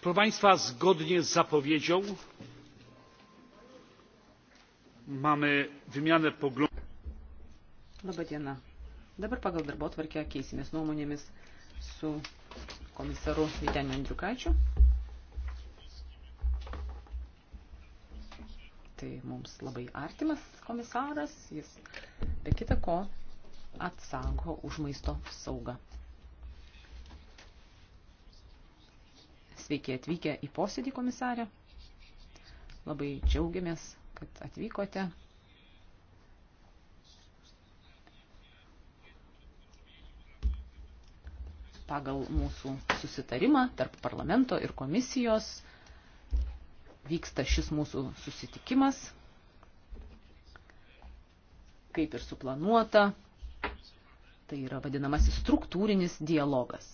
proszę państwa zgodnie z zapowiedzią mamy wymianę poglądów Labą dieną. Dabar pagal darbotvarkę keisimės nuomonėmis su komisaru Viteniu Andriukaičiu. Tai mums labai artimas komisaras, jis be kita ko atsako už maisto saugą. Sveiki atvykę į posėdį, komisarė. Labai džiaugiamės, kad atvykote. Pagal mūsų susitarimą tarp parlamento ir komisijos vyksta šis mūsų susitikimas, kaip ir suplanuota. Tai yra vadinamasis struktūrinis dialogas.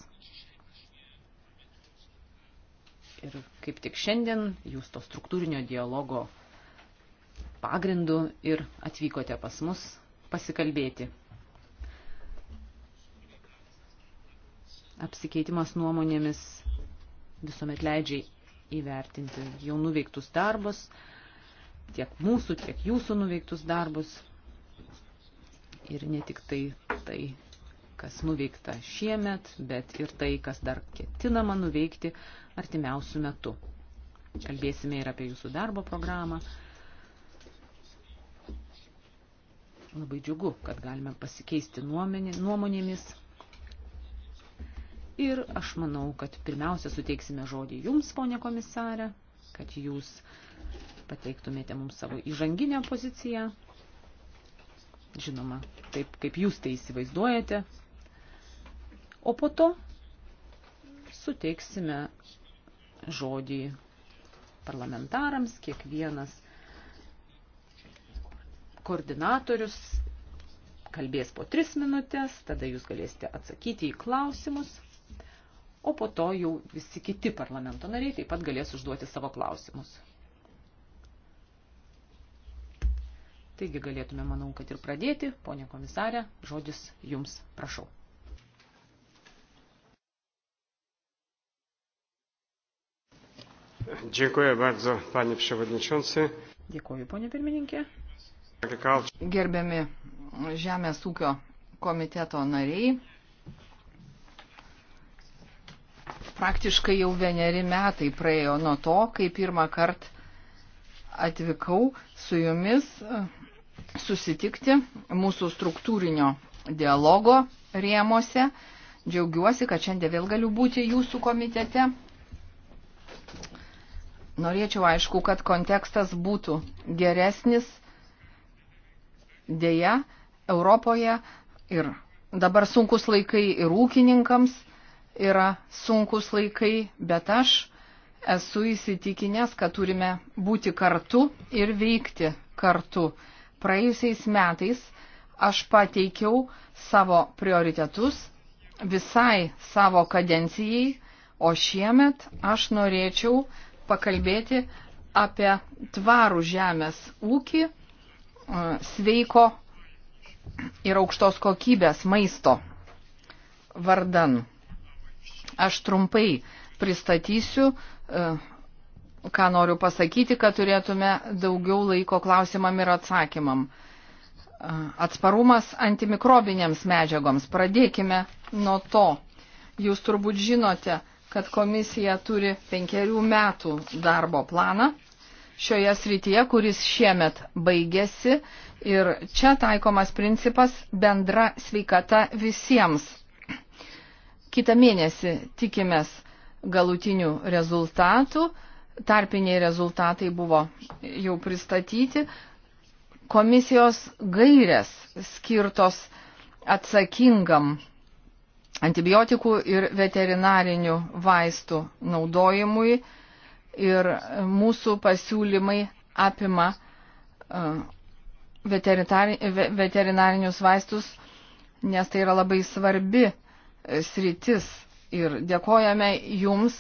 Ir kaip tik šiandien jūs to struktūrinio dialogo pagrindu ir atvykote pas mus pasikalbėti. Apsikeitimas nuomonėmis visuomet leidžia įvertinti jau nuveiktus darbus, tiek mūsų, tiek jūsų nuveiktus darbus. Ir ne tik tai, tai kas nuveikta šiemet, bet ir tai, kas dar ketinama nuveikti artimiausių metų. Kalbėsime ir apie jūsų darbo programą. Labai džiugu, kad galime pasikeisti nuomonėmis. Ir aš manau, kad pirmiausia suteiksime žodį jums, ponė komisarė, kad jūs pateiktumėte mums savo įžanginę poziciją žinoma, taip kaip jūs tai įsivaizduojate, o po to suteiksime žodį parlamentarams, kiekvienas koordinatorius kalbės po tris minutės, tada jūs galėsite atsakyti į klausimus, o po to jau visi kiti parlamento nariai taip pat galės užduoti savo klausimus. Taigi galėtume, manau, kad ir pradėti. Pone komisarė, žodis jums, prašau. Dziękuję bardzo, panie przewodniczący. Dėkuoju, ponė pirmininkė. Gerbiami Žemės ūkio komiteto nariai, praktiškai jau vieneri metai praėjo nuo to, kai pirmą kartą atvykau su jumis e, susitikti mūsų struktūrinio dialogo rėmose. Džiaugiuosi, kad šiandien vėl galiu būti jūsų komitete. Norėčiau aišku, kad kontekstas būtų geresnis. Deja, Europoje ir dabar sunkus laikai ir ūkininkams yra sunkus laikai, bet aš esu įsitikinęs, kad turime būti kartu ir veikti kartu. Praėjusiais metais aš pateikiau savo prioritetus visai savo kadencijai, o šiemet aš norėčiau pakalbėti apie tvarų žemės ūkį, e, sveiko ir aukštos kokybės maisto vardan. Aš trumpai pristatysiu, e, ką noriu pasakyti, kad turėtume daugiau laiko klausimam ir atsakymam. E, atsparumas antimikrobinėms medžiagoms. Pradėkime nuo to. Jūs turbūt žinote, kad komisija turi penkerių metų darbo planą šioje srityje, kuris šiemet baigėsi ir čia taikomas principas bendra sveikata visiems. Kita mėnesį tikimės galutinių rezultatų. Tarpiniai rezultatai buvo jau pristatyti. Komisijos gairės skirtos atsakingam antibiotikų ir veterinarinių vaistų naudojimui. Ir mūsų pasiūlymai apima e, veterinarinius vaistus, nes tai yra labai svarbi e, sritis. Ir dėkojame Jums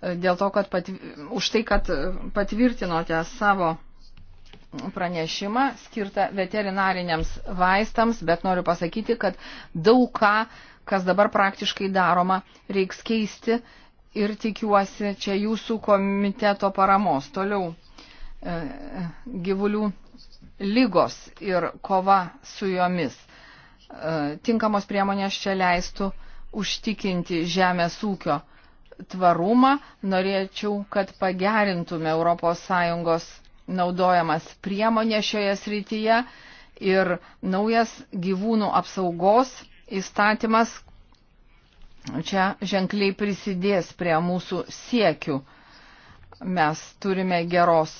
e, dėl to, kad patvi, už tai, kad patvirtinote savo pranešimą skirtą veterinariniams vaistams, bet noriu pasakyti, kad daug ką kas dabar praktiškai daroma, reiks keisti ir tikiuosi čia jūsų komiteto paramos. Toliau e, gyvulių lygos ir kova su jomis. E, tinkamos priemonės čia leistų užtikinti žemės ūkio tvarumą. Norėčiau, kad pagerintume ES naudojamas priemonė šioje srityje ir naujas gyvūnų apsaugos įstatymas čia ženkliai prisidės prie mūsų siekių. Mes turime geros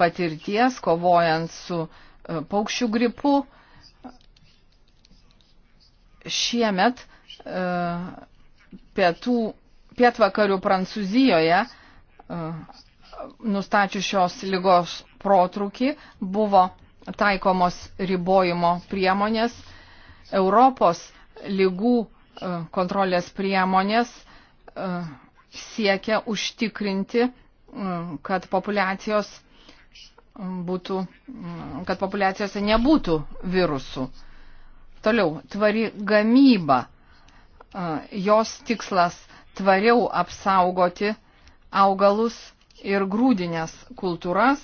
patirties, kovojant su e, paukščių gripu. Šiemet e, pietų, pietvakarių Prancūzijoje e, nustačius šios lygos protrukį buvo taikomos ribojimo priemonės. Europos lygų e, kontrolės priemonės e, siekia užtikrinti, e, kad populiacijos būtų, kad populiacijose nebūtų virusų. Toliau, tvari gamyba. Jos tikslas tvariau apsaugoti augalus ir grūdinės kultūras.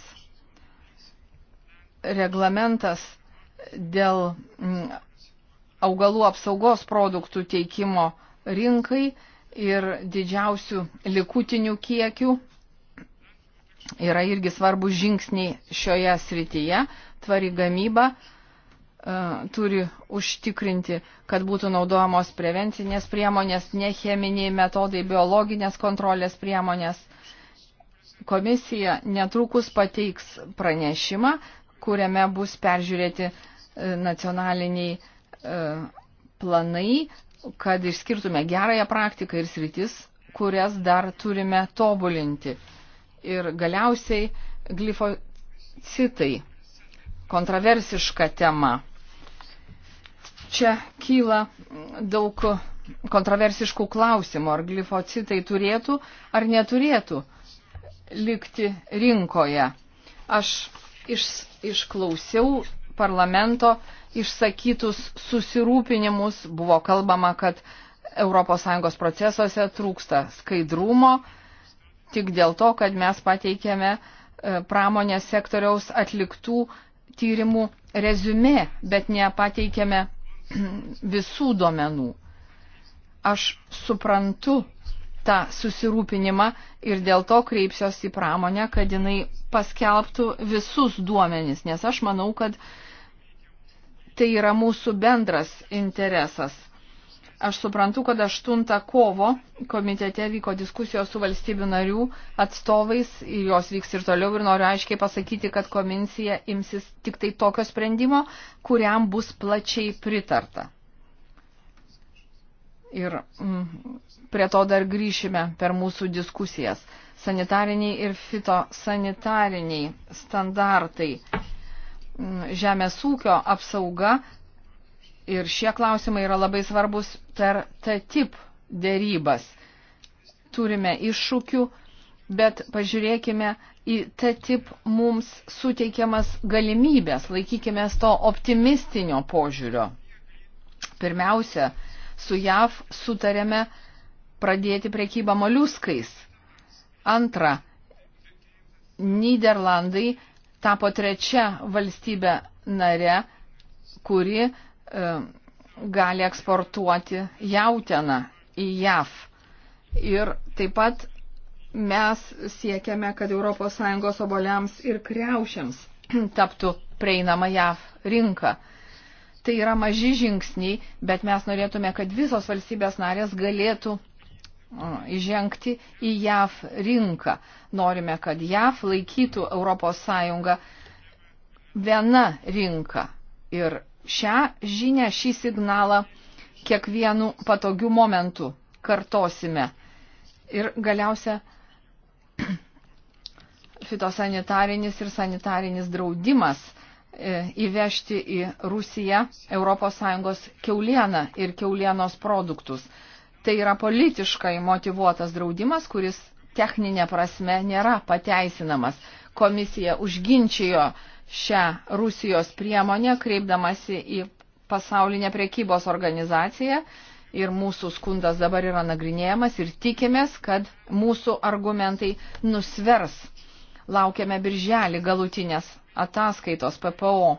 Reglamentas dėl augalų apsaugos produktų teikimo rinkai ir didžiausių likutinių kiekių yra irgi svarbus žingsniai šioje srityje. Tvari gamyba e, turi užtikrinti, kad būtų naudojamos prevencinės priemonės, necheminiai metodai, biologinės kontrolės priemonės. Komisija netrukus pateiks pranešimą, kuriame bus peržiūrėti e, nacionaliniai E, planai, kad išskirtume gerąją praktiką ir sritis, kurias dar turime tobulinti. Ir galiausiai glifocitai - kontroversiška tema. Čia kyla daug kontroversiškų klausimų, ar glifocitai turėtų ar neturėtų likti rinkoje. Aš iš, išklausiau parlamento išsakytus susirūpinimus. Buvo kalbama, kad ES procesuose trūksta skaidrumo tik dėl to, kad mes pateikėme e, pramonės sektoriaus atliktų tyrimų rezumė, bet nepateikėme visų duomenų. Aš suprantu tą susirūpinimą ir dėl to kreipsiuosi į pramonę, kad jinai paskelbtų visus duomenys, nes aš manau, kad uh, tai yra mūsų bendras interesas. Aš suprantu, kad 8 kovo komitete vyko diskusijos su valstybių narių atstovais, jos vyks ir toliau ir noriu aiškiai pasakyti, kad komisija imsis tik tai tokio sprendimo, kuriam bus plačiai pritarta. Ir mm, prie to dar grįšime per mūsų diskusijas. Sanitariniai ir fitosanitariniai standartai žemės ūkio apsauga ir šie klausimai yra labai svarbus per TTIP dėrybas. Turime iššūkių, bet pažiūrėkime į TTIP mums suteikiamas galimybės, laikykime to optimistinio požiūrio. Pirmiausia, su JAV sutarėme pradėti prekybą moliuskais. Antra, Niderlandai tapo trečia valstybė nare, kuri e, gali eksportuoti jautieną į JAV. Ir taip pat mes siekiame, kad ES oboliams ir kreušiams taptų prieinama JAV rinka. Tai yra maži žingsniai, bet mes norėtume, kad visos valstybės narės galėtų įžengti į JAV rinką. Norime, kad JAV laikytų ES viena rinka. Ir šią žinę, šį signalą kiekvienu patogiu momentu kartosime. Ir galiausia, fitosanitarinis ir sanitarinis draudimas e, įvežti į Rusiją ES keulieną ir keulienos produktus. Tai yra politiškai motivuotas draudimas, kuris techninė prasme nėra pateisinamas. Komisija užginčijo šią Rusijos priemonę, kreipdamasi į pasaulinę priekybos organizaciją ir mūsų skundas dabar yra nagrinėjamas ir tikimės, kad mūsų argumentai nusvers. Laukiame birželį galutinės ataskaitos PPO.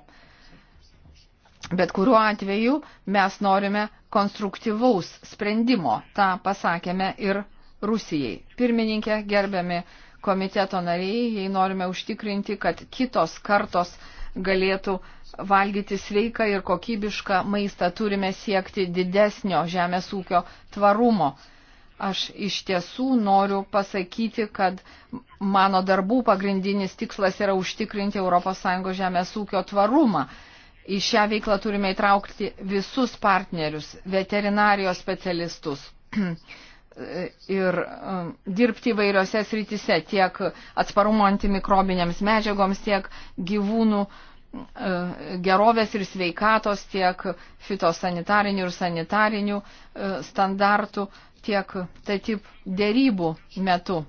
Bet kuriuo atveju mes norime konstruktyvaus sprendimo. Ta pasakėme ir Rusijai. Pirmininkė, gerbiami komiteto nariai, jei norime užtikrinti, kad kitos kartos galėtų valgyti sveiką ir kokybišką maistą, turime siekti didesnio žemės ūkio tvarumo. Aš iš tiesų noriu pasakyti, kad mano darbų pagrindinis tikslas yra užtikrinti ES žemės ūkio tvarumą į šią veiklą turime įtraukti visus partnerius, veterinarijos specialistus ir um, dirbti įvairiose srityse, tiek atsparumo antimikrobinėms medžiagoms, tiek gyvūnų uh, gerovės ir sveikatos, tiek fitosanitarinių ir sanitarinių uh, standartų, tiek tai tip dėrybų metu.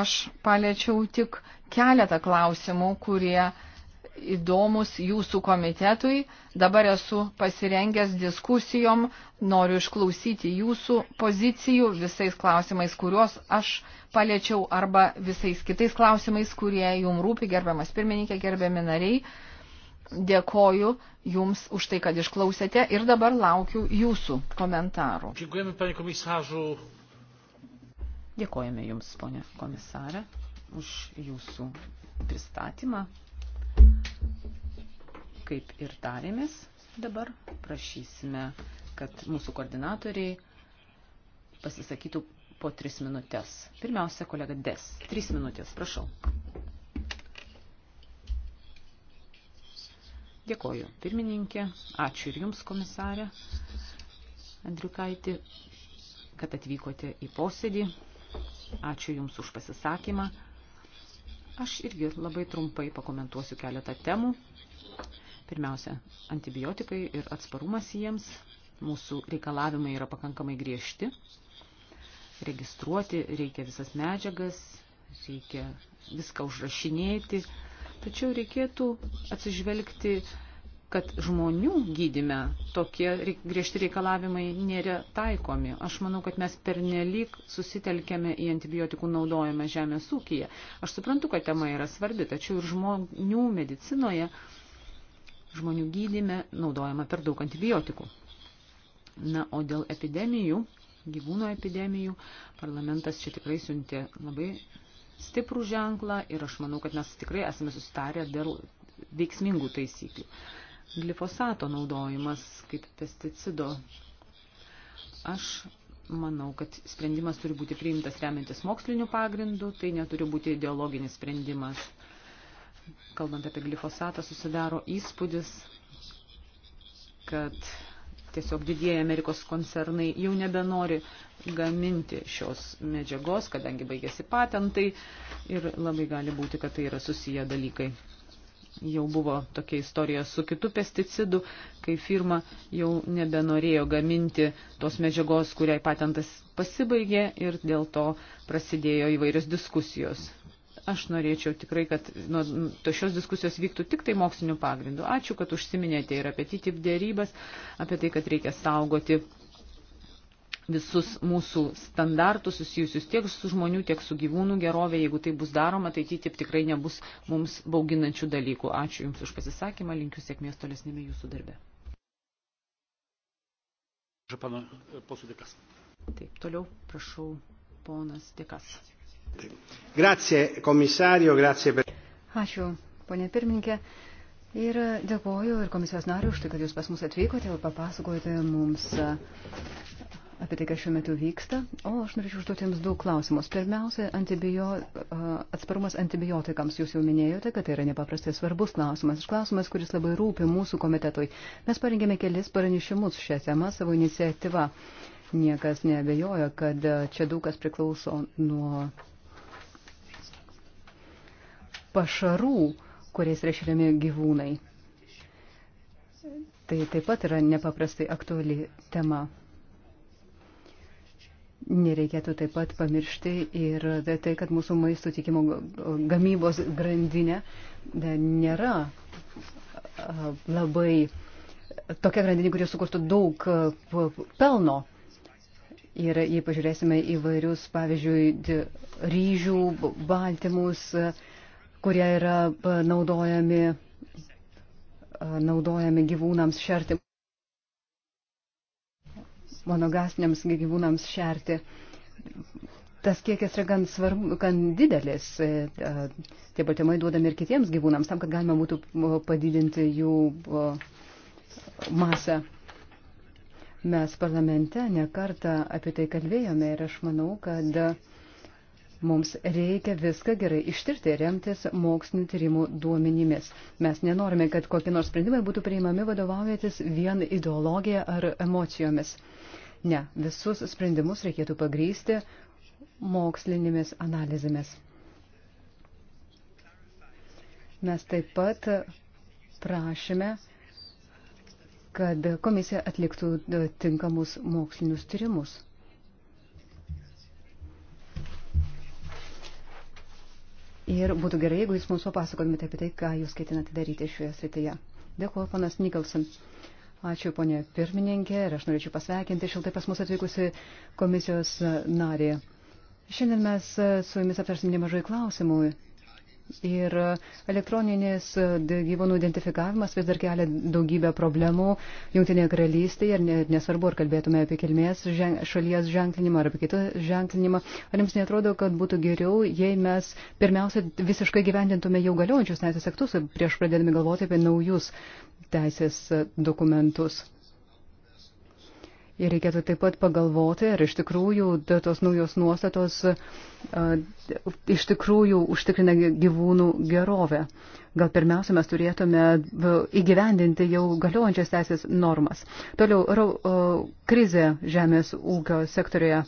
Aš paliečiau tik keletą klausimų, kurie uh, įdomus jūsų komitetui. Dabar esu pasirengęs diskusijom, noriu išklausyti jūsų pozicijų visais klausimais, kuriuos aš paliečiau, arba visais kitais klausimais, kurie jums rūpi, gerbiamas pirmininkė, gerbiami nariai. Dėkoju Jums už tai, kad išklausėte ir dabar laukiu Jūsų komentarų. Dėkojame, panie komisažu. Dėkojame Jums, ponė komisarė, už Jūsų pristatymą. Kaip ir tarėmės, dabar prašysime, kad mūsų koordinatoriai pasisakytų po tris minutės. Pirmiausia, kolega Des. Tris minutės, prašau. Dėkoju, pirmininkė. Ačiū ir Jums, komisarė Andriukaitį, kad atvykote į posėdį. Ačiū Jums už pasisakymą. Aš irgi labai trumpai pakomentuosiu keletą temų. Pirmiausia, antibiotikai ir atsparumas jiems. Mūsų reikalavimai yra pakankamai griežti. Registruoti reikia visas medžiagas, reikia viską užrašinėti. Tačiau reikėtų atsižvelgti, kad žmonių gydime tokie griežti reikalavimai nėra taikomi. Aš manau, kad mes pernelyg susitelkėme į antibiotikų naudojimą žemės ūkyje. Aš suprantu, kad tema yra svarbi, tačiau ir žmonių medicinoje žmonių gydyme naudojama per daug antibiotikų. Na, o dėl epidemijų, gyvūno epidemijų, parlamentas čia tikrai siuntė labai stiprų ženklą ir aš manau, kad mes tikrai esame susitarę dėl veiksmingų taisyklių. Glifosato naudojimas kaip pesticido. Aš manau, kad sprendimas turi būti priimtas remiantis moksliniu pagrindu, tai neturi būti ideologinis sprendimas kalbant apie glifosatą, susidaro įspūdis, kad tiesiog didieji Amerikos koncernai jau nebenori gaminti šios medžiagos, kadangi baigėsi patentai ir labai gali būti, kad tai yra susiję dalykai. Jau buvo tokia istorija su kitu pesticidu, kai firma jau nebenorėjo gaminti tos medžiagos, kuriai patentas pasibaigė ir dėl to prasidėjo įvairios diskusijos. Aš norėčiau tikrai, kad nuo to šios diskusijos vyktų tik tai mokslinių pagrindų. Ačiū, kad užsiminėte ir apie TTIP dėrybas, apie tai, kad reikia saugoti visus mūsų standartus susijusius tiek su žmonių, tiek su gyvūnų gerovė. Jeigu tai bus daroma, tai TTIP tikrai nebus mums bauginančių dalykų. Ačiū Jums už pasisakymą, linkiu sėkmės tolesnėme Jūsų darbe. E, Taip, toliau prašau ponas Dikas. Grazie, komisario, grazie per. Ačiū, ponė pirmininkė. Ir dėkoju ir komisijos nariu už tai, kad jūs pas mus atvykote ir papasakojote mums uh, apie tai, kas šiuo metu vyksta. O aš norėčiau užduoti Jums du klausimus. Pirmiausia, antibio, uh, atsparumas antibiotikams. Jūs jau minėjote, kad tai yra nepaprastai svarbus klausimas. Klausimas, kuris labai rūpi mūsų komitetui. Mes parengėme kelis pranešimus šią temą savo iniciatyvą. Niekas nebejoja, kad uh, čia daug kas priklauso nuo pašarų, kuriais yra šeriami gyvūnai. Tai taip pat yra nepaprastai aktuali tema. Nereikėtų taip pat pamiršti ir tai, kad mūsų maisto tikimo gamybos grandinė e, nėra e, labai tokia grandinė, kuri sukurtų daug e, pelno. Ir jei pažiūrėsime įvairius, pavyzdžiui, ryžių, baltymus, uh, kurie yra e, naudojami, e, naudojami gyvūnams šerti, monogasniams gyvūnams šerti. Tas kiekis yra gan, svarbu, gan didelis. E, tie baltymai duodami ir kitiems gyvūnams, tam, kad galima būtų padidinti jų masę. Mes parlamente nekartą apie tai kalbėjome ir aš manau, kad Mums reikia viską gerai ištirti, remtis mokslinio tyrimų duomenimis. Mes nenorime, kad kokie nors sprendimai būtų priimami vadovaujantis vien ideologija ar emocijomis. Ne, visus sprendimus reikėtų pagrysti mokslinėmis analizėmis. Mes taip pat prašėme, kad komisija atliktų tinkamus mokslinius tyrimus. Ir būtų gerai, jeigu jūs mums papasakotumėte apie tai, ką jūs ketinate daryti šioje srityje. Dėkuoju, ponas Nikolson. Ačiū, ponė pirmininkė, ir aš norėčiau pasveikinti šiltai pas mus atvykusi komisijos narį. Šiandien mes su jumis aptarsim nemažai klausimų Ir elektroninis gyvūnų identifikavimas vis dar kelia daugybę problemų Junktinėje karalystėje ir nesvarbu, ar kalbėtume apie kilmės žen, šalies ženklinimą ar apie kitą ženklinimą. Ar jums netrodo, kad būtų geriau, jei mes pirmiausia visiškai gyvendintume jau galiojančius teisės aktus prieš pradėdami galvoti apie naujus teisės dokumentus? Ir reikėtų taip pat pagalvoti, ar iš tikrųjų tos naujos nuostatos a, iš tikrųjų užtikrina gyvūnų gerovę. Gal pirmiausia, mes turėtume įgyvendinti jau galiojančias teisės normas. Toliau, ra, a, krizė žemės ūkio sektorioje.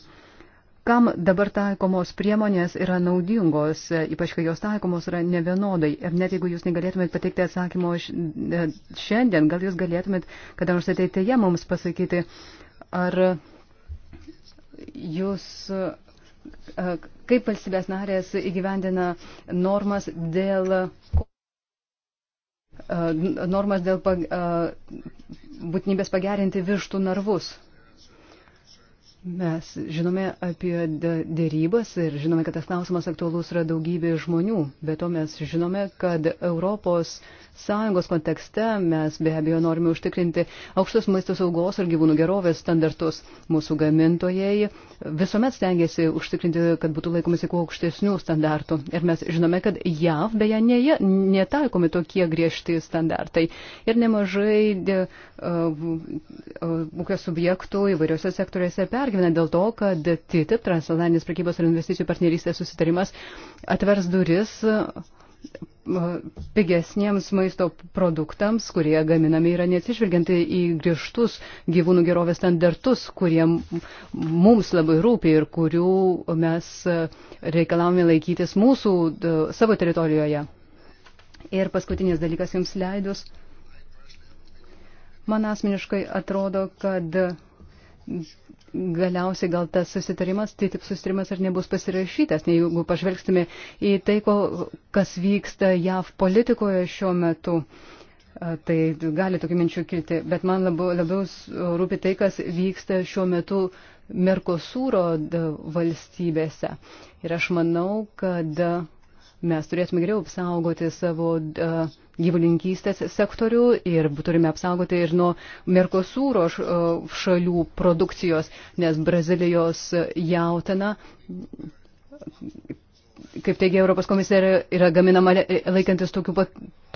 Kam dabar taikomos priemonės yra naudingos, ypač kai jos taikomos yra nevienodai. Ir net jeigu jūs negalėtumėt pateikti atsakymo šiandien, gal jūs galėtumėt, kada nors ateityje mums pasakyti, uh, ar jūs, kaip valstybės narės įgyvendina normas dėl, normas dėl pag, būtinybės pagerinti vištų narvus? Mes žinome apie dėrybas ir žinome, kad tas klausimas aktualus yra daugybė žmonių. Be to mes žinome, kad ES kontekste mes be abejo norime užtikrinti aukštus maisto saugos ir gyvūnų gerovės standartus. Mūsų gamintojai visuomet stengiasi užtikrinti, kad būtų laikomasi kuo aukštesnių standartų. Ir mes žinome, kad JAV beje netaikomi tokie griežti standartai. Ir nemažai ūkio subjektų įvairiose sektoriuose per pergyvena dėl to, kad TTIP, transatlantinės prekybos ir investicijų partnerystės susitarimas, atvers duris uh, pigesniems maisto produktams, kurie gaminami yra neatsižvelgianti į griežtus gyvūnų gerovės standartus, kurie mums labai rūpi ir kurių mes uh, reikalavome laikytis mūsų savo teritorijoje. Ir paskutinis dalykas jums leidus. Man asmeniškai atrodo, kad galiausiai gal tas susitarimas, tai tik susitarimas ar nebus pasirašytas, nei jeigu pažvelgsime į tai, ko, kas vyksta JAV politikoje šiuo metu. Tai gali tokių minčių kilti, bet man labiau, labiau rūpi tai, kas vyksta šiuo metu Merkosūro valstybėse. Ir aš manau, kad Mes turėtume geriau apsaugoti savo uh, gyvulinkystės sektorių ir turime apsaugoti ir nuo Merkosūro šalių produkcijos, nes Brazilijos jautina kaip teigia Europos komisija, yra gaminama laikantis tokių,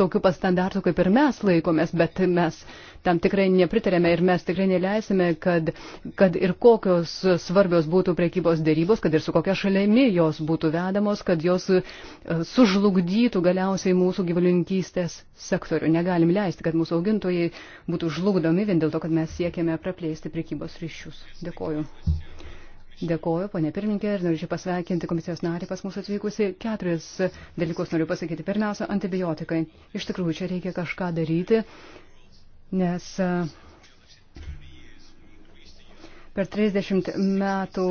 tokių pastandartų, kaip ir mes laikomės, bet mes tam tikrai nepritarėme ir mes tikrai neleisime, kad, kad ir kokios svarbios būtų priekybos dėrybos, kad ir su kokia šalimi jos būtų vedamos, kad jos e, sužlugdytų galiausiai mūsų gyvulinkystės sektorių. Negalim leisti, kad mūsų augintojai būtų žlugdomi vien dėl to, kad mes siekiame praplėsti priekybos ryšius. Dėkoju. Dėkoju, ponė pirmininkė, ir norėčiau pasveikinti komisijos narį pas mūsų atvykusi. Keturis dalykus noriu pasakyti. Pirmiausia, antibiotikai. Iš tikrųjų, čia reikia kažką daryti, nes e, per 30 metų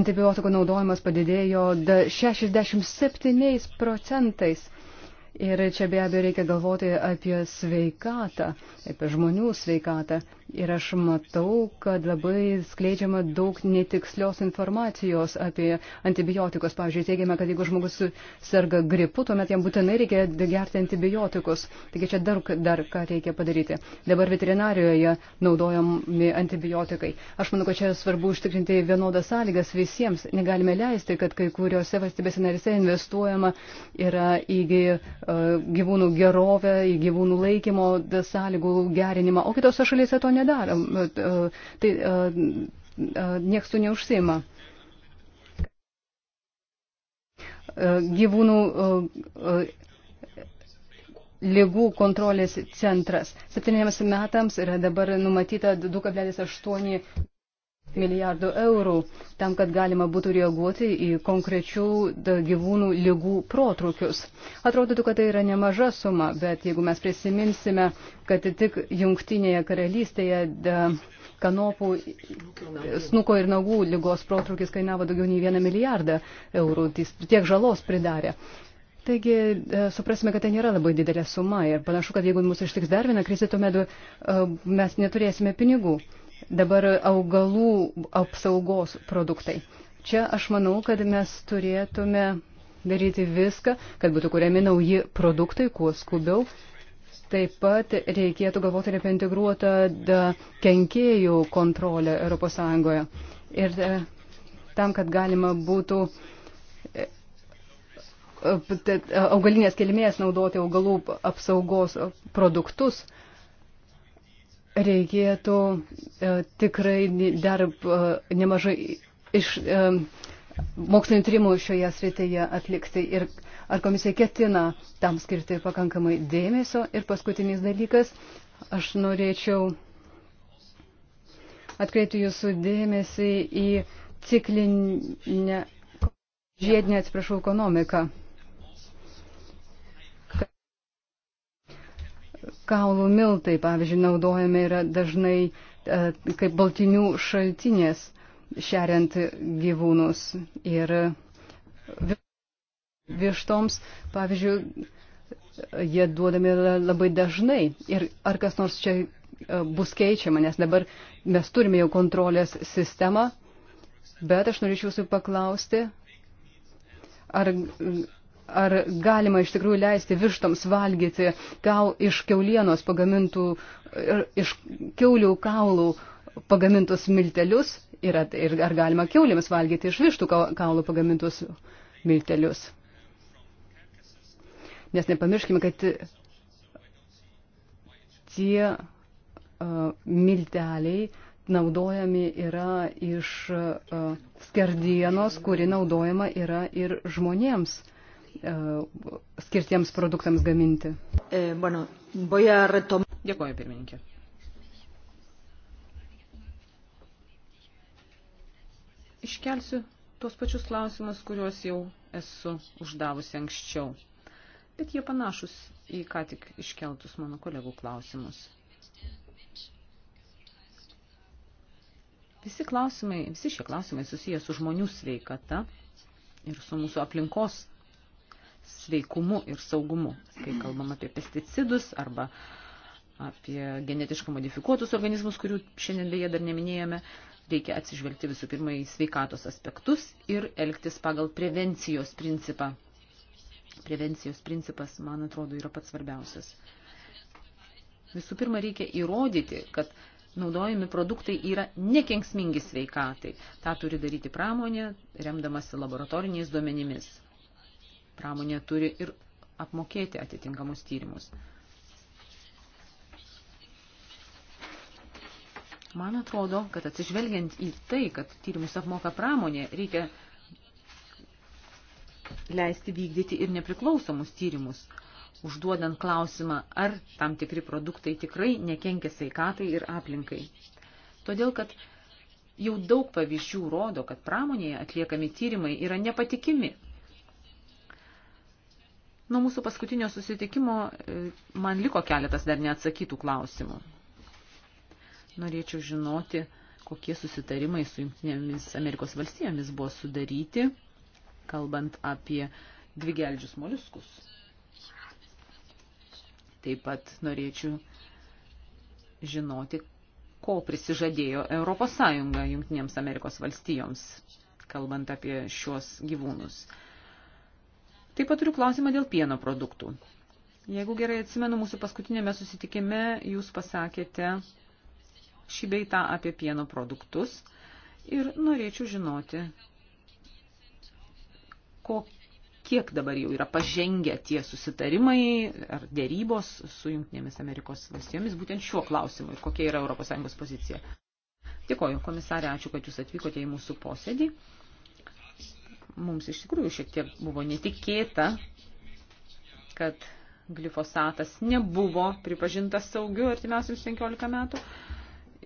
antibiotikų naudojimas padidėjo 67 procentais. Ir čia be abejo reikia galvoti apie sveikatą, apie žmonių sveikatą. Ir aš matau, kad labai skleidžiama daug netikslios informacijos apie antibiotikus. Pavyzdžiui, teigiama, kad jeigu žmogus serga gripu, tuomet jam būtinai reikia gerti antibiotikus. Taigi čia dar, dar ką reikia padaryti. Dabar veterinarijoje naudojami antibiotikai. Aš manau, kad čia svarbu užtikrinti vienodas sąlygas visiems. Negalime leisti, kad kai kuriuose valstybėse narise investuojama yra į e, gyvūnų gerovę, į gyvūnų laikymo sąlygų gerinimą, o kitose šalyse to nedarom, tai e, e, nieks to neužsima. E, gyvūnų lygų kontrolės centras. Septyniems metams yra dabar numatyta 2,8 milijardų eurų tam, kad galima būtų reaguoti į konkrečių gyvūnų lygų protrukius. Atrodytų, kad tai yra nemaža suma, bet jeigu mes prisiminsime, kad tik jungtinėje karalystėje kanopų snuko ir nagų lygos protrukis kainavo daugiau nei vieną milijardą eurų, tai tiek žalos pridarė. Taigi, e, suprasime, kad tai nėra labai didelė suma ir panašu, kad jeigu mūsų ištiks dar viena krizė, tuomet e, mes neturėsime pinigų. Dabar augalų apsaugos produktai. Čia aš manau, kad mes turėtume daryti viską, kad būtų kuriami nauji produktai kuo skubiau. Taip pat reikėtų galvoti apie integruotą kenkėjų kontrolę ES. Ir e, tam, kad galima būtų e, e, augalinės kilmės naudoti augalų apsaugos produktus, reikėtų e, tikrai dar e, nemažai iš e, mokslinio tyrimų šioje srityje atlikti ir ar komisija ketina tam skirti pakankamai dėmesio. Ir paskutinis dalykas, aš norėčiau atkreipti jūsų dėmesį į ciklinę žiedinę, atsiprašau, ekonomiką. kaulų miltai, pavyzdžiui, naudojami yra dažnai e, kaip baltinių šaltinės šeriant gyvūnus. Ir vištoms, pavyzdžiui, jie duodami labai dažnai. Ir ar kas nors čia e, bus keičiama, nes dabar mes turime jau kontrolės sistemą, bet aš norėčiau jūsų paklausti, ar ar galima iš tikrųjų leisti vištoms valgyti kau, iš keulienos pagamintų, iš keulių kaulų pagamintus miltelius ir, ir ar galima keulėms valgyti iš vištų kaulų pagamintus miltelius. Nes nepamirškime, kad tie uh, milteliai naudojami yra iš uh, skerdienos, kuri naudojama yra ir žmonėms. Uh, E, skirtiems produktams gaminti. E, bueno, retom... Dėkuoju, pirmininkė. Iškelsiu tuos pačius klausimus, kuriuos jau esu uždavusi anksčiau, bet jie panašus į ką tik iškeltus mano kolegų klausimus. Visi klausimai, visi šie klausimai susijęs su žmonių sveikata ir su mūsų aplinkos sveikumu ir saugumu, kai kalbam apie pesticidus arba apie genetiškai modifikuotus organizmus, kurių šiandien beje dar neminėjome, reikia atsižvelgti visų pirma į sveikatos aspektus ir elgtis pagal prevencijos principą. Prevencijos principas, man atrodo, yra pats svarbiausias. Visų pirma, reikia įrodyti, kad naudojami produktai yra nekenksmingi sveikatai. Ta turi daryti pramonė, remdamasi laboratoriniais duomenimis pramonė turi ir apmokėti atitinkamus tyrimus. Man atrodo, kad atsižvelgiant į tai, kad tyrimus apmoka pramonė, reikia leisti vykdyti ir nepriklausomus tyrimus, užduodant klausimą, ar tam tikri produktai tikrai nekenkia sveikatai ir aplinkai. Todėl, kad jau daug pavyzdžių rodo, kad pramonėje atliekami tyrimai yra nepatikimi Nuo mūsų paskutinio susitikimo e, man liko keletas dar neatsakytų klausimų. Norėčiau žinoti, kokie susitarimai su Junktinėmis Amerikos valstijomis buvo sudaryti, kalbant apie dvigeldžius moliuskus. Taip pat norėčiau žinoti, ko prisižadėjo ES Junktinėms Amerikos valstijoms, kalbant apie šiuos gyvūnus. Taip pat turiu klausimą dėl pieno produktų. Jeigu gerai atsimenu, mūsų paskutinėme susitikime jūs pasakėte šį beitą apie pieno produktus ir norėčiau žinoti, ko, kiek dabar jau yra pažengę tie susitarimai ar dėrybos su Junktinėmis Amerikos valstybėmis būtent šiuo klausimu ir kokia yra ES pozicija. Dėkoju, komisarė, ačiū, kad jūs atvykote į mūsų posėdį mums iš tikrųjų šiek tiek buvo netikėta, kad glifosatas nebuvo pripažintas saugiu artimiausiams 15 metų.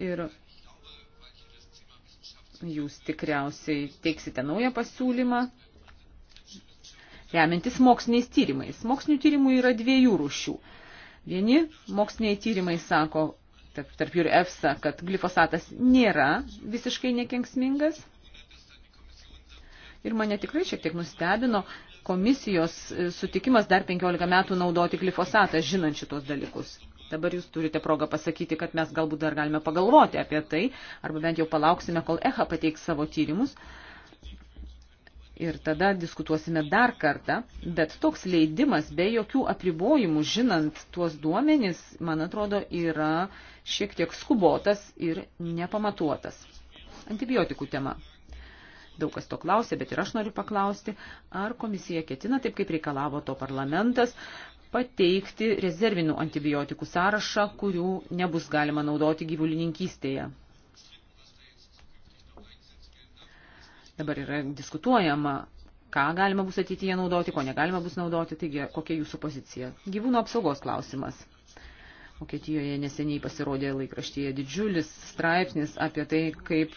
Ir jūs tikriausiai teiksite naują pasiūlymą, remiantis moksliniais tyrimais. Mokslinių tyrimų yra dviejų rūšių. Vieni moksliniai tyrimai sako, tarp, tarp jų ir EFSA, kad glifosatas nėra visiškai nekenksmingas, Ir mane tikrai šiek tiek nustebino komisijos e, sutikimas dar 15 metų naudoti glifosatą, žinant šitos dalykus. Dabar jūs turite progą pasakyti, kad mes galbūt dar galime pagalvoti apie tai, arba bent jau palauksime, kol EHA pateiks savo tyrimus. Ir tada diskutuosime dar kartą, bet toks leidimas be jokių apribojimų, žinant tuos duomenys, man atrodo, yra šiek tiek skubotas ir nepamatuotas. Antibiotikų tema daug kas to klausė, bet ir aš noriu paklausti, ar komisija ketina, taip kaip reikalavo to parlamentas, pateikti rezervinių antibiotikų sąrašą, kurių nebus galima naudoti gyvulininkystėje. Dabar yra diskutuojama, ką galima bus ateityje naudoti, ko negalima bus naudoti, taigi kokia jūsų pozicija. Gyvūnų apsaugos klausimas. Vokietijoje neseniai pasirodė laikraštyje didžiulis straipsnis apie tai, kaip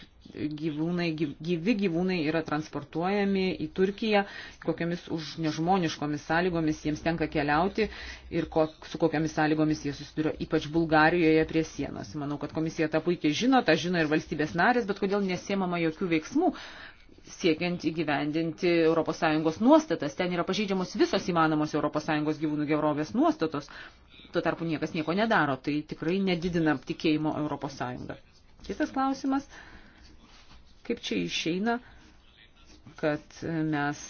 gyvūnai, gyvi gyvūnai yra transportuojami į Turkiją, kokiamis už nežmoniškomis sąlygomis jiems tenka keliauti ir ko, su kokiamis sąlygomis jie susiduria, ypač Bulgarijoje prie sienos. Manau, kad komisija tą puikiai žino, tą žino ir valstybės narės, bet kodėl nesiemama jokių veiksmų, siekiant įgyvendinti ES nuostatas. Ten yra pažeidžiamos visos įmanomos ES gyvūnų gerovės nuostatos tuo tarpu niekas nieko nedaro, tai tikrai nedidina tikėjimo Europos Sąjungą. Kitas klausimas, kaip čia išeina, kad mes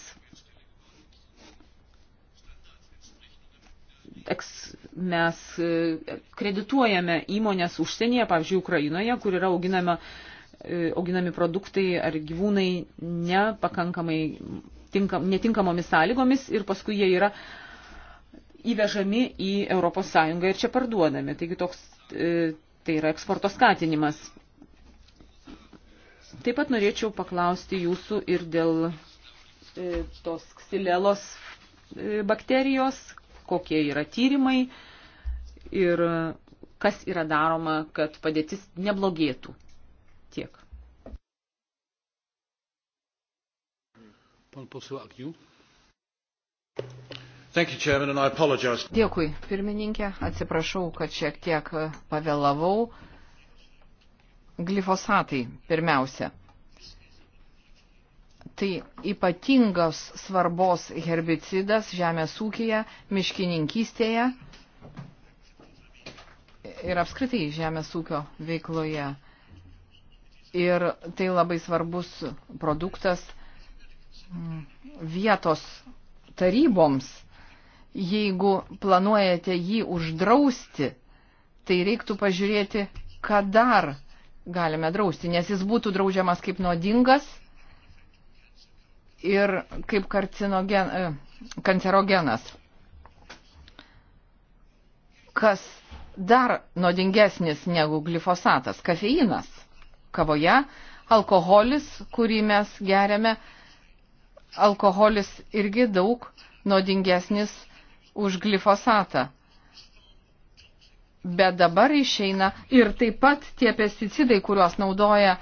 eks, mes e, kredituojame įmonės užsienyje, pavyzdžiui, Ukrainoje, kur yra auginama, e, auginami produktai ar gyvūnai nepakankamai tinkam, netinkamomis sąlygomis ir paskui jie yra įvežami į ES ir čia parduodami. Taigi toks, e, tai yra eksporto skatinimas. Taip pat norėčiau paklausti jūsų ir dėl e, tos ksilelos e, bakterijos, kokie yra tyrimai ir kas yra daroma, kad padėtis neblogėtų tiek. Pan poseł Agniu. Dėkui, pirmininkė, atsiprašau, kad šiek tiek pavėlavau. Glifosatai pirmiausia. Tai ypatingos svarbos herbicidas žemės ūkėje, miškininkystėje ir apskritai žemės ūkio veikloje. Ir tai labai svarbus produktas mm, vietos taryboms jeigu planuojate jį uždrausti, tai reiktų pažiūrėti, ką dar galime drausti, nes jis būtų draudžiamas kaip nuodingas ir kaip karcinogen, e, kancerogenas. Kas dar nuodingesnis negu glifosatas? Kafeinas kavoje, alkoholis, kurį mes geriame, alkoholis irgi daug nuodingesnis už glifosatą. Bet dabar išeina ir taip pat tie pesticidai, kuriuos naudoja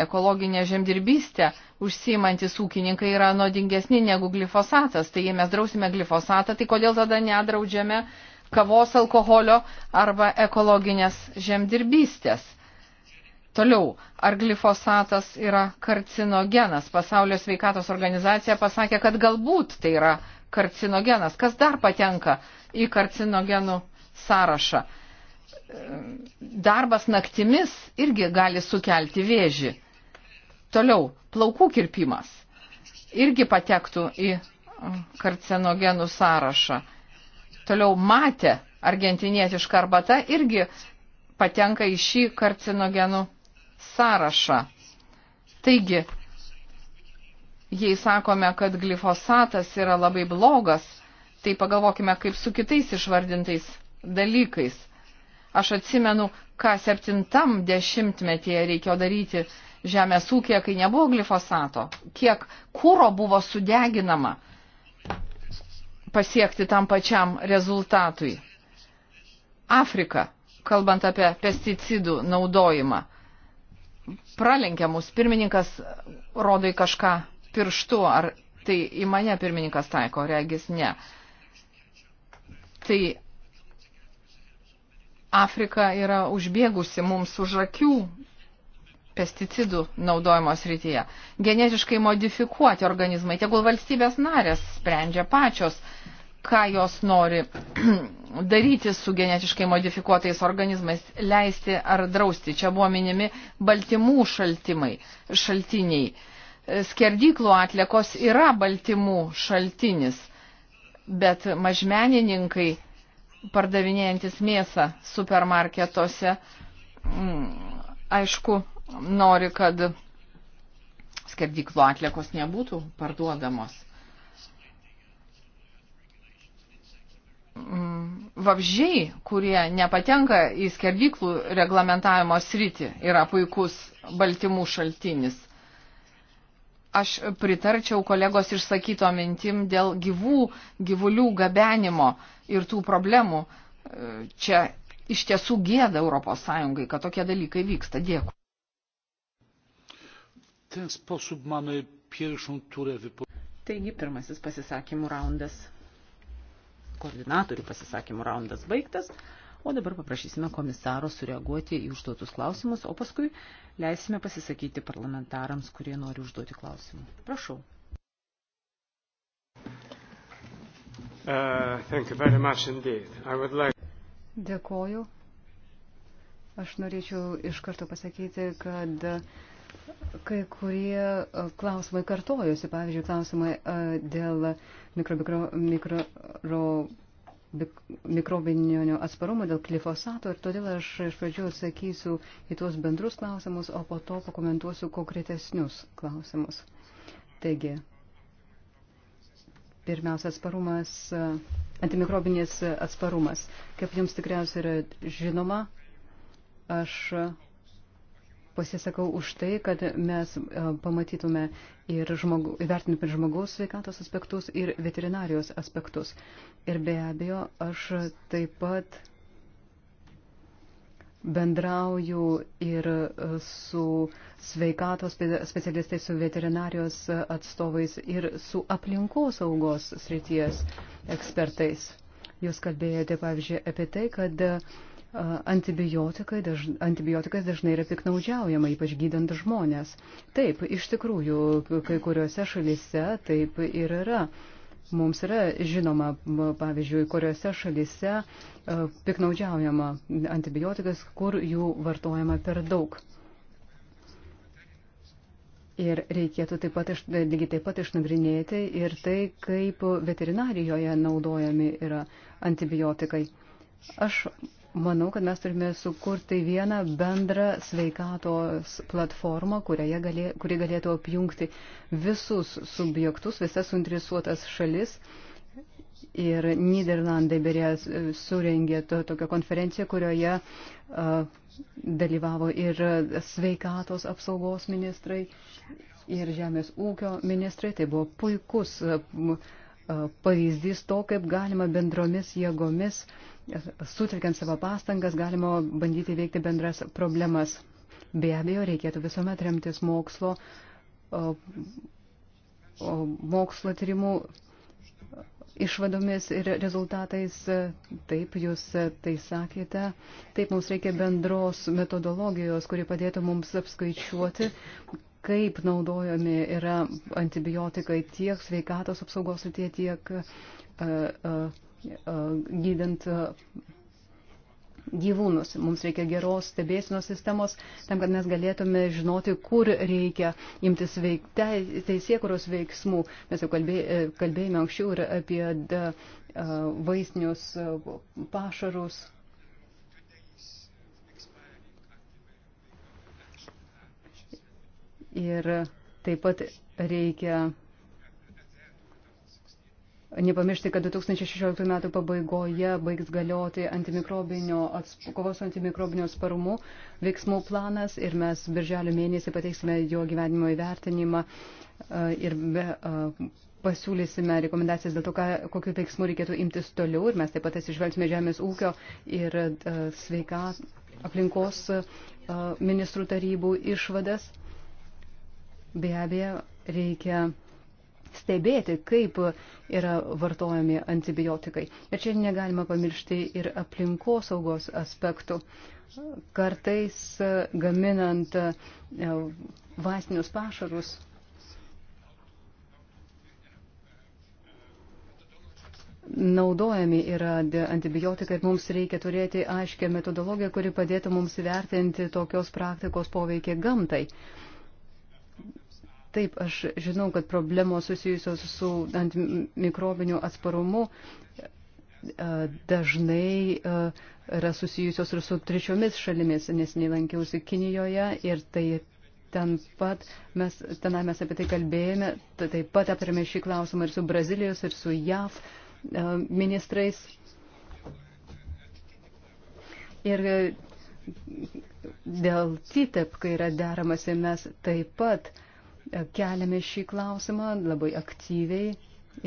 ekologinė žemdirbystė, užsimantis ūkininkai yra nuodingesni negu glifosatas. Tai jei mes drausime glifosatą, tai kodėl tada nedraudžiame kavos, alkoholio arba ekologinės žemdirbystės? Toliau, ar glifosatas yra karcinogenas? Pasaulio sveikatos organizacija pasakė, kad galbūt tai yra karcinogenas. Kas dar patenka į karcinogenų sąrašą? Darbas naktimis irgi gali sukelti vėžį. Toliau, plaukų kirpimas irgi patektų į karcinogenų sąrašą. Toliau, matė argentinietiška arbata irgi patenka į šį karcinogenų sąrašą. Taigi, Jei sakome, kad glifosatas yra labai blogas, tai pagalvokime, kaip su kitais išvardintais dalykais. Aš atsimenu, ką septintam dešimtmetyje reikėjo daryti žemės ūkėje, kai nebuvo glifosato, kiek kūro buvo sudeginama pasiekti tam pačiam rezultatui. Afrika, kalbant apie pesticidų naudojimą, pralenkia mus, pirmininkas rodo į kažką pirštu, ar tai į mane pirmininkas taiko, regis ne. Tai Afrika yra užbėgusi mums už akių pesticidų naudojimo srityje. Genetiškai modifikuoti organizmai, tegul valstybės narės sprendžia pačios, ką jos nori daryti su genetiškai modifikuotais organizmais, leisti ar drausti. Čia buvo minimi baltymų šaltimai, šaltiniai skerdyklų atlikos yra baltymų šaltinis, bet mažmenininkai pardavinėjantis mėsą supermarketuose, mm, aišku, nori, kad skerdyklų atlikos nebūtų parduodamos. Mm, Vabžiai, kurie nepatenka į skerdyklų reglamentavimo sritį, yra puikus baltymų šaltinis – aš pritarčiau kolegos išsakyto mintim dėl gyvų gyvulių gabenimo ir tų problemų. Čia iš tiesų gėda Europos Sąjungai, kad tokie dalykai vyksta. Dėkui. Taigi pirmasis pasisakymų raundas, koordinatorių pasisakymų raundas baigtas. O dabar paprašysime komisaro sureaguoti į užduotus klausimus, o paskui leisime pasisakyti parlamentarams, kurie nori užduoti klausimų. Prašau. Uh, like... Dėkoju. Aš norėčiau iš karto pasakyti, kad kai kurie uh, klausimai kartojosi, pavyzdžiui, klausimai uh, dėl mikro, mikro, mikro mikrobinio atsparumo, dėl glifosato ir todėl aš iš pradžių atsakysiu į tuos bendrus klausimus, o po to pakomentuosiu konkretesnius klausimus. Taigi, pirmiausia atsparumas, antimikrobinis atsparumas. Kaip jums tikriausiai yra žinoma, aš pasisakau už tai, kad mes e, pamatytume ir žmogu, įvertintume žmogaus sveikatos aspektus ir veterinarijos aspektus. Ir be abejo, aš taip pat bendrauju ir e, su sveikatos specialistais, su veterinarijos atstovais ir su aplinkos saugos srities ekspertais. Jūs kalbėjote, pavyzdžiui, apie tai, kad uh, antibiotikai, daž, antibiotikas dažnai yra piknaudžiaujama, ypač gydant žmonės. Taip, iš tikrųjų, kai kuriuose šalise taip ir yra. Mums yra žinoma, pavyzdžiui, kuriuose šalise e, piknaudžiaujama antibiotikas, kur jų vartojama per daug. Ir reikėtų taip pat, lygiai taip pat išnagrinėti ir tai, kaip veterinarijoje naudojami yra antibiotikai. Aš manau, kad mes turime sukurti vieną bendrą sveikatos platformą, galė, kuri galėtų apjungti visus subjektus, visas suinteresuotas šalis. Ir Niderlandai berė surengė to, tokią konferenciją, kurioje uh, dalyvavo ir sveikatos apsaugos ministrai, ir žemės ūkio ministrai. Tai buvo puikus uh, pavyzdys to, kaip galima bendromis jėgomis uh, sutelkiant savo pastangas, galima bandyti veikti bendras problemas. Be abejo, reikėtų visuomet remtis mokslo, mokslo tyrimų išvadomis ir rezultatais. Taip, jūs tai sakėte. Taip, mums reikia bendros metodologijos, kuri padėtų mums apskaičiuoti, kaip naudojami yra antibiotikai tiek sveikatos apsaugos srityje, tiek. Uh, uh, gydant gyvūnus. Mums reikia geros stebėsinos sistemos, tam, kad mes galėtume žinoti, kur reikia imtis veik, te, teisėkuros veiksmų. Mes jau kalbė, e, kalbėjome anksčiau ir apie da, vaisnius pašarus. Ir taip pat reikia Nepamiršti, kad 2016 metų pabaigoje baigs galioti kovos su antimikrobinio sparumu veiksmų planas ir mes birželio mėnesį pateiksime jo gyvenimo įvertinimą e, ir be, e, pasiūlysime rekomendacijas dėl to, ką, kokiu veiksmu reikėtų imtis toliau ir mes taip pat atsižvelgsime žemės ūkio ir e, sveika aplinkos ministrų tarybų išvadas. Be abejo, reikia stebėti, kaip yra vartojami antibiotikai. Ir čia negalima pamiršti ir aplinkosaugos aspektų. Kartais gaminant e, vaistinius pašarus. Naudojami yra antibiotikai ir mums reikia turėti aiškę metodologiją, kuri padėtų mums įvertinti tokios praktikos poveikį gamtai. Uh, Taip, aš žinau, kad problemos susijusios su antimikrobiniu atsparumu e, dažnai e, yra susijusios ir su trečiomis šalimis, nes nelankiausi Kinijoje ir tai ten pat, mes, tenai mes apie tai kalbėjome, taip pat aptarėme šį klausimą ir su Brazilijos, ir su JAV e, ministrais. Ir dėl TTIP, kai yra deramasi, mes taip pat uh, keliame šį klausimą labai aktyviai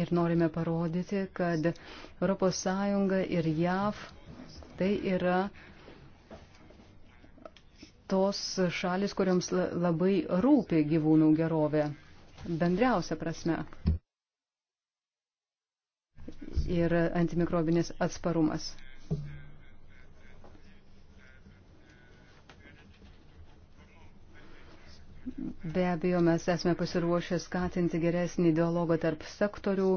ir norime parodyti, kad ES ir JAV tai yra tos šalis, kuriams labai rūpi gyvūnų gerovė bendriausia prasme. Ir antimikrobinės atsparumas. Be abejo, mes esame pasiruošę skatinti geresnį dialogą tarp sektorių.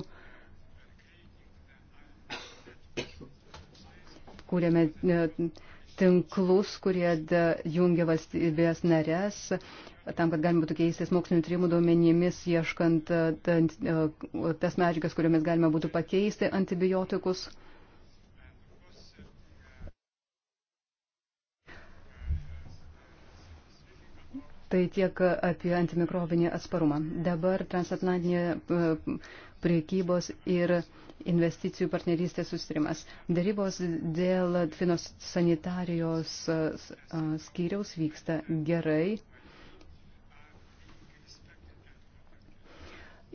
Kūrėme e, tinklus, kurie e, jungia valstybės narės, tam, kad galima būtų keistis mokslinio tyrimų duomenimis, ieškant e, tas medžiagas, kuriomis galima būtų pakeisti antibiotikus. Tai tiek apie antimikrobinį atsparumą. Dabar transatlantinė e, priekybos ir investicijų partnerystės sustrimas. Darybos dėl finosanitarijos e, e, skyriaus vyksta gerai.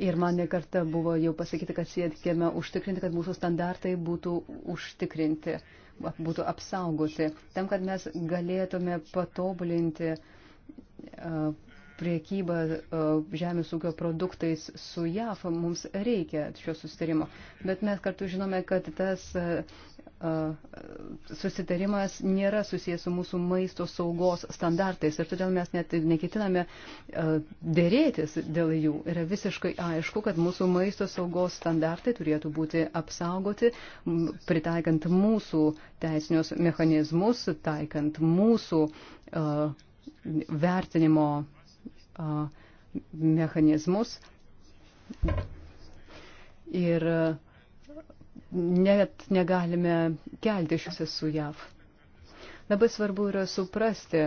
Ir man nekarta buvo jau pasakyti, kad siekėme užtikrinti, kad mūsų standartai būtų užtikrinti, būtų apsaugoti, tam, kad mes galėtume patobulinti uh, priekybą žemės ūkio produktais su JAF, mums reikia šio susitarimo. Bet mes kartu žinome, kad tas susitarimas nėra susijęs su mūsų maisto saugos standartais ir todėl mes net nekitiname dėrėtis dėl jų. Yra visiškai aišku, kad mūsų maisto saugos standartai turėtų būti apsaugoti, pritaikant mūsų teisinius mechanizmus, taikant mūsų uh, vertinimo mechanizmus. Ir net negalime kelti šiuose su JAV. Labai svarbu yra suprasti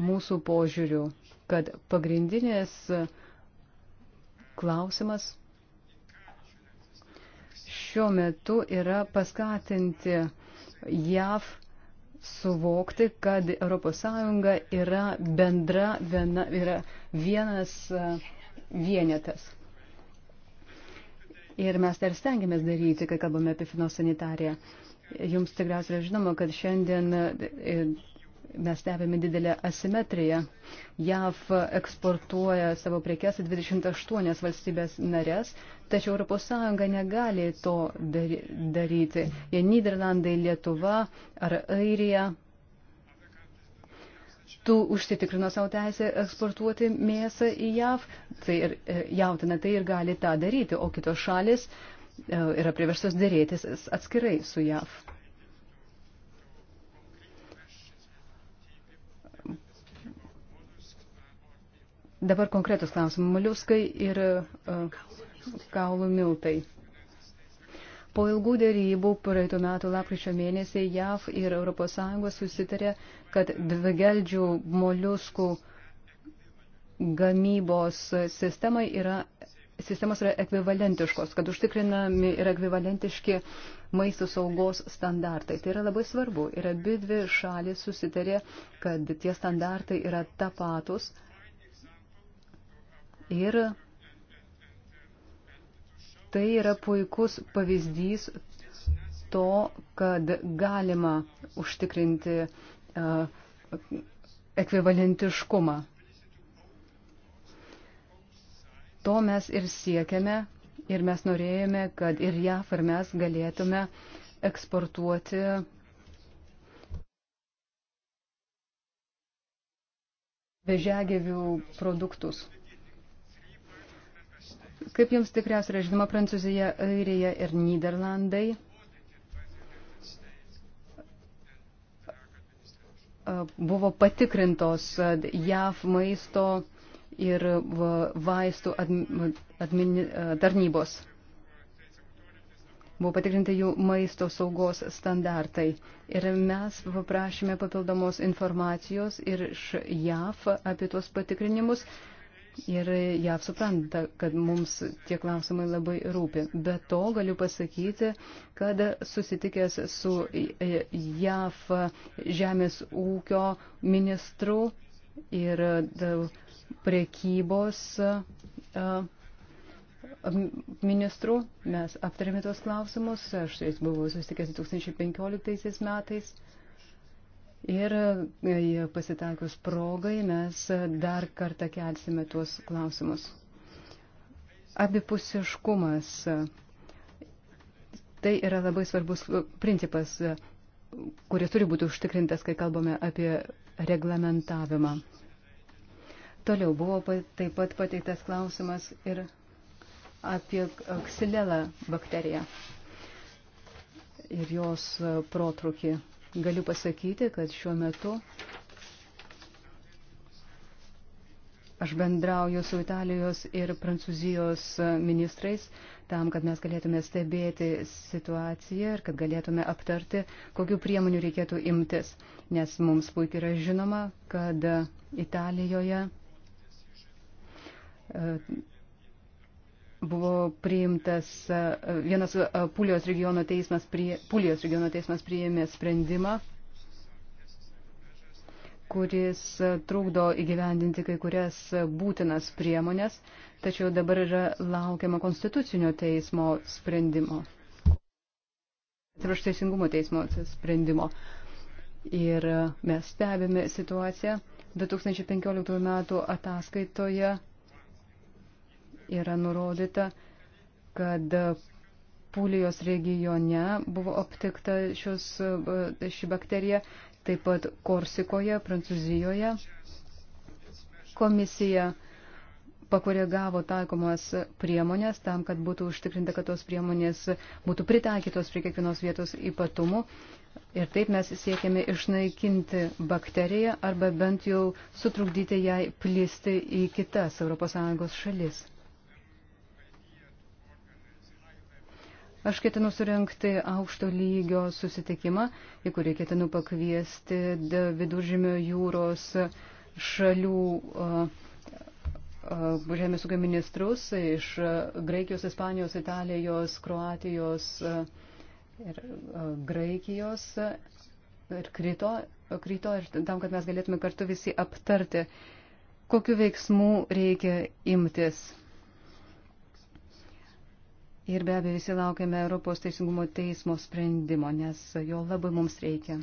mūsų požiūrių, kad pagrindinės klausimas šiuo metu yra paskatinti JAV suvokti, kad ES yra bendra, viena, yra vienas e, vienetas. Ir mes dar stengiamės daryti, kai kalbame apie finosanitariją. Jums tikriausiai yra žinoma, kad šiandien e, mes stebėme didelę asimetriją. JAV eksportuoja savo prekes į 28 valstybės narės, tačiau ES negali to daryti. Jei Niderlandai, Lietuva ar Airija tu užsitikrino savo teisę eksportuoti mėsą į JAV, tai ir e, jautina tai ir gali tą daryti, o kitos šalis e, yra priverstos dėrėtis atskirai su JAV. Dabar konkretus klausimai. Moliuskai ir uh, kaulų miltai. Po ilgų dėrybų praeitų metų lapkričio mėnesį JAV ir ES susitarė, kad dvigeldžių moliuskų gamybos sistemai yra, sistemos yra ekvivalentiškos, kad užtikrinami yra ekvivalentiški maisto saugos standartai. Tai yra labai svarbu. Ir abi dvi šalis susitarė, kad tie standartai yra tapatus. patus Ir tai yra puikus pavyzdys to, kad galima užtikrinti uh, ekvivalentiškumą. To mes ir siekiame ir mes norėjome, kad ir JAF ir mes galėtume eksportuoti vežiagevių produktus. Kaip jums tikriausiai yra žinoma, Prancūzija, Airija ir Niderlandai buvo patikrintos JAV maisto ir vaistų admi, admini, tarnybos. Buvo patikrinti jų maisto saugos standartai. Ir mes paprašėme papildomos informacijos ir iš JAF apie tuos patikrinimus. Ir jav supranta, kad mums tie klausimai labai rūpi. Be to galiu pasakyti, kad susitikęs su jav žemės ūkio ministru ir priekybos ministru, mes aptarėme tos klausimus, aš jais buvau susitikęs 2015 metais. Ir e, pasitaikus progai mes dar kartą kelsime tuos klausimus. Abipusiškumas. Tai yra labai svarbus principas, kuris turi būti užtikrintas, kai kalbame apie reglamentavimą. Toliau buvo taip pat pateiktas klausimas ir apie ksilelą bakteriją ir jos protrukį galiu pasakyti, kad šiuo metu aš bendrauju su Italijos ir Prancūzijos ministrais tam, kad mes galėtume stebėti situaciją ir kad galėtume aptarti, kokiu priemonių reikėtų imtis. Nes mums puikiai yra žinoma, kad Italijoje buvo priimtas vienas Pulijos regiono teismas, prie, Pulijos regiono teismas priėmė sprendimą, kuris trukdo įgyvendinti kai kurias būtinas priemonės, tačiau dabar yra laukiama konstitucinio teismo sprendimo. Atsiprašau, teisingumo teismo sprendimo. Ir mes stebime situaciją. 2015 metų ataskaitoje yra nurodyta, kad Pulijos regione buvo aptikta šios, ši bakterija, taip pat Korsikoje, Prancūzijoje. Komisija pakoregavo taikomas priemonės tam, kad būtų užtikrinta, kad tos priemonės būtų pritaikytos prie kiekvienos vietos ypatumų. Ir taip mes siekiame išnaikinti bakteriją arba bent jau sutrukdyti jai plisti į kitas ES šalis. Aš ketinu surinkti aukšto lygio susitikimą, į kurį ketinu pakviesti viduržymio jūros šalių žemės ūkio ministrus iš Graikijos, Ispanijos, Italijos, Kroatijos ir Graikijos ir Kryto, kryto ir tam, kad mes galėtume kartu visi aptarti, kokiu veiksmu reikia imtis. Ir be abejo visi laukiame Europos teisingumo teismo sprendimo, nes jo labai mums reikia.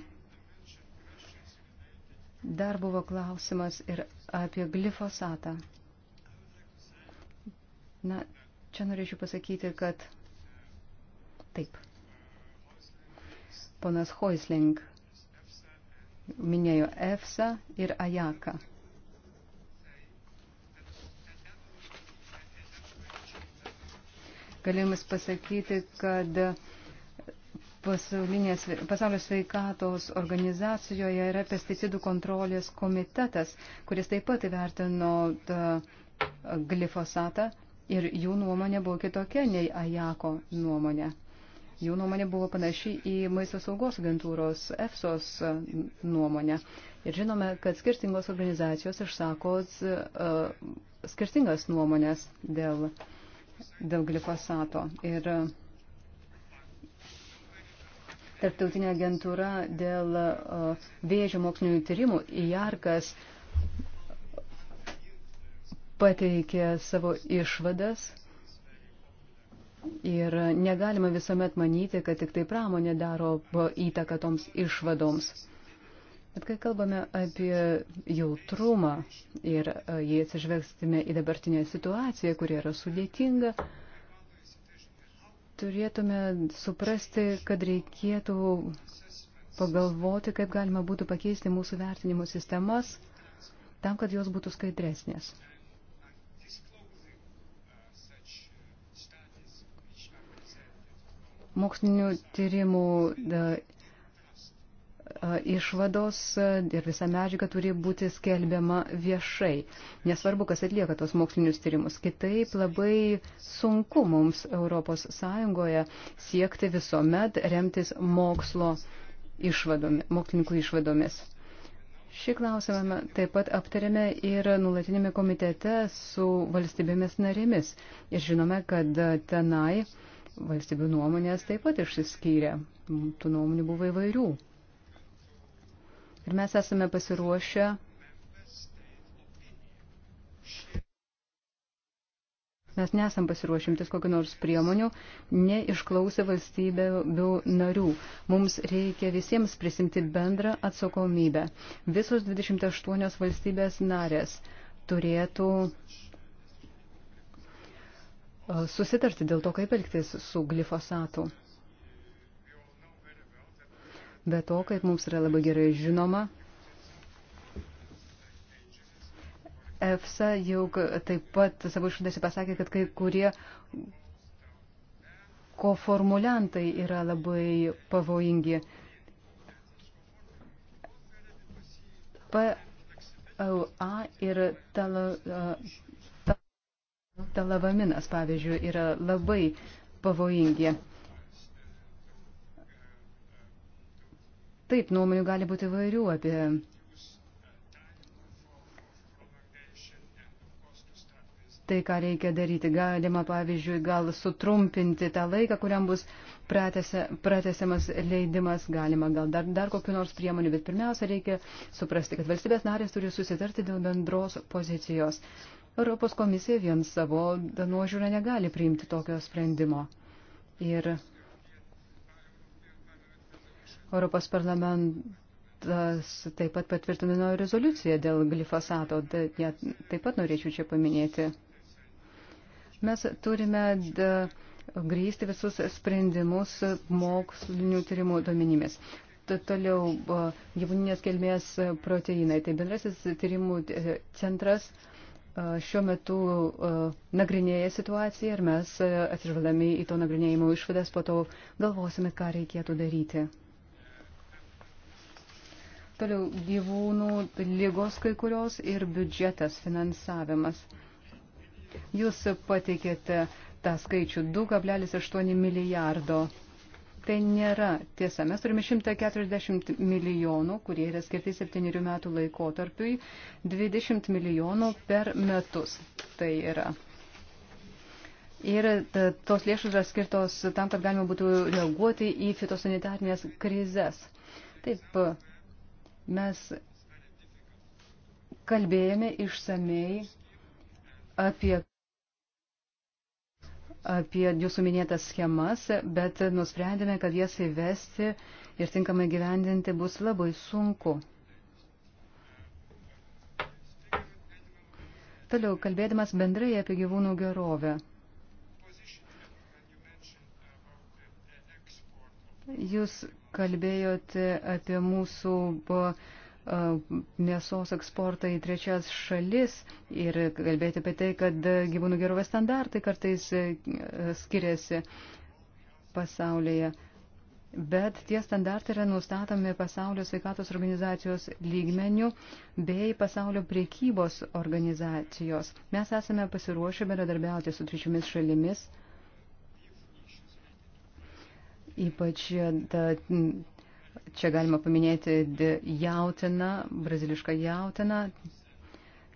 Dar buvo klausimas ir apie glifosatą. Na, čia norėčiau pasakyti, kad taip. Ponas Hoisling minėjo EFSA ir AJAKA. Galėjom jums pasakyti, kad pasaulio sveikatos organizacijoje yra pesticidų kontrolės komitetas, kuris taip pat įvertino glifosatą ir jų nuomonė buvo kitokia nei Ajako nuomonė. Jų nuomonė buvo panaši į Maisto saugos agentūros EFSOS nuomonę. Ir žinome, kad skirtingos organizacijos išsako uh, skirtingas nuomonės dėl uh, dėl glifosato. Ir Tarptautinė agentūra dėl uh, vėžio mokslinių tyrimų IARKAS pateikė savo išvadas ir negalima visuomet manyti, kad tik tai pramonė daro įtaką toms išvadoms. Bet kai kalbame apie jautrumą ir e, jei atsižvelgsime į dabartinę situaciją, kuri yra sudėtinga, turėtume suprasti, kad reikėtų pagalvoti, kaip galima būtų pakeisti mūsų vertinimo sistemas tam, kad jos būtų skaidresnės. Mokslinių tyrimų išvados ir visa medžiaga turi būti skelbiama viešai. Nesvarbu, kas atlieka tos mokslinius tyrimus. Kitaip labai sunku mums ES siekti visuomet remtis mokslo išvadomis, mokslininkų išvadomis. Šį klausimą taip pat aptarėme ir nulatinėme komitete su valstybėmis narėmis. Ir žinome, kad tenai valstybių nuomonės taip pat išsiskyrė. Tų nuomonių buvo įvairių. Ir mes esame pasiruošę. Mes nesam pasiruošimtis kokiu nors priemonių, neišklausę valstybių narių. Mums reikia visiems prisimti bendrą atsakomybę. Visos 28 valstybės narės turėtų e, susitarti dėl to, kaip elgtis su glifosatu. Be to, kaip mums yra labai gerai žinoma, EFSA jau taip pat savo išvadėse pasakė, kad kai kurie koformuliantai yra labai pavojingi. PLA ir tala, talavaminas, pavyzdžiui, yra labai pavojingi. Taip, nuomonių gali būti vairių apie tai, ką reikia daryti. Galima, pavyzdžiui, gal sutrumpinti tą laiką, kuriam bus pratesiamas leidimas, galima gal dar, dar kokiu nors priemonių, bet pirmiausia, reikia suprasti, kad valstybės narės turi susitarti dėl bendros pozicijos. Europos komisija vien savo nuožiūrą negali priimti tokio sprendimo. Ir Europos parlamentas taip pat patvirtino rezoliuciją dėl glifosato, net tai taip pat norėčiau čia paminėti. Mes turime grįsti visus sprendimus mokslinių tyrimų duomenimis toliau gyvūninės kelmės proteinai. Tai bendrasis tyrimų e, centras e, šiuo metu e, nagrinėja situaciją ir mes atsižvelgdami į to nagrinėjimo išvadas po to galvosime, ką reikėtų daryti. Toliau gyvūnų lygos kai kurios ir biudžetas finansavimas. Jūs pateikėte tą skaičių 2,8 milijardo. Tai nėra tiesa. Mes turime 140 milijonų, kurie yra skirti 7 metų laikotarpiui, 20 milijonų per metus. Tai yra. Ir tos lėšos yra skirtos tam, kad galima būtų reaguoti į fitosanitarnės krizes. Taip, Mes kalbėjome išsamei apie, apie jūsų minėtas schemas, bet nusprendėme, kad jas įvesti ir tinkamai gyvendinti bus labai sunku. Toliau, kalbėdamas bendrai apie gyvūnų gerovę. Jūs kalbėjote apie mūsų mėsos eksportą į trečias šalis ir kalbėti apie tai, kad gyvūnų gerovės standartai kartais e, skiriasi pasaulyje. Bet tie standartai yra nustatomi pasaulio sveikatos organizacijos lygmenių bei pasaulio priekybos organizacijos. Mes esame pasiruošę bendradarbiauti su trečiomis šalimis Ypač da, čia galima paminėti jautiną, brazilišką jautiną.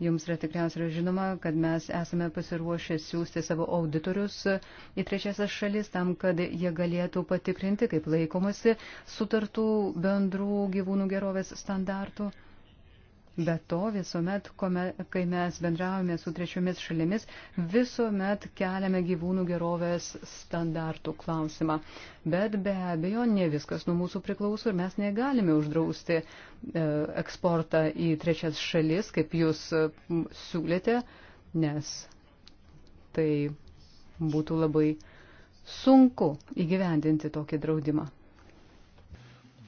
Jums yra tikriausiai žinoma, kad mes esame pasiruošę siūsti savo auditorius į trečiasias šalis tam, kad jie galėtų patikrinti, kaip laikomasi sutartų bendrų gyvūnų gerovės standartų. Be to, visuomet, kai mes bendravome su trečiomis šalimis, visuomet keliame gyvūnų gerovės standartų klausimą. Bet be abejo, ne viskas nuo mūsų priklauso ir mes negalime uždrausti e, eksportą į trečias šalis, kaip jūs e, siūlėte, nes tai būtų labai sunku įgyvendinti tokį draudimą.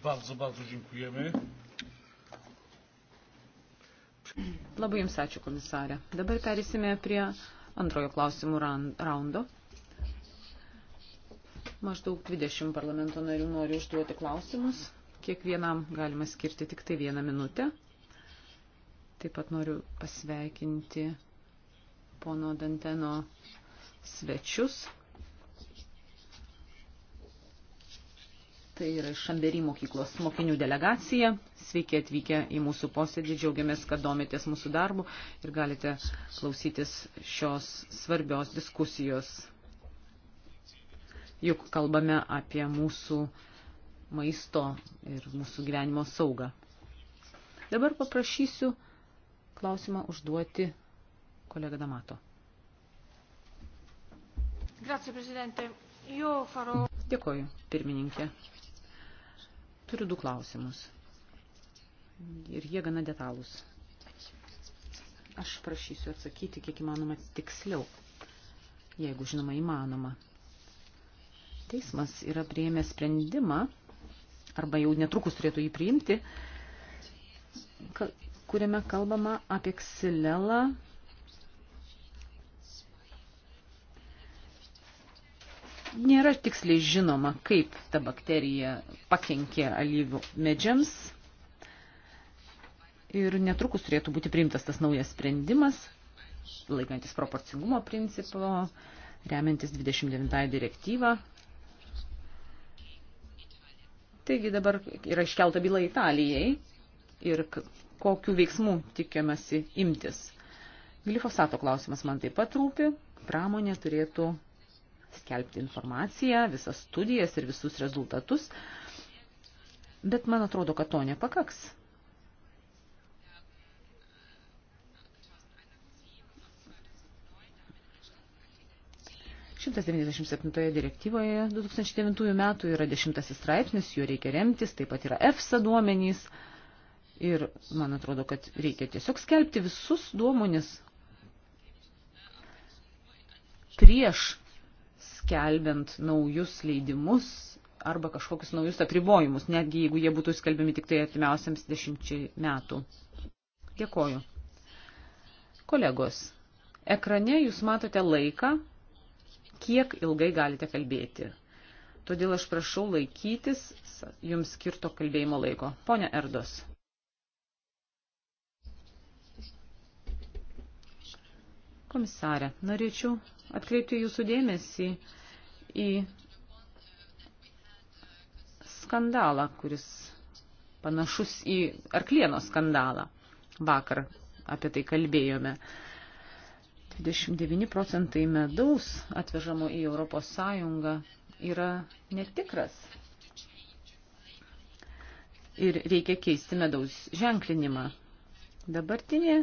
Bardzo, bardzo dziękujemy. Labai Jums ačiū, komisarė. Dabar perėsime prie antrojo klausimų raundo. Maždaug 20 parlamento narių nori užduoti klausimus. Kiekvienam galima skirti tik tai vieną minutę. Taip pat noriu pasveikinti pono Danteno svečius. Tai yra iš Šamberį mokyklos mokinių delegacija. Sveiki atvykę į mūsų posėdį. Džiaugiamės, kad domitės mūsų darbu ir galite klausytis šios svarbios diskusijos. Juk kalbame apie mūsų maisto ir mūsų gyvenimo saugą. Dabar paprašysiu klausimą užduoti kolega Damato. Grazie, Presidente. Io farò... Dėkoju, pirmininkė. Turiu du klausimus. Ir jie gana detalūs. Aš prašysiu atsakyti kiek įmanoma tiksliau, jeigu žinoma įmanoma. Teismas yra prieėmęs sprendimą, arba jau netrukus turėtų jį priimti, kuriame kalbama apie ksilelą nėra tiksliai žinoma, kaip ta bakterija pakenkė alyvų medžiams. Ir netrukus turėtų būti priimtas tas naujas sprendimas, laikantis proporcingumo principo, remiantis 29 direktyvą. Taigi dabar yra iškelta byla Italijai ir kokių veiksmų tikiamasi imtis. Glifosato klausimas man taip pat rūpi. Pramonė turėtų skelbti informaciją, visas studijas ir visus rezultatus, bet man atrodo, kad to nepakaks. Šimtas 97 direktyvoje 2009 metų yra dešimtasis straipsnis, juo reikia remtis, taip pat yra EFSA duomenys. Ir man atrodo, kad reikia tiesiog skelbti visus duomenis prieš skelbiant naujus leidimus arba kažkokius naujus apribojimus, netgi jeigu jie būtų skelbiami tik tai artimiausiams dešimčiai metų. Dėkoju. Kolegos, ekrane jūs matote laiką, kiek ilgai galite kalbėti. Todėl aš prašau laikytis jums skirto kalbėjimo laiko. Pone Erdos. Komisarė, norėčiau atkreipti jūsų dėmesį į skandalą, kuris panašus į arklieno skandalą. Vakar apie tai kalbėjome. 29 procentai medaus atvežamo į Europos Sąjungą yra netikras. Ir reikia keisti medaus ženklinimą. Dabartinė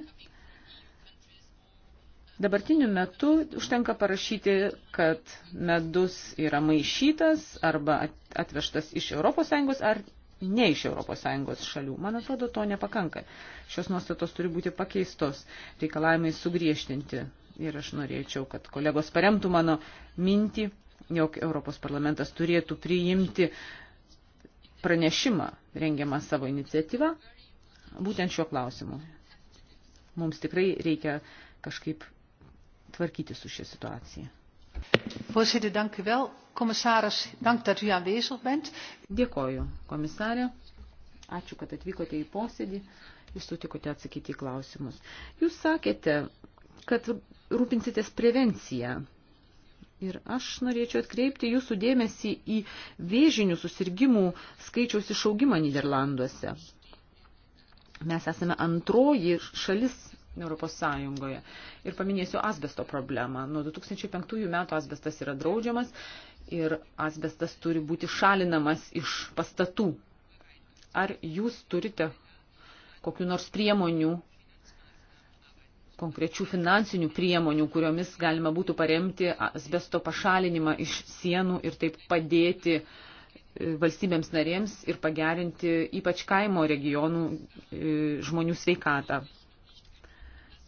Dabartiniu metu užtenka parašyti, kad medus yra maišytas arba atvežtas iš ES ar ne iš ES šalių. Man atrodo, to nepakanka. Šios nuostatos turi būti pakeistos, reikalavimai sugriežtinti. Ir aš norėčiau, kad kolegos paremtų mano mintį, jog Europos parlamentas turėtų priimti pranešimą rengiamą savo iniciatyvą būtent šiuo klausimu. Mums tikrai reikia kažkaip tvarkyti su šią situaciją. Voorzitter, dank u wel. Commissaris, dank dat u aanwezig bent. Dėkoju, komisarė. Ačiū, kad atvykote į posėdį. Jūs sutikote atsakyti į klausimus. Jūs sakėte, kad rūpinsitės prevenciją. Ir aš norėčiau atkreipti jūsų dėmesį į vėžinių susirgymų skaičiaus išaugimą Niderlanduose. Mes esame antroji šalis Europos Sąjungoje. Ir paminėsiu asbesto problemą. Nuo 2005 metų asbestas yra draudžiamas ir asbestas turi būti šalinamas iš pastatų. Ar jūs turite kokiu nors priemonių, konkrečių finansinių priemonių, kuriomis galima būtų paremti asbesto pašalinimą iš sienų ir taip padėti e, valstybėms narėms ir pagerinti ypač kaimo regionų e, žmonių sveikatą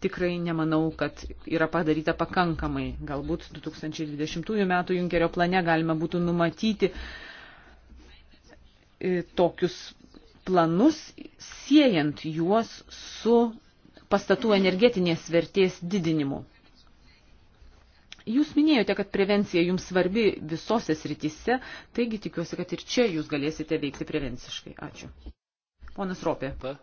tikrai nemanau, kad yra padaryta pakankamai. Galbūt 2020 m. Junkerio plane galima būtų numatyti e, tokius planus, siejant juos su pastatų energetinės vertės didinimu. Jūs minėjote, kad prevencija jums svarbi visose srityse, taigi tikiuosi, kad ir čia jūs galėsite veikti prevenciškai. Ačiū. Ponas Ropė. Ta.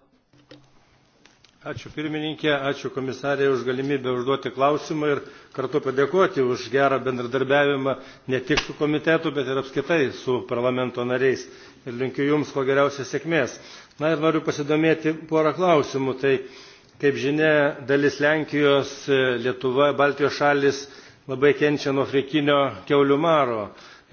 Ačiū pirmininkė, ačiū komisarė už galimybę užduoti klausimą ir kartu padėkoti už gerą bendradarbiavimą ne tik su komitetu, bet ir apskaitai su parlamento nariais. Ir linkiu Jums ko geriausios sėkmės. Na ir noriu pasidomėti porą klausimų. Tai, kaip žinia, dalis Lenkijos, Lietuva, Baltijos šalis labai kenčia nuo afrikinio keulių maro.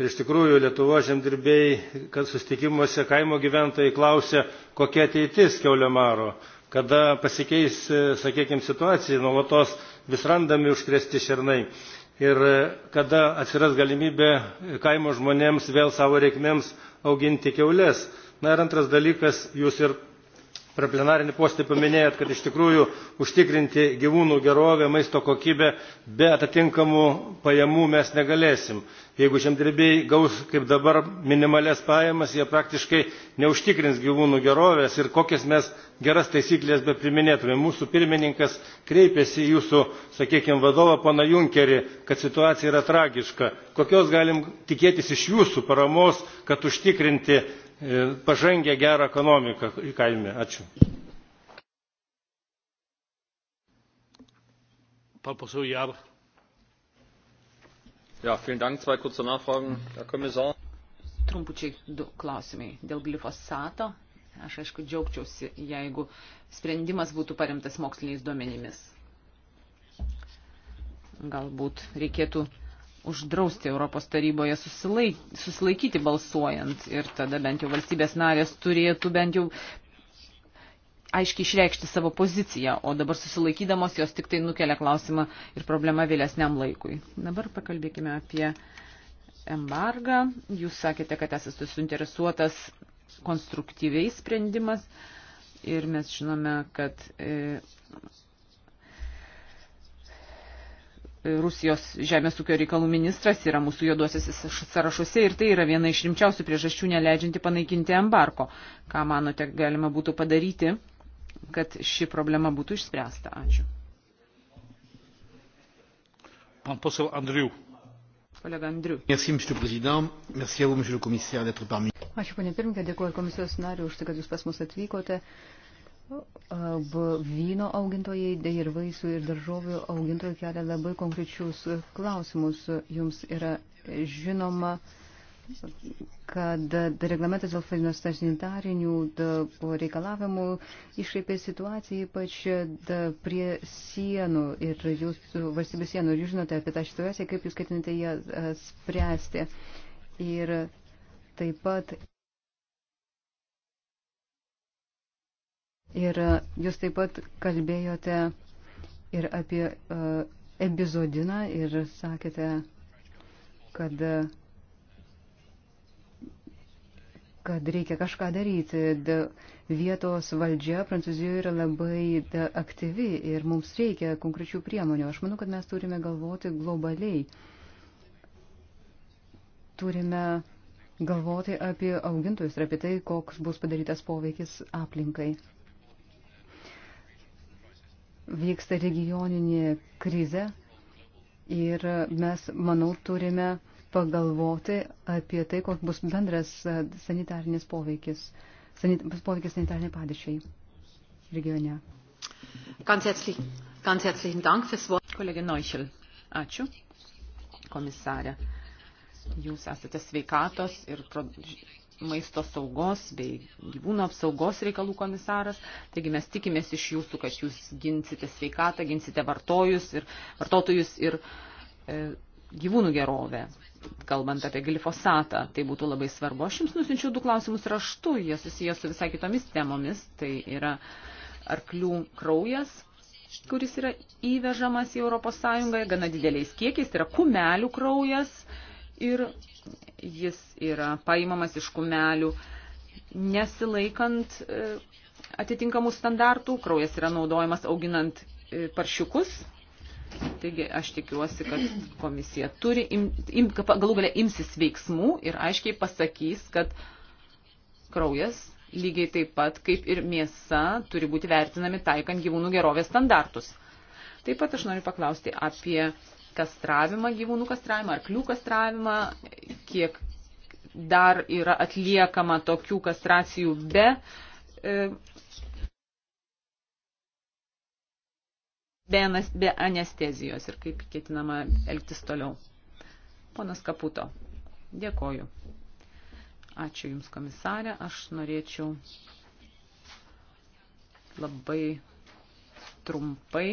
Ir iš tikrųjų Lietuvos žemdirbėjai, kad sustikimuose kaimo gyventojai klausia, kokia ateitis keulio maro kada pasikeis, e, sakykime, situacija, nuolatos vis randami užkresti šernai ir e, kada atsiras galimybė kaimo žmonėms vėl savo reikmėms auginti keules. Na ir antras dalykas, jūs ir per plenarinį posėdį paminėjot kad iš tikrųjų užtikrinti gyvūnų gerovę maisto kokybę be atitinkamų pajamų mes negalėsim. jeigu žemdirbiai gaus kaip dabar minimalias pajamas jie praktiškai neužtikrins gyvūnų gerovės ir kokias mes geras taisykles bepriminėtumėm mūsų pirmininkas kreipėsi į jūsų sakykime vadovą poną junkerį kad situacija yra tragiška kokios galim tikėtis iš jūsų paramos kad užtikrinti pažangę gerą ekonomiką kaime. Ačiū. Ja, vielen Dank. Zwei kurze Nachfragen, Herr Kommissar. Trumpučiai du klausimai dėl glifosato. Aš aišku džiaugčiausi, jeigu sprendimas būtų paremtas moksliniais duomenimis. Galbūt reikėtų uždrausti Europos taryboje susilaik, susilaikyti balsuojant ir tada bent jau valstybės narės turėtų bent jau aiškiai išreikšti savo poziciją, o dabar susilaikydamos jos tik tai nukelia klausimą ir problemą vėlesniam laikui. Dabar pakalbėkime apie embargą. Jūs sakėte, kad esate suinteresuotas konstruktyviais sprendimas ir mes žinome, kad e, Rusijos žemės ūkio reikalų ministras yra mūsų juoduosiuose sąrašuose ir tai yra viena iš rimčiausių priežasčių neleidžianti panaikinti embarko. Ką manote, galima būtų padaryti, kad ši problema būtų išspręsta? Ačiū. Pan posel Andriu. Kolega Andriu. Merci, monsieur le président. Merci à vous, monsieur le commissaire, d'être parmi nous. Ačiū, ponė pirmininkė, dėkuoju komisijos nariu už tai, kad jūs pas mus atvykote. Uh, vyno augintojai ir vaisių ir daržovių augintojai kelia labai konkrečius klausimus. Jums yra žinoma, kad reglamentas dėl fitosanitarinių reikalavimų iškreipė situaciją ypač prie sienų ir jūs valstybės sienų ir jūs žinote apie tą situaciją, kaip jūs ketinate ją spręsti. Ir taip pat Ir jūs taip pat kalbėjote ir apie uh, e, epizodiną ir sakėte, kad, kad reikia kažką daryti. Da, vietos valdžia Prancūzijoje yra labai da, aktyvi ir mums reikia konkrečių priemonių. Aš manau, kad mes turime galvoti globaliai. Turime galvoti apie augintojus ir apie tai, koks bus padarytas poveikis aplinkai vyksta regioninė krize ir mes, manau, turime pagalvoti apie tai, koks bus bendras e, sanitarnis poveikis, sanit, poveikis sanitarniai padėčiai regione. Ganz herzlichen, ganz herzlichen Dank fürs Wort. Kollege Neuchel, ačiū. Komisarė, jūs esate sveikatos ir maisto saugos bei gyvūnų apsaugos reikalų komisaras. Taigi mes tikimės iš jūsų, kad jūs ginsite sveikatą, ginsite vartojus ir, vartotojus ir e, gyvūnų gerovę. Kalbant apie glifosatą, tai būtų labai svarbu. Aš jums nusinčiau du klausimus raštu, jie susiję su visai kitomis temomis. Tai yra arklių kraujas, kuris yra įvežamas į ES gana dideliais kiekiais, tai yra kumelių kraujas, ir jis yra paimamas iš kumelių, nesilaikant e, atitinkamų standartų, kraujas yra naudojamas auginant e, paršiukus. Taigi aš tikiuosi, kad komisija turi, im, im, galų galia imsis veiksmų ir aiškiai pasakys, kad kraujas lygiai taip pat kaip ir mėsa turi būti vertinami taikant gyvūnų gerovės standartus. Taip pat aš noriu paklausti apie kastravimą, gyvūnų kastravimą, arklių kastravimą, kiek dar yra atliekama tokių kastracijų be. E, be, be anestezijos ir kaip ketinama elgtis toliau. Ponas Kaputo, dėkoju. Ačiū Jums, komisarė. Aš norėčiau labai trumpai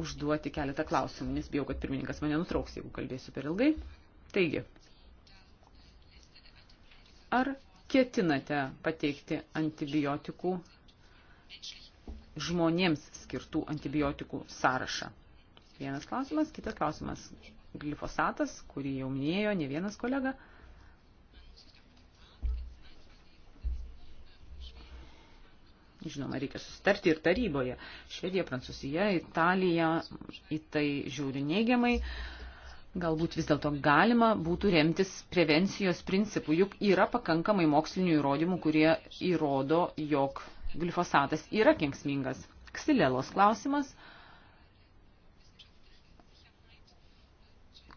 užduoti keletą klausimų, nes bijau, kad pirmininkas mane nutrauks, jeigu kalbėsiu per ilgai. Taigi, ar ketinate pateikti antibiotikų žmonėms skirtų antibiotikų sąrašą? Vienas klausimas, kitas klausimas. Glifosatas, kurį jau minėjo ne vienas kolega. Žinoma, reikia susitarti ir taryboje. Švedija, Prancūzija, Italija į tai žiūri neigiamai. Galbūt vis dėlto galima būtų remtis prevencijos principų, juk yra pakankamai mokslinių įrodymų, kurie įrodo, jog glifosatas yra kengsmingas. Ksilelos klausimas.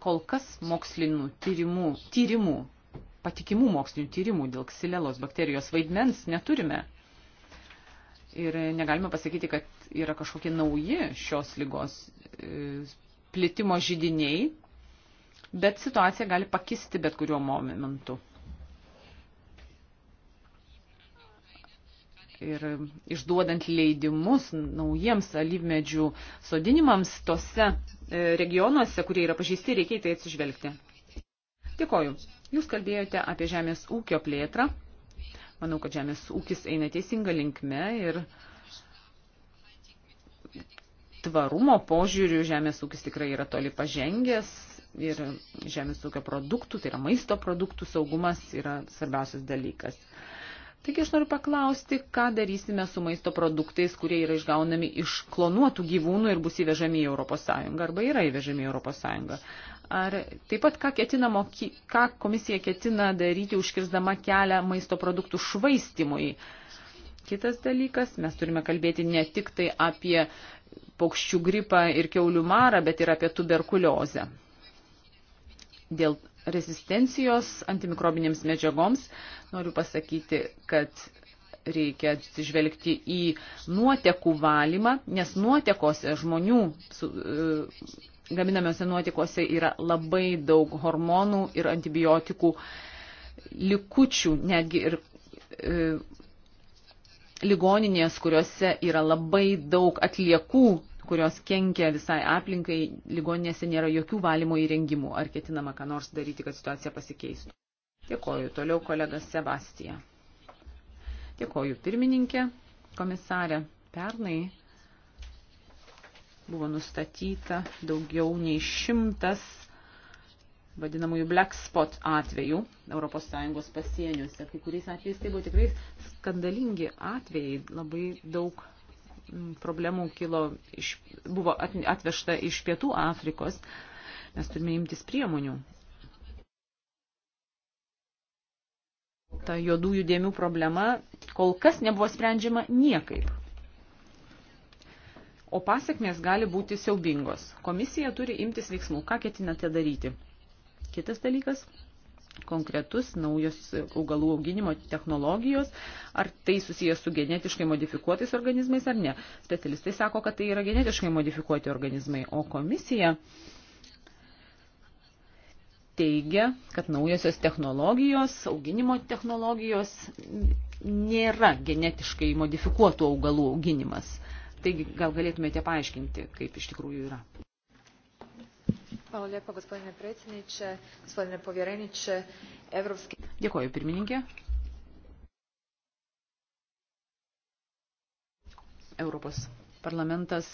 Kol kas mokslinų tyrimų, tyrimų patikimų mokslinių tyrimų dėl ksilelos bakterijos vaidmens neturime. Ir negalima pasakyti, kad yra kažkokie nauji šios lygos e, plitimo žydiniai, bet situacija gali pakisti bet kuriuo momentu. ir išduodant leidimus naujiems alyvmedžių sodinimams tose e, regionuose, kurie yra pažįsti, reikia į tai atsižvelgti. Dėkoju. Jūs kalbėjote apie žemės ūkio plėtrą Manau, kad žemės ūkis eina teisinga linkme ir tvarumo požiūrių žemės ūkis tikrai yra toli pažengęs ir žemės ūkio produktų, tai yra maisto produktų saugumas yra svarbiausias dalykas. Taigi aš noriu paklausti, ką darysime su maisto produktais, kurie yra išgaunami iš klonuotų gyvūnų ir bus įvežami į ES arba yra įvežami į ES. Ar taip pat ką, ketina moky, ką komisija ketina daryti užkirzdama kelią maisto produktų švaistimui? Kitas dalykas, mes turime kalbėti ne tik tai apie paukščių gripą ir keulių marą, bet ir apie tuberkuliozę. Dėl rezistencijos antimikrobinėms medžiagoms noriu pasakyti, kad reikia atsižvelgti į nuotekų valymą, nes nuotekose žmonių su, gaminamiuose nuotikose yra labai daug hormonų ir antibiotikų likučių, netgi ir e, ligoninės, kuriuose yra labai daug atliekų, kurios kenkia visai aplinkai, ligoninėse nėra jokių valymo įrengimų. Ar ketinama ką nors daryti, kad situacija pasikeistų? Dėkoju. Toliau kolegas Sebastija. Dėkoju pirmininkė, komisarė. Pernai Buvo nustatyta daugiau nei šimtas vadinamųjų black spot atvejų ES pasieniuose. Kai kuriais atvejais tai buvo tikrai skandalingi atvejai, labai daug mm, problemų kilo, iš, buvo atvežta iš pietų Afrikos. Mes turime imtis priemonių. Ta juodųjų dėmių problema kol kas nebuvo sprendžiama niekaip o pasiekmės gali būti siaubingos. Komisija turi imtis veiksmų. Ką ketinate daryti? Kitas dalykas konkretus naujos augalų auginimo technologijos, ar tai susijęs su genetiškai modifikuotais organizmais ar ne. Specialistai sako, kad tai yra genetiškai modifikuoti organizmai, o komisija teigia, kad naujosios technologijos, auginimo technologijos nėra genetiškai modifikuotų augalų auginimas. Taigi gal galėtumėte paaiškinti, kaip iš tikrųjų yra. Hvala lijepo, gospodine predsjedniče, gospodine povjereniče, evropski... Dėkoju, pirmininkė. Europos parlamentas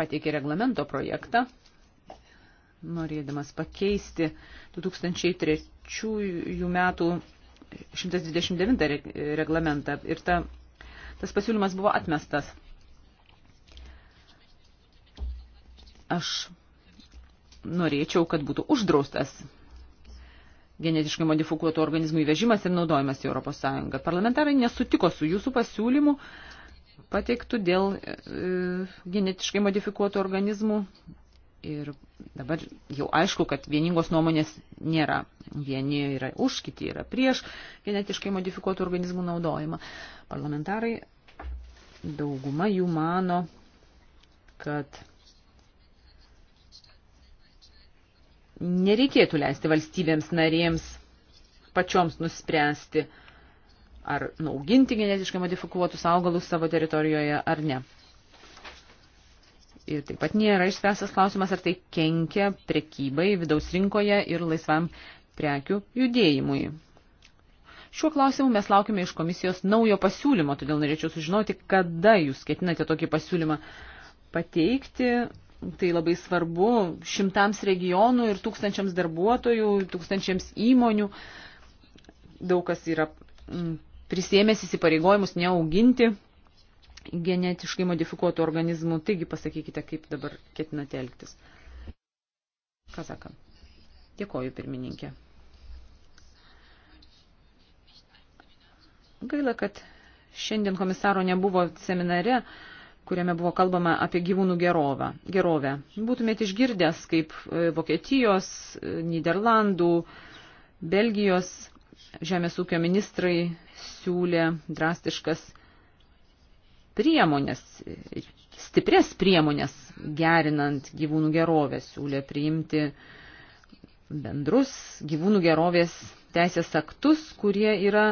pateikė reglamento projektą, norėdamas pakeisti 2003 metų 129 reglamentą. Ir ta tas pasiūlymas buvo atmestas. Aš norėčiau, kad būtų uždraustas genetiškai modifikuotų organizmų įvežimas ir naudojimas į Europos Sąjungą. Parlamentarai nesutiko su jūsų pasiūlymu pateiktų dėl e, genetiškai modifikuotų organizmų Ir dabar jau aišku, kad vieningos nuomonės nėra. Vieni yra už, kiti yra prieš genetiškai modifikuotų organizmų naudojimą. Parlamentarai, dauguma jų mano, kad nereikėtų leisti valstybėms narėms pačioms nuspręsti, ar nauginti genetiškai modifikuotus augalus savo teritorijoje ar ne. Ir taip pat nėra išspręstas klausimas, ar tai kenkia prekybai vidaus rinkoje ir laisvam prekių judėjimui. Šiuo klausimu mes laukime iš komisijos naujo pasiūlymo, todėl norėčiau sužinoti, kada jūs ketinate tokį pasiūlymą pateikti. Tai labai svarbu šimtams regionų ir tūkstančiams darbuotojų, tūkstančiams įmonių. Daug kas yra mm, prisėmęs įsipareigojimus neauginti genetiškai modifikuotų organizmų. Taigi pasakykite, kaip dabar ketinate elgtis. Kazaka. Dėkoju, pirmininkė. Gaila, kad šiandien komisaro nebuvo seminare, kuriame buvo kalbama apie gyvūnų gerovę. gerovę. Būtumėt išgirdęs, kaip e, Vokietijos, e, Niderlandų, Belgijos žemės ūkio ministrai siūlė drastiškas priemonės, stipres priemonės gerinant gyvūnų gerovę, siūlė priimti bendrus gyvūnų gerovės teisės aktus, kurie, yra,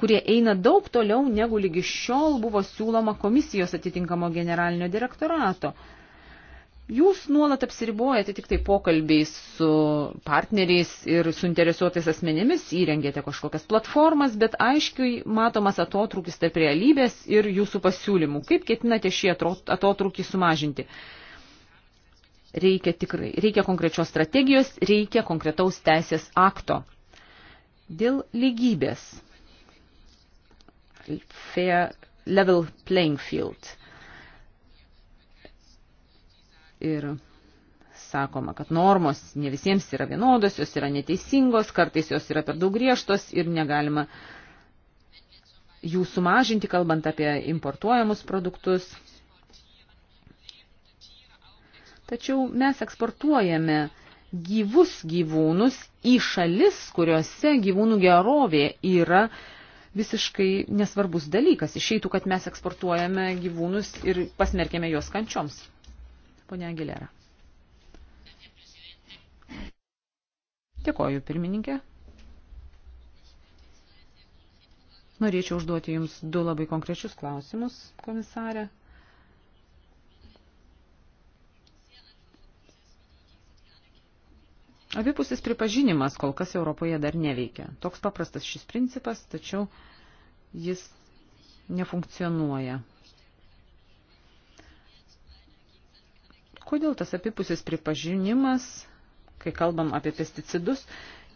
kurie eina daug toliau negu lygi šiol buvo siūloma komisijos atitinkamo generalinio direktorato. Jūs nuolat apsiribojate tik tai pokalbiais su partneriais ir suinteresuotais asmenėmis, įrengėte kažkokias platformas, bet aiškiai matomas atotrukis tarp realybės ir jūsų pasiūlymų. Kaip ketinate šį atotrukį sumažinti? Reikia, tikrai, reikia konkrečios strategijos, reikia konkretaus teisės akto. Dėl lygybės. Fair level playing field ir sakoma, kad normos ne visiems yra vienodos, jos yra neteisingos, kartais jos yra per daug griežtos ir negalima jų sumažinti, kalbant apie importuojamus produktus. Tačiau mes eksportuojame gyvus gyvūnus į šalis, kuriuose gyvūnų gerovė yra visiškai nesvarbus dalykas. Išeitų, kad mes eksportuojame gyvūnus ir pasmerkėme juos kančioms. Pone Angilera. Dėkoju, pirmininkė. Norėčiau užduoti Jums du labai konkrečius klausimus, komisarė. Abipusis pripažinimas kol kas Europoje dar neveikia. Toks paprastas šis principas, tačiau jis nefunkcionuoja. kodėl tas apipusis pripažinimas, kai kalbam apie pesticidus,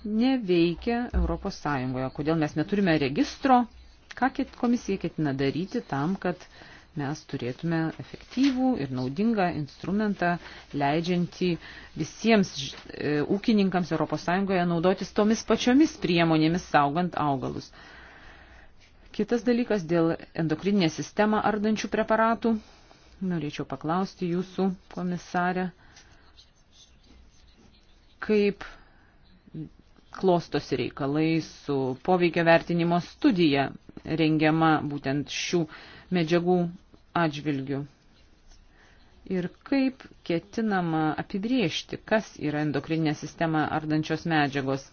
neveikia ES, kodėl mes neturime registro, ką komisija ketina daryti tam, kad mes turėtume efektyvų ir naudingą instrumentą, leidžiantį visiems e, ūkininkams ES naudotis tomis pačiomis priemonėmis saugant augalus. Kitas dalykas dėl endokrininę sistemą ardančių preparatų. Norėčiau paklausti jūsų komisarę, kaip klostosi reikalai su poveikio vertinimo studija rengiama būtent šių medžiagų atžvilgių. Ir kaip ketinama apibriežti, kas yra endokrininę sistemą ardančios medžiagos.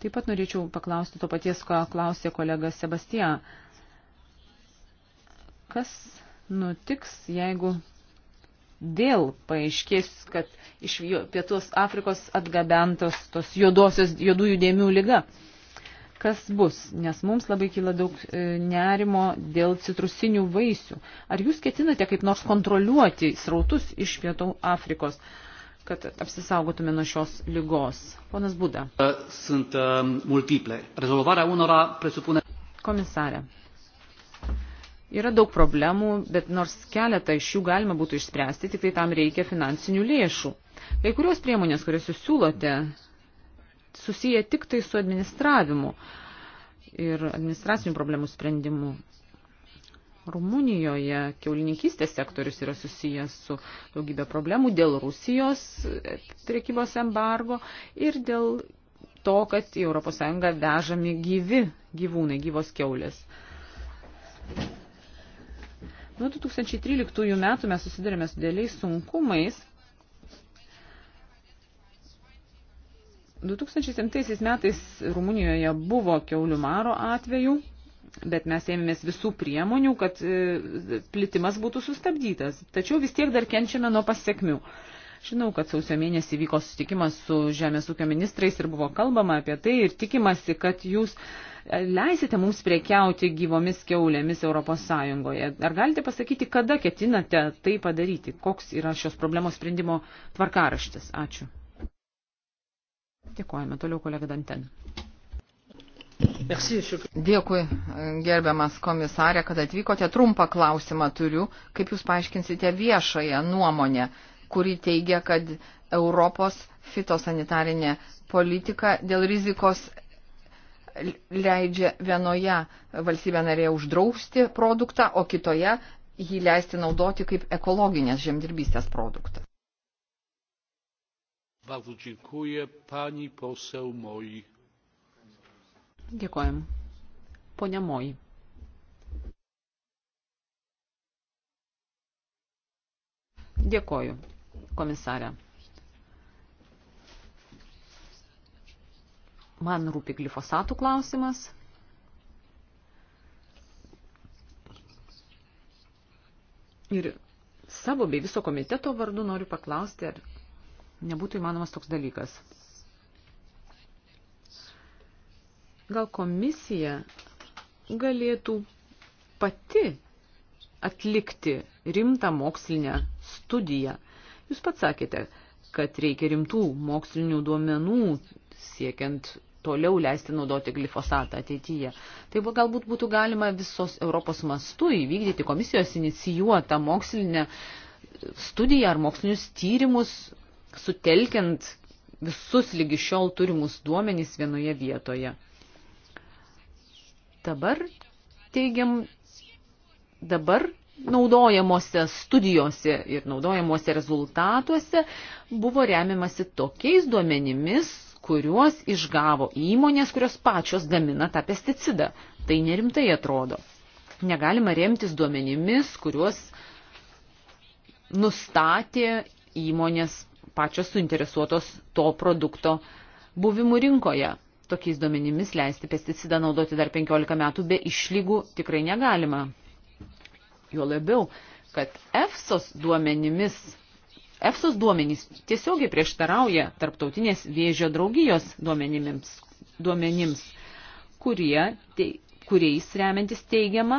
Taip pat norėčiau paklausti to paties, ką klausė kolega Sebastija. Kas nutiks, jeigu dėl paaiškės, kad iš pietos Afrikos atgabentos tos juodosios, juodųjų dėmių lyga. Kas bus? Nes mums labai kyla daug e, nerimo dėl citrusinių vaisių. Ar jūs ketinate kaip nors kontroliuoti srautus iš pietų Afrikos, kad apsisaugotume nuo šios lygos? Ponas Buda. Sunt e, multiple. Rezolvarea unora presupune. Komisarė. Yra daug problemų, bet nors keletą iš jų galima būtų išspręsti, tik tai tam reikia finansinių lėšų. Kai kurios priemonės, kurias jūs siūlote, susiję tik tai su administravimu ir administracinių problemų sprendimu. Rumunijoje keulininkystės sektorius yra susijęs su daugybė problemų dėl Rusijos e, prekybos embargo ir dėl to, kad į ES vežami gyvi gyvūnai, gyvos keulės. Nuo 2013 metų mes susidarėme su dėliais sunkumais. 2007 metais Rumunijoje buvo keulių maro atveju, bet mes ėmėmės visų priemonių, kad e, plitimas būtų sustabdytas. Tačiau vis tiek dar kenčiame nuo pasiekmių. Žinau, kad sausio mėnesį vyko susitikimas su žemės ūkio ministrais ir buvo kalbama apie tai ir tikimasi, kad jūs uh, leisite mums priekiauti gyvomis keulėmis ES? Ar galite pasakyti, kada ketinate tai padaryti? Koks yra šios problemos sprendimo tvarkaraštis? Ačiū. Dėkojame toliau kolega Danten. Dėkui, gerbiamas komisarė, kad atvykote. Trumpą klausimą turiu. Kaip Jūs paaiškinsite viešąją nuomonę, kuri teigia, kad Europos fitosanitarinė politika dėl rizikos leidžia vienoje valstybė narėje uždrausti produktą, o kitoje jį leisti naudoti kaip ekologinės žemdirbystės produktą. Bardzo dziękuję. Pani poseł Moi. Dėkojam. Pone Moi. Dėkoju, komisarė. Man rūpi glifosatų klausimas. Ir savo bei viso komiteto vardu noriu paklausti, ar nebūtų įmanomas toks dalykas. Gal komisija galėtų pati atlikti rimtą mokslinę studiją. Jūs pats sakėte, kad reikia rimtų mokslinių duomenų siekiant toliau leisti naudoti glifosatą ateityje. Tai galbūt būtų galima visos Europos mastu įvykdyti komisijos inicijuotą mokslinę studiją ar mokslinius tyrimus, sutelkiant visus lygi šiol turimus duomenys vienoje vietoje. Dabar teigiam, dabar naudojamose studijose ir naudojamose rezultatuose buvo remiamasi tokiais duomenimis, kuriuos išgavo įmonės, kurios pačios gamina tą pesticidą. Tai nerimtai atrodo. Negalima remtis duomenimis, kuriuos nustatė įmonės pačios suinteresuotos to produkto buvimu rinkoje. Tokiais duomenimis leisti pesticidą naudoti dar 15 metų be išlygų tikrai negalima. Juo labiau, kad EFSOS duomenimis EFSOS duomenys tiesiogiai prieštarauja tarptautinės vėžio draugijos duomenims, duomenims kurie, te, kuriais remiantis teigiama,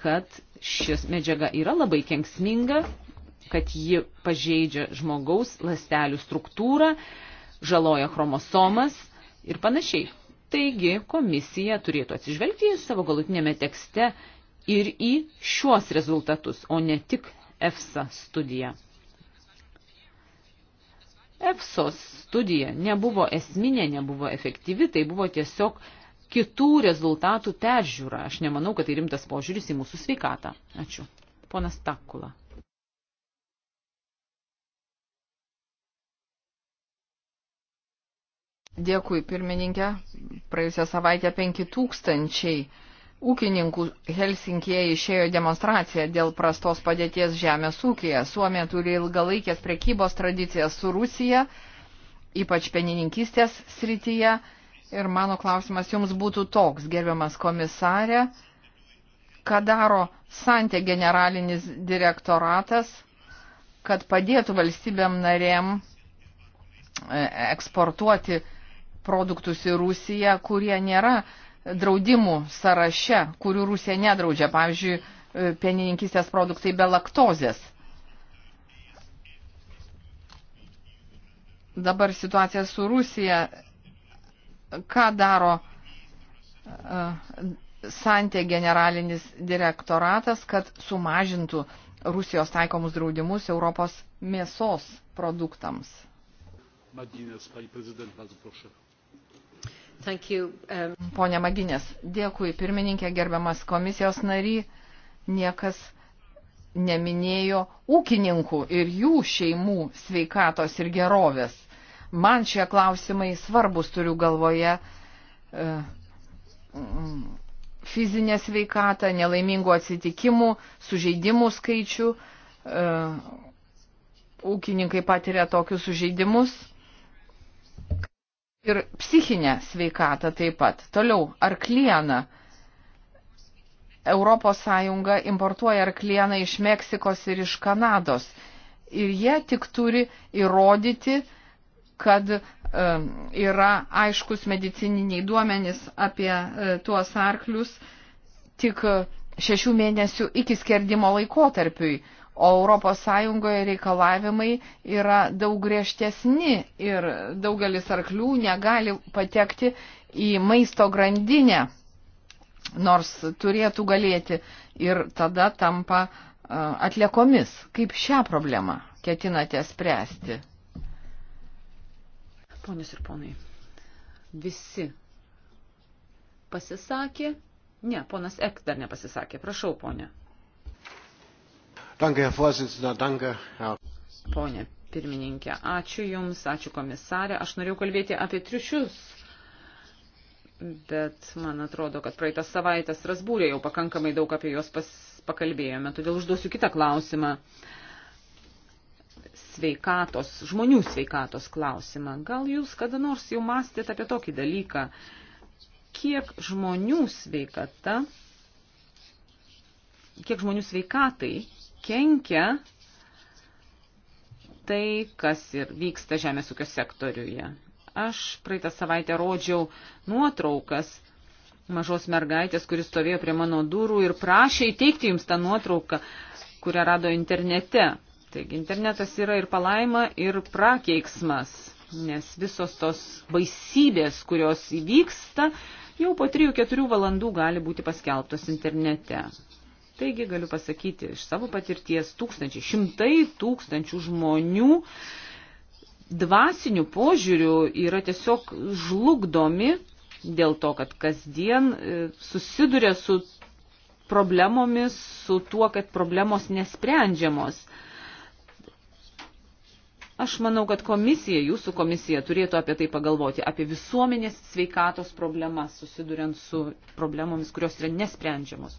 kad šis medžiaga yra labai kenksminga, kad ji pažeidžia žmogaus lastelių struktūrą, žaloja chromosomas ir panašiai. Taigi komisija turėtų atsižvelgti savo galutinėme tekste ir į šiuos rezultatus, o ne tik EFSA studiją. EFSOS studija nebuvo esminė, nebuvo efektyvi, tai buvo tiesiog kitų rezultatų peržiūra. Aš nemanau, kad tai rimtas požiūris į mūsų sveikatą. Ačiū. Ponas Takula. Dėkui, pirmininkė. Praėjusią savaitę 5000 ūkininkų Helsinkėje išėjo demonstracija dėl prastos padėties žemės ūkėje. Suomija turi ilgalaikės prekybos tradicijas su Rusija, ypač penininkystės srityje. Ir mano klausimas jums būtų toks, gerbiamas komisarė, ką daro Santė generalinis direktoratas, kad padėtų valstybėm narėm e, eksportuoti produktus į Rusiją, kurie nėra uh, draudimų sąraše, kurių Rusija nedraudžia, pavyzdžiui, e, pienininkistės produktai be laktozės. Dabar situacija su Rusija, ką daro e, santė generalinis direktoratas, kad sumažintų Rusijos taikomus draudimus Europos mėsos produktams. Madinės, pani prezident, bardzo proszę. Um... Pone Maginės, dėkui pirmininkė, gerbiamas komisijos nary, niekas neminėjo ūkininkų ir jų šeimų sveikatos ir gerovės. Man šie klausimai svarbus turiu galvoje e, fizinę sveikatą, nelaimingų atsitikimų, sužeidimų skaičių. E, ūkininkai patiria tokius sužeidimus ir psichinę sveikatą taip pat. Toliau, arklieną. Europos Sąjunga importuoja arklieną iš Meksikos ir iš Kanados. Ir jie tik turi įrodyti, kad e, yra aiškus medicininiai duomenys apie e, tuos arklius tik e, šešių mėnesių iki skerdimo laikotarpiui. E, O Europos Sąjungoje reikalavimai yra daug griežtesni ir daugelis arklių negali patekti į maisto grandinę, nors turėtų galėti ir tada tampa e, atliekomis. Kaip šią problemą ketinate spręsti? Ponius ir ponai, visi pasisakė. Ne, ponas Ek dar nepasisakė. Prašau, ponė. Danke, Herr Vorsitzender, danke, Herr. Pone pirmininkė, ačiū Jums, ačiū komisarė. Aš norėjau kalbėti apie triušius, bet man atrodo, kad praeitą savaitę Strasbūrė jau pakankamai daug apie juos pas, pakalbėjome, todėl užduosiu kitą klausimą. Sveikatos, žmonių sveikatos klausimą. Gal Jūs kada nors jau mąstėte apie tokį dalyką, kiek žmonių sveikata, kiek žmonių sveikatai kenkia tai, kas ir vyksta žemės ūkio sektoriuje. Aš praeitą savaitę rodžiau nuotraukas mažos mergaitės, kuris stovėjo prie mano durų ir prašė įteikti jums tą nuotrauką, kurią rado internete. Taigi internetas yra ir palaima, ir prakeiksmas, nes visos tos baisybės, kurios įvyksta, jau po 3-4 valandų gali būti paskelbtos internete. Taigi galiu pasakyti iš savo patirties tūkstančiai, šimtai tūkstančių žmonių dvasinių požiūrių yra tiesiog žlugdomi dėl to, kad kasdien e, susiduria su problemomis, su tuo, kad problemos nesprendžiamos. Aš manau, kad komisija, jūsų komisija turėtų apie tai pagalvoti, apie visuomenės sveikatos problemas, susiduriant su problemomis, kurios yra nesprendžiamos.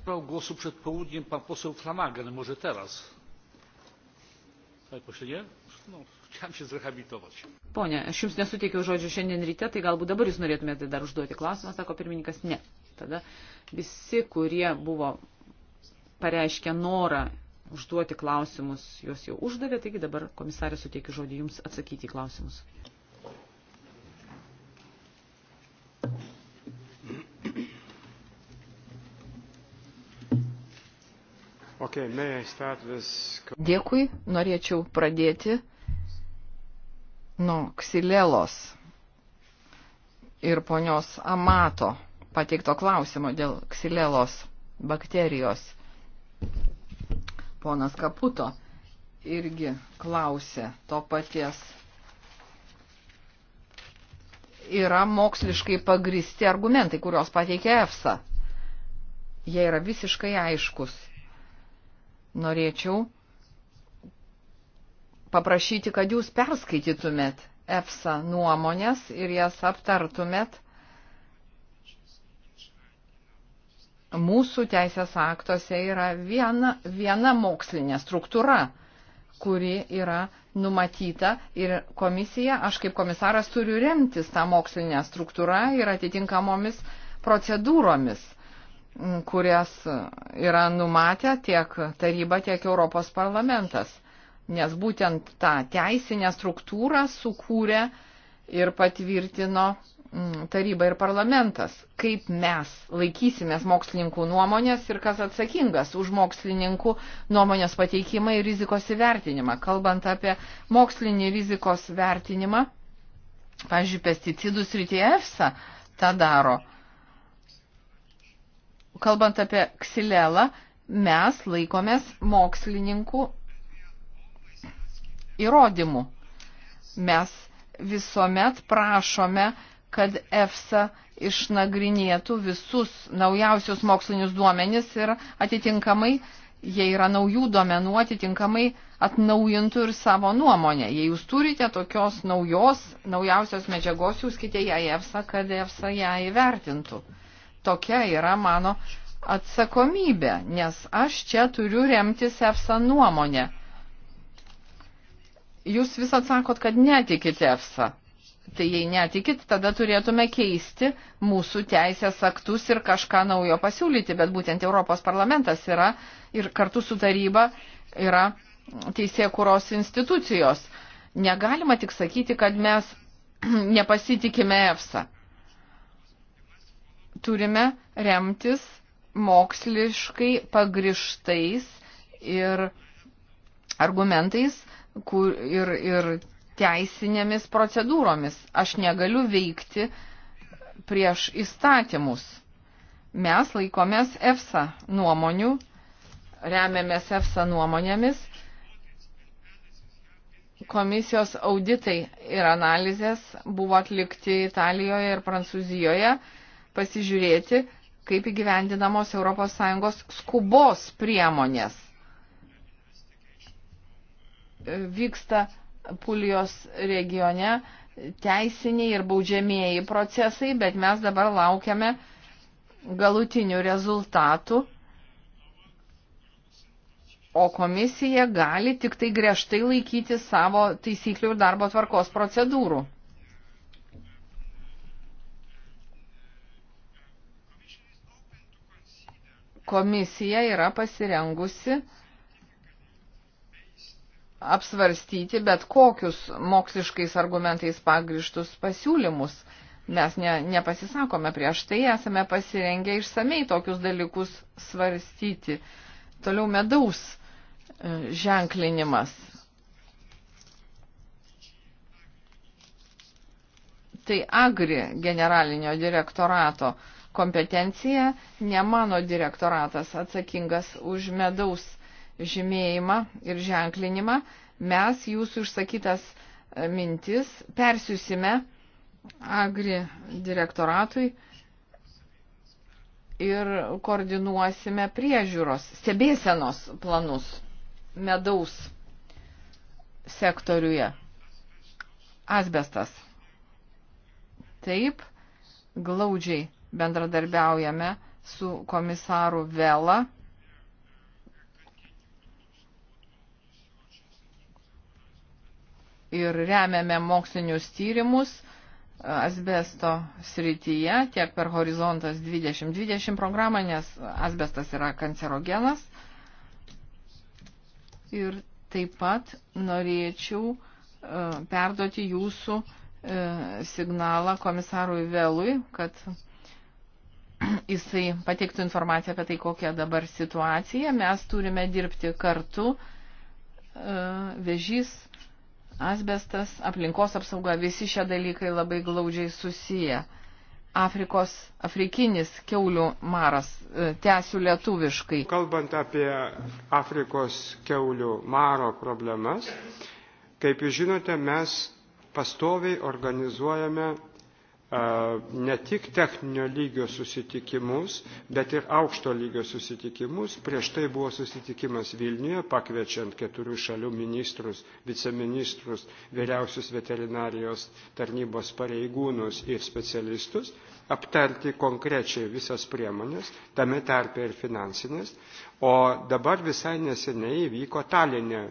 Pone, aš jums nesuteikiau žodžių šiandien ryte, tai galbūt dabar jūs norėtumėte dar užduoti klausimą, sako pirmininkas, ne. Tada visi, kurie buvo pareiškę norą užduoti klausimus, juos jau uždavė, taigi dabar komisarė suteikiu žodį Jums atsakyti į klausimus. Okay, this... Dėkui, norėčiau pradėti nuo Ksilelos ir ponios Amato pateikto klausimo dėl Ksilelos bakterijos ponas Kaputo irgi klausė to paties. Yra moksliškai pagristi argumentai, kuriuos pateikia EFSA. Jie yra visiškai aiškus. Norėčiau paprašyti, kad jūs perskaitytumėt EFSA nuomonės ir jas aptartumėt mūsų teisės aktuose yra viena, viena mokslinė struktūra, kuri yra numatyta ir komisija, aš kaip komisaras turiu remtis tą mokslinę struktūrą ir atitinkamomis procedūromis, kurias yra numatę tiek taryba, tiek Europos parlamentas. Nes būtent tą teisinę struktūrą sukūrė ir patvirtino Mm, taryba ir parlamentas, kaip mes laikysimės mokslininkų nuomonės ir kas atsakingas už mokslininkų nuomonės pateikimą ir rizikos įvertinimą. Kalbant apie mokslinį rizikos vertinimą, pavyzdžiui, pesticidų srityje EFSA tą daro. Kalbant apie ksilelą, mes laikomės mokslininkų įrodymų. Mes visuomet prašome, kad EFSA išnagrinėtų visus naujausius mokslinius duomenis ir atitinkamai, jei yra naujų duomenų, atitinkamai atnaujintų ir savo nuomonę. Jei jūs turite tokios naujos, naujausios medžiagos, jūskite ją į EFSA, kad EFSA ją įvertintų. Tokia yra mano atsakomybė, nes aš čia turiu remtis EFSA nuomonę. Jūs vis atsakot, kad netikite EFSA. Tai jei netikit, tada turėtume keisti mūsų teisės aktus ir kažką naujo pasiūlyti, bet būtent Europos parlamentas yra ir kartu su taryba yra teisėkuros institucijos. Negalima tik sakyti, kad mes nepasitikime EFSA. Turime remtis moksliškai pagrištais ir argumentais kur, ir, ir teisinėmis procedūromis. Aš negaliu veikti prieš įstatymus. Mes laikomės EFSA nuomonių, remiamės EFSA nuomonėmis. Komisijos auditai ir analizės buvo atlikti Italijoje ir Prancūzijoje pasižiūrėti, kaip įgyvendinamos ES skubos priemonės. Vyksta Pulijos regione teisiniai ir baudžiamieji procesai, bet mes dabar laukiame galutinių rezultatų, o komisija gali tik tai griežtai laikyti savo taisyklių ir darbo tvarkos procedūrų. Komisija yra pasirengusi apsvarstyti bet kokius moksliškais argumentais pagrištus pasiūlymus. Mes ne, nepasisakome prieš tai, esame pasirengę išsamei tokius dalykus svarstyti. Toliau medaus e, ženklinimas. Tai agri generalinio direktorato kompetencija, ne mano direktoratas atsakingas už medaus žymėjimą ir ženklinimą, mes jūsų išsakytas e, mintis persiusime agri direktoratui ir koordinuosime priežiūros, stebėsenos planus medaus sektoriuje. Asbestas. Taip, glaudžiai bendradarbiaujame su komisaru Vela ir remiame mokslinius tyrimus e, asbesto srityje tiek per Horizontas 2020 programą, nes asbestas yra kancerogenas. Ir taip pat norėčiau e, perduoti jūsų e, signalą komisarui Vėlui, kad jisai pateiktų informaciją apie tai, kokia dabar situacija. Mes turime dirbti kartu. Vežys asbestas, aplinkos apsauga, visi šie dalykai labai glaudžiai susiję. Afrikos, afrikinis keulių maras, e, tęsiu lietuviškai. Kalbant apie Afrikos keulių maro problemas, kaip jūs žinote, mes pastoviai organizuojame ne tik techninio lygio susitikimus, bet ir aukšto lygio susitikimus. Prieš tai buvo susitikimas Vilniuje, pakviečiant keturių šalių ministrus, viceministrus, vyriausius veterinarijos tarnybos pareigūnus ir specialistus, aptarti konkrečiai visas priemonės, tame tarpe ir finansinės. O dabar visai neseniai įvyko Talinė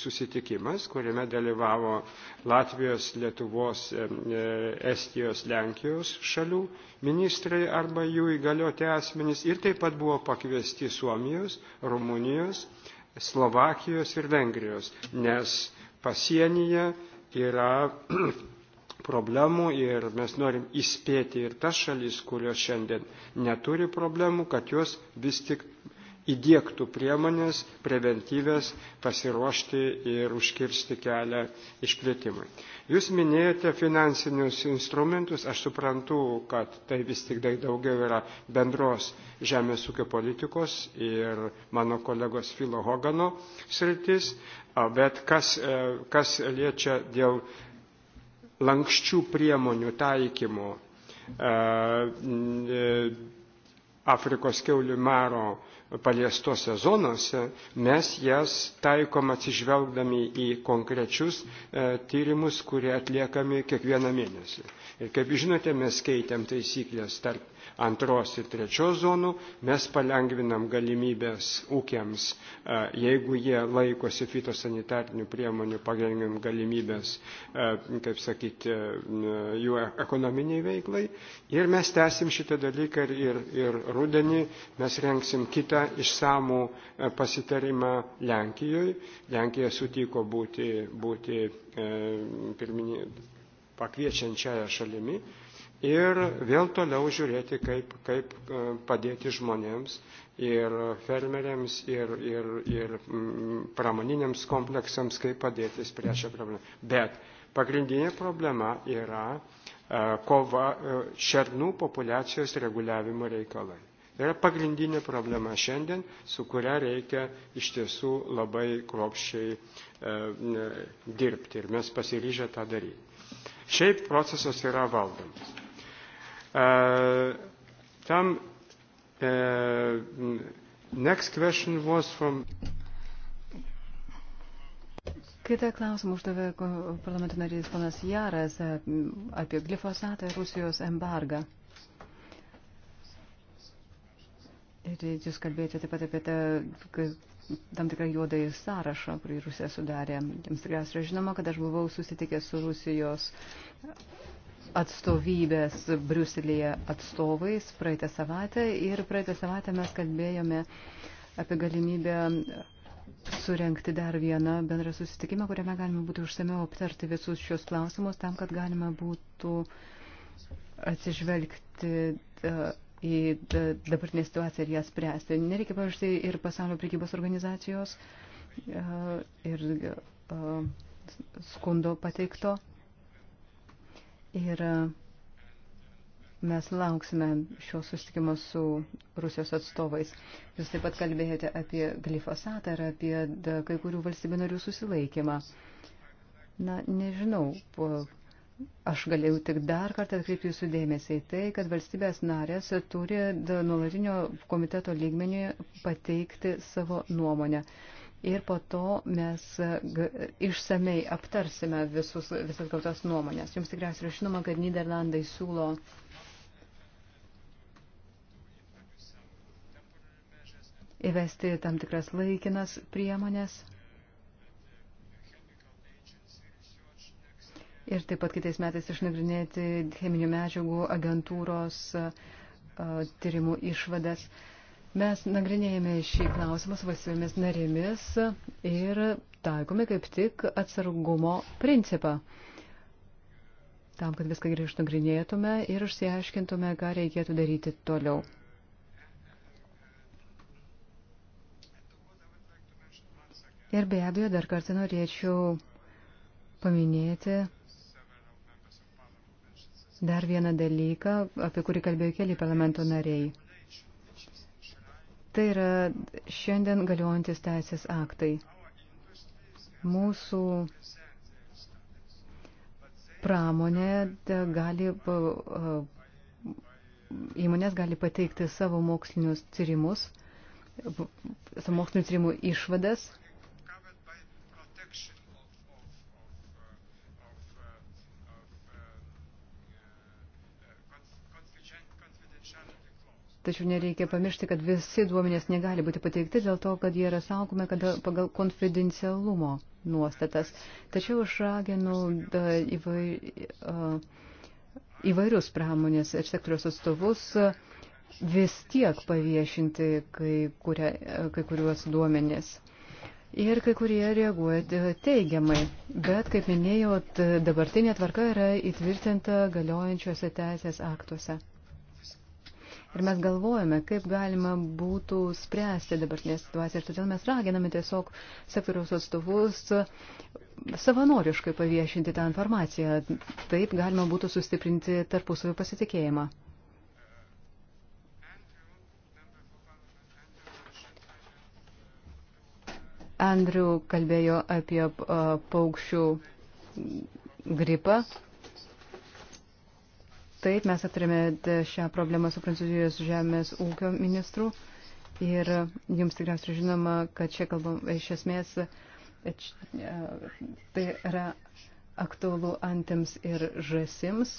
susitikimas, kuriame dalyvavo Latvijos, Lietuvos, e, Estijos, Lenkijos šalių ministrai arba jų įgalioti asmenys ir taip pat buvo pakviesti Suomijos, Rumunijos, Slovakijos ir Vengrijos, nes pasienyje yra problemų ir mes norim įspėti ir tas šalis, kurios šiandien neturi problemų, kad jos vis tik įdėktų priemonės preventyvės pasiruošti ir užkirsti kelią išplėtimui. Jūs minėjote finansinius instrumentus, aš suprantu, kad tai vis tik daugiau yra bendros žemės ūkio politikos ir mano kolegos Filo Hogano sritis, bet kas, e, kas liečia dėl lankščių priemonių taikymo e, e, Afrikos keulių maro paliestose zonose, mes jas taikom atsižvelgdami į konkrečius e, tyrimus, kurie atliekami kiekvieną mėnesį. Ir kaip žinote, mes keitėm taisyklės tarp antros ir trečios zonų, mes palengvinam galimybės ūkiams, e, jeigu jie laikosi fitosanitarnių priemonių, palengvinam galimybės, e, kaip sakyti, e, jų ekonominiai veiklai. Ir mes tęsim šitą dalyką ir, ir, ir rudenį mes renksim kitą išsamų pasitarimą Lenkijoje. Lenkija sutiko būti, būti pirminė, pakviečiančiaja šalimi ir vėl toliau žiūrėti, kaip, kaip e, padėti žmonėms ir fermeriams, ir, ir, ir mm, pramoniniams kompleksams, kaip padėti spręsti šią problemą. Bet pagrindinė problema yra e, kova e, šernų populiacijos reguliavimo reikalai. Tai yra pagrindinė problema šiandien, su kuria reikia iš tiesų labai kropščiai e, dirbti ir mes pasiryžę tą daryti. Šiaip procesas yra valdomas. E, tam e, next question was from. Kita klausimą uždavė parlamento narys ponas Jaras e, apie glifosatą ir Rusijos embargą. Ir jūs kalbėjote taip pat apie tą, tam tikrą juodąjį sąrašą, kurį Rusija sudarė. Jums tikriausiai yra žinoma, kad aš buvau susitikęs su Rusijos atstovybės Briuselėje atstovais praeitą savaitę ir praeitą savaitę mes kalbėjome apie galimybę surenkti dar vieną bendrą susitikimą, kuriame galima būtų užsamiau aptarti visus šios klausimus tam, kad galima būtų atsižvelgti e, į e, dabartinę situaciją ir ją spręsti. Nereikia pamiršti ir pasaulio prekybos organizacijos e, ir skundo pateikto Ir e, mes lauksime šio susitikimo su Rusijos atstovais. Jūs taip pat kalbėjote apie glifosatą ir apie kai kurių valstybių narių susilaikymą. Na, nežinau, aš galėjau tik dar kartą atkreipti jūsų dėmesį į tai, kad valstybės narės turi nuolatinio komiteto lygmenį pateikti savo nuomonę ir po to mes išsamei aptarsime visus, visas gautas nuomonės. Jums tikriausiai yra žinoma, kad Niderlandai siūlo įvesti tam tikras laikinas priemonės. Ir taip pat kitais metais išnagrinėti cheminių medžiagų agentūros uh, tyrimų išvadas. Uh, Mes nagrinėjame šį klausimą su valstybėmis narėmis ir taikome kaip tik atsargumo principą. Tam, kad viską gerai išnagrinėtume ir išsiaiškintume, ką reikėtų daryti toliau. Ir be abejo, dar kartą norėčiau paminėti dar vieną dalyką, apie kurį kalbėjo keli parlamento nariai. Tai yra šiandien galiojantis teisės aktai. Mūsų pramonė gali, įmonės gali pateikti savo mokslinius tyrimus, savo mokslinių tyrimų išvadas Tačiau nereikia pamiršti, kad visi duomenės negali būti pateikti dėl to, kad jie yra saugomi pagal konfidencialumo nuostatas. Tačiau aš raginu įvairius pramonės ir sektoriaus atstovus vis tiek paviešinti kai, kuria, kai kuriuos duomenės. Ir kai kurie reaguoja teigiamai. Bet, kaip minėjau, dabartinė tvarka yra įtvirtinta galiojančiuose teisės aktuose. Ir mes galvojame, kaip galima būtų spręsti dabartinę situaciją. Ir todėl mes raginame tiesiog sektoriaus atstovus savanoriškai paviešinti tą informaciją. Taip galima būtų sustiprinti tarpusavio pasitikėjimą. Andrew kalbėjo apie paukščių gripą Taip, mes aptarėme šią problemą su Prancūzijos žemės ūkio ministru ir jums tikriausiai žinoma, kad čia kalbam iš esmės, e, tai yra aktualu antims ir žasims.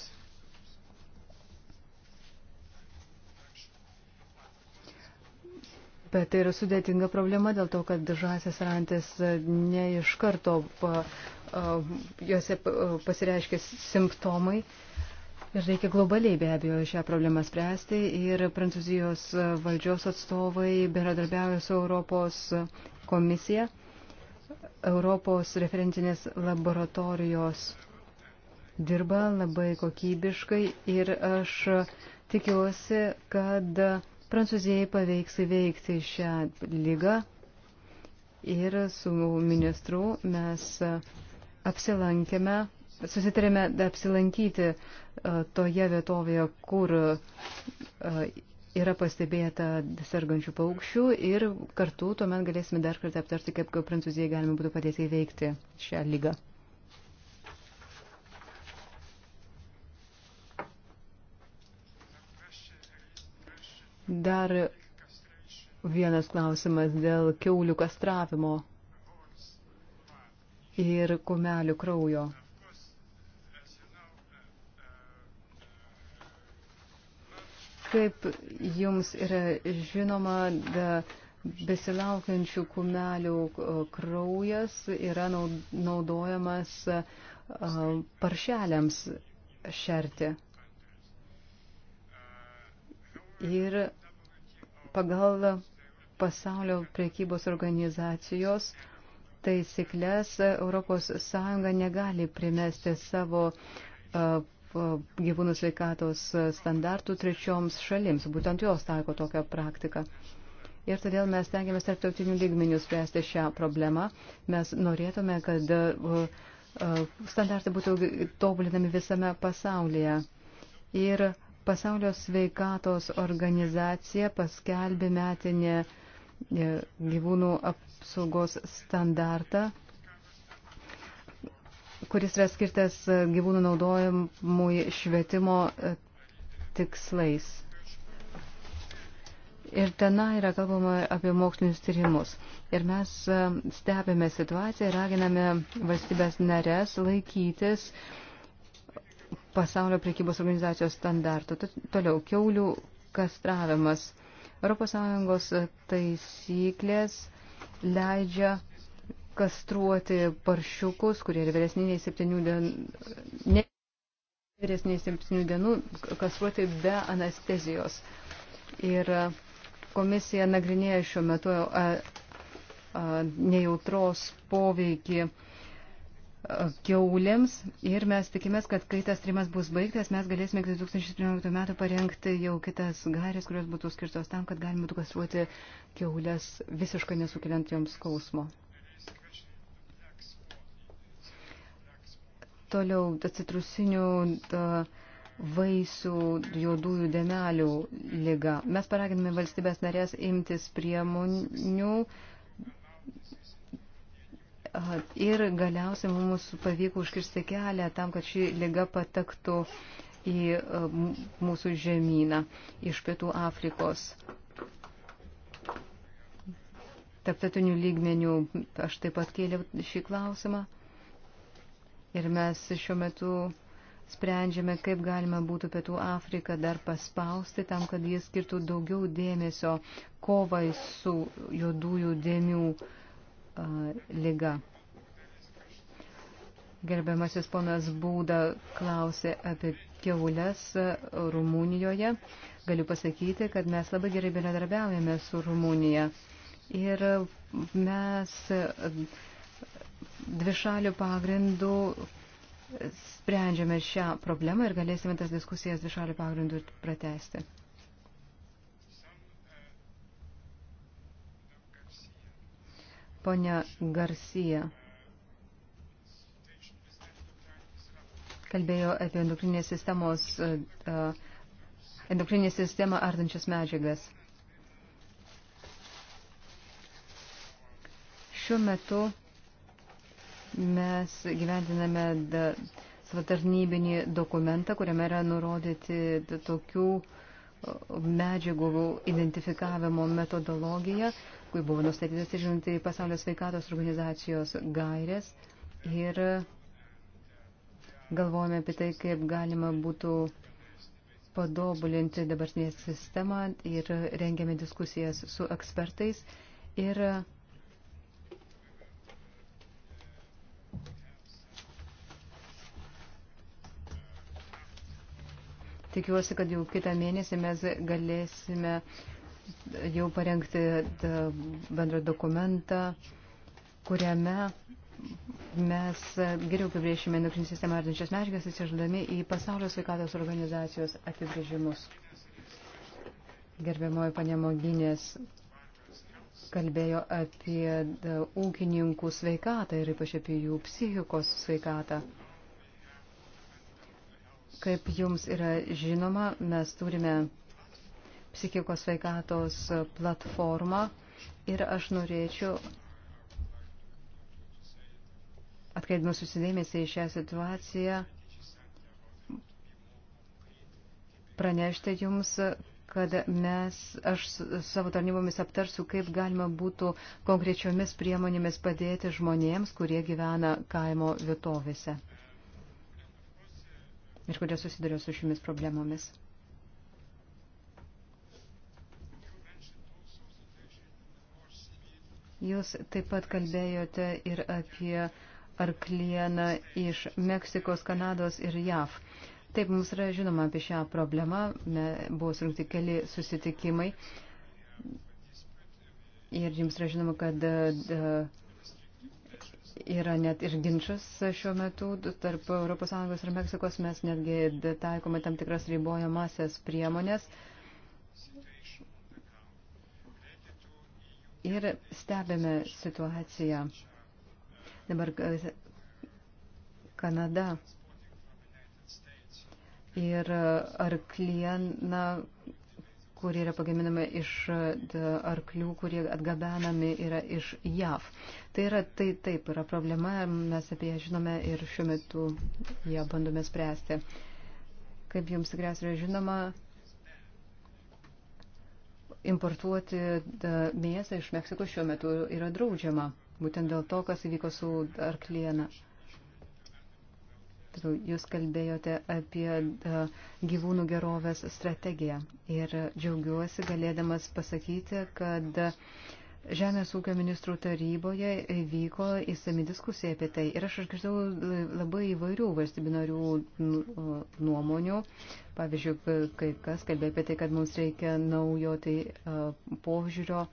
Bet tai yra sudėtinga problema dėl to, kad žasės rantis ne iš karto pa, jose pasireiškia simptomai Ir reikia globaliai be abejo šią problemą spręsti ir Prancūzijos valdžios atstovai bendradarbiauja su Europos komisija, Europos referencinės laboratorijos dirba labai kokybiškai ir aš tikiuosi, kad Prancūzijai pavyks įveikti šią lygą ir su ministru mes apsilankėme susitarėme apsilankyti e, toje vietovėje, kur e, yra pastebėta sergančių paukščių ir kartu tuomet galėsime dar kartą aptarti, kaip Prancūzijai galima būtų padėti įveikti šią lygą. Dar vienas klausimas dėl keulių kastravimo ir kumelių kraujo. Kaip jums yra žinoma, da, besilaukiančių kumelių kraujas yra naudojamas paršeliams šerti. Ir pagal pasaulio priekybos organizacijos taisyklės ES negali primesti savo gyvūnų sveikatos standartų trečioms šalims. Būtent jos taiko tokią praktiką. Ir todėl mes tengiamės tarptautinių lygmenių spręsti šią problemą. Mes norėtume, kad standartai būtų tobulinami visame pasaulyje. Ir pasaulio sveikatos organizacija paskelbė metinę e, gyvūnų apsaugos standartą kuris yra skirtas e, gyvūnų naudojimui švietimo e, tikslais. Ir tenai yra kalbama apie mokslinius tyrimus. Ir mes e, stebime situaciją ir raginame valstybės narės laikytis pasaulio priekybos organizacijos standartų. Toliau, keulių kastravimas. ES taisyklės leidžia kastruoti paršiukus, kurie yra vyresniniai septynių dienų, ne, vyresniniai septynių dienų, kastruoti be anestezijos. Ir e, komisija nagrinėja šiuo metu a, e, a, e, nejautros poveikį kiaulėms ir mes tikimės, kad kai tas trimas bus baigtas, mes galėsime 2017 metų parengti jau kitas gairės, kurios būtų skirtos tam, kad galima būtų kastruoti kiaulės visiškai nesukeliant joms skausmo. Toliau citrusinių vaisių juodųjų denelių lyga. Mes paraginame valstybės narės imtis priemonių ir galiausiai mums pavyko užkirsti kelią tam, kad ši lyga patektų į mūsų žemyną iš Pietų Afrikos taptatinių lygmenių. Aš taip pat kėliau šį klausimą. Ir mes šiuo metu sprendžiame, kaip galima būtų Pietų Afriką dar paspausti tam, kad jis skirtų daugiau dėmesio kovai su juodųjų dėmių uh, lyga. Gerbiamasis ponas Būda klausė apie kevules Rumunijoje. Galiu pasakyti, kad mes labai gerai bendradarbiaujame su Rumunija. Uh, Ir mes dvišalių pagrindų sprendžiame šią problemą ir galėsime tas diskusijas dvišalių pagrindų ir pratesti. Pone Garcia kalbėjo apie endokrinės sistemos, endokrinės sistemą ardančias medžiagas. Šiuo metu mes gyvendiname savo tarnybinį dokumentą, kuriame yra nurodyti tokių medžiagų identifikavimo metodologija, kur buvo nustatytas žiūrinti pasaulio sveikatos organizacijos gairės ir galvojame apie tai, kaip galima būtų padobulinti dabartinę sistemą ir rengiame diskusijas su ekspertais ir tikiuosi, kad jau kitą mėnesį mes galėsime jau parengti bendrą dokumentą, kuriame mes geriau apibrėšime endokrinį sistemą ardančias medžiagas, atsiždami į pasaulio sveikatos organizacijos apibrėžimus. Gerbiamoji panemoginės kalbėjo apie ūkininkų sveikatą ir ypač apie jų psichikos sveikatą. Kaip jums yra žinoma, mes turime psichikos sveikatos platformą ir aš norėčiau atkreipdama susidėmėsi į šią situaciją pranešti jums, kad mes, aš savo tarnybomis aptarsiu, kaip galima būtų konkrečiomis priemonėmis padėti žmonėms, kurie gyvena kaimo vietovėse ir kurie susiduria su šiomis problemomis. Jūs taip pat kalbėjote ir apie arklieną iš Meksikos, Kanados ir JAV. Taip, mums yra žinoma apie šią problemą, Me, buvo surinkti keli susitikimai ir jums yra žinoma, kad da, e, yra net ir ginčas šiuo metu tarp ES ir Meksikos. Mes netgi taikome tam tikras ribojamasias priemonės. Ir stebėme situaciją. Dabar e, Kanada ir ar klieną kurie yra pagaminami iš e, arklių, kurie atgabenami yra iš JAV. Tai yra, tai taip yra problema, mes apie ją žinome ir šiuo metu ją bandome spręsti. Kaip jums tikriausiai yra žinoma, importuoti e, mėsą iš Meksikos šiuo metu yra draudžiama, būtent dėl to, kas įvyko su arkliena jūs kalbėjote apie e, gyvūnų gerovės strategiją. Ir džiaugiuosi galėdamas pasakyti, kad Žemės ūkio ministrų taryboje vyko įsami diskusija apie tai. Ir aš išgirdau e, labai įvairių valstybių narių nuomonių. Pavyzdžiui, kai kas kalbėjo apie tai, kad mums reikia naujo tai e, požiūrio,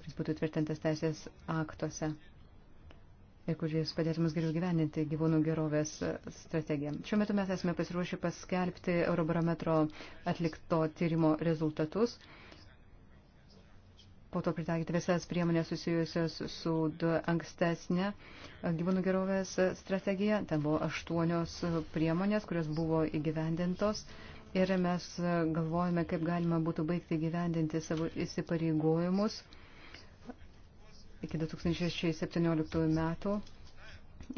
kuris būtų tvirtintas teisės aktuose ir kuris padėtų mums geriau gyveninti gyvūnų gerovės strategiją. Šiuo metu mes esame pasiruošę paskelbti Eurobarometro atlikto tyrimo rezultatus, po to pritaikyti visas priemonės susijusios su ankstesnė gyvūnų gerovės strategija. Ten buvo aštuonios priemonės, kurios buvo įgyvendintos. Ir mes galvojame, kaip galima būtų baigti gyvendinti savo įsipareigojimus iki 2017 metų.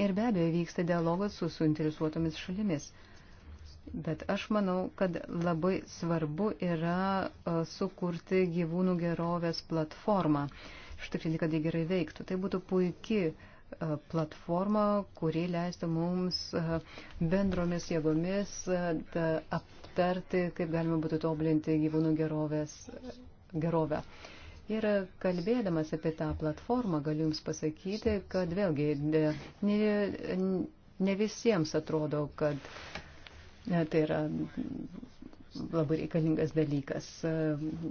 Ir be abejo vyksta dialogas su suinteresuotomis šalimis. Bet aš manau, kad labai svarbu yra sukurti gyvūnų gerovės platformą. Štikrinti, kad jie gerai veiktų. Tai būtų puikiai platformą, kuri leistų mums bendromis jėgomis aptarti, kaip galima būtų tobulinti gyvūnų gerovės, gerovę. Ir kalbėdamas apie tą platformą galiu Jums pasakyti, kad vėlgi ne, ne visiems atrodo, kad tai yra labai reikalingas dalykas.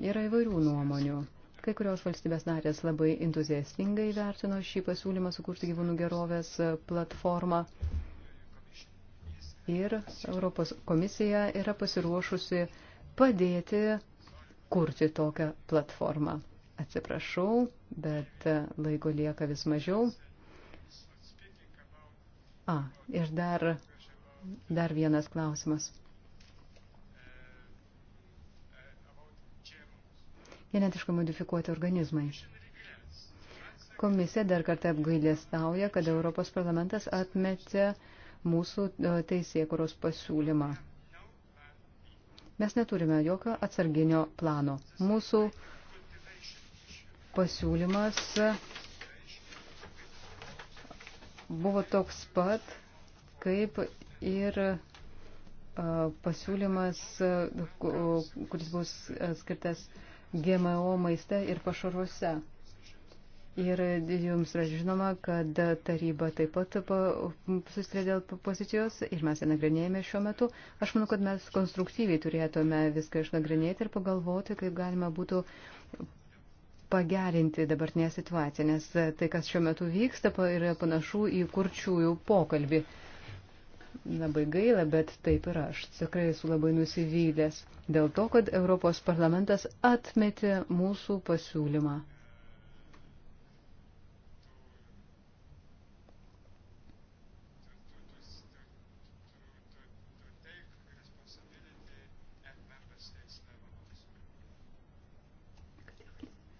Yra įvairių nuomonių. Kai kurios valstybės narės labai entuziastingai vertino šį pasiūlymą sukurti gyvūnų gerovės platformą. Ir Europos komisija yra pasiruošusi padėti kurti tokią platformą. Atsiprašau, bet laiko lieka vis mažiau. A, ir dar, dar vienas klausimas. Genetiškai modifikuoti organizmai. Komisija dar kartą apgailėstauja, kad Europos parlamentas atmetė mūsų e, teisėkuros pasiūlymą. Mes neturime jokio atsarginio plano. Mūsų uh, pasiūlymas buvo toks pat, kaip ir pasiūlymas, kuris bus skirtas GMO maiste ir pašaruose. Ir jums yra žinoma, kad taryba taip pat susitrė dėl pozicijos ir mes ją nagrinėjame šiuo metu. Aš manau, kad mes konstruktyviai turėtume viską išnagrinėti ir pagalvoti, kaip galima būtų pagerinti dabartinę situaciją, nes tai, kas šiuo metu vyksta, yra panašu į kurčiųjų pokalbį. Labai gaila, bet taip ir aš. Tikrai esu labai nusivylęs dėl to, kad Europos parlamentas atmetė mūsų pasiūlymą.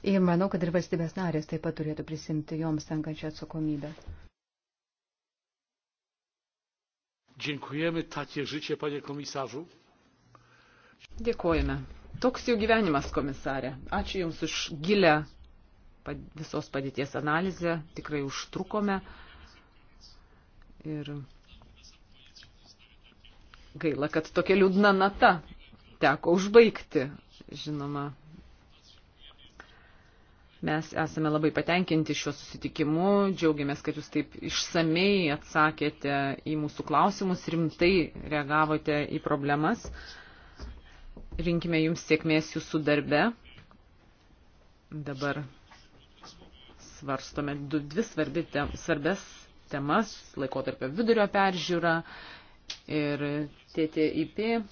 Ir manau, kad ir valstybės narės taip pat turėtų prisimti joms tenkančią atsakomybę. Dziękujemy, takie życie, panie komisarzu. Dėkojame. Toks jau gyvenimas, komisarė. Ačiū Jums už gilę visos padėties analizę. Tikrai užtrukome. Ir gaila, kad tokia liūdna nata teko užbaigti, žinoma, Mes esame labai patenkinti šiuo susitikimu, džiaugiamės, kad jūs taip išsamei atsakėte į mūsų klausimus, rimtai reagavote į problemas. Rinkime jums sėkmės jūsų darbe. Dabar svarstome du, dvi svarbi tem, svarbės temas - laikotarpio vidurio peržiūra ir TTIP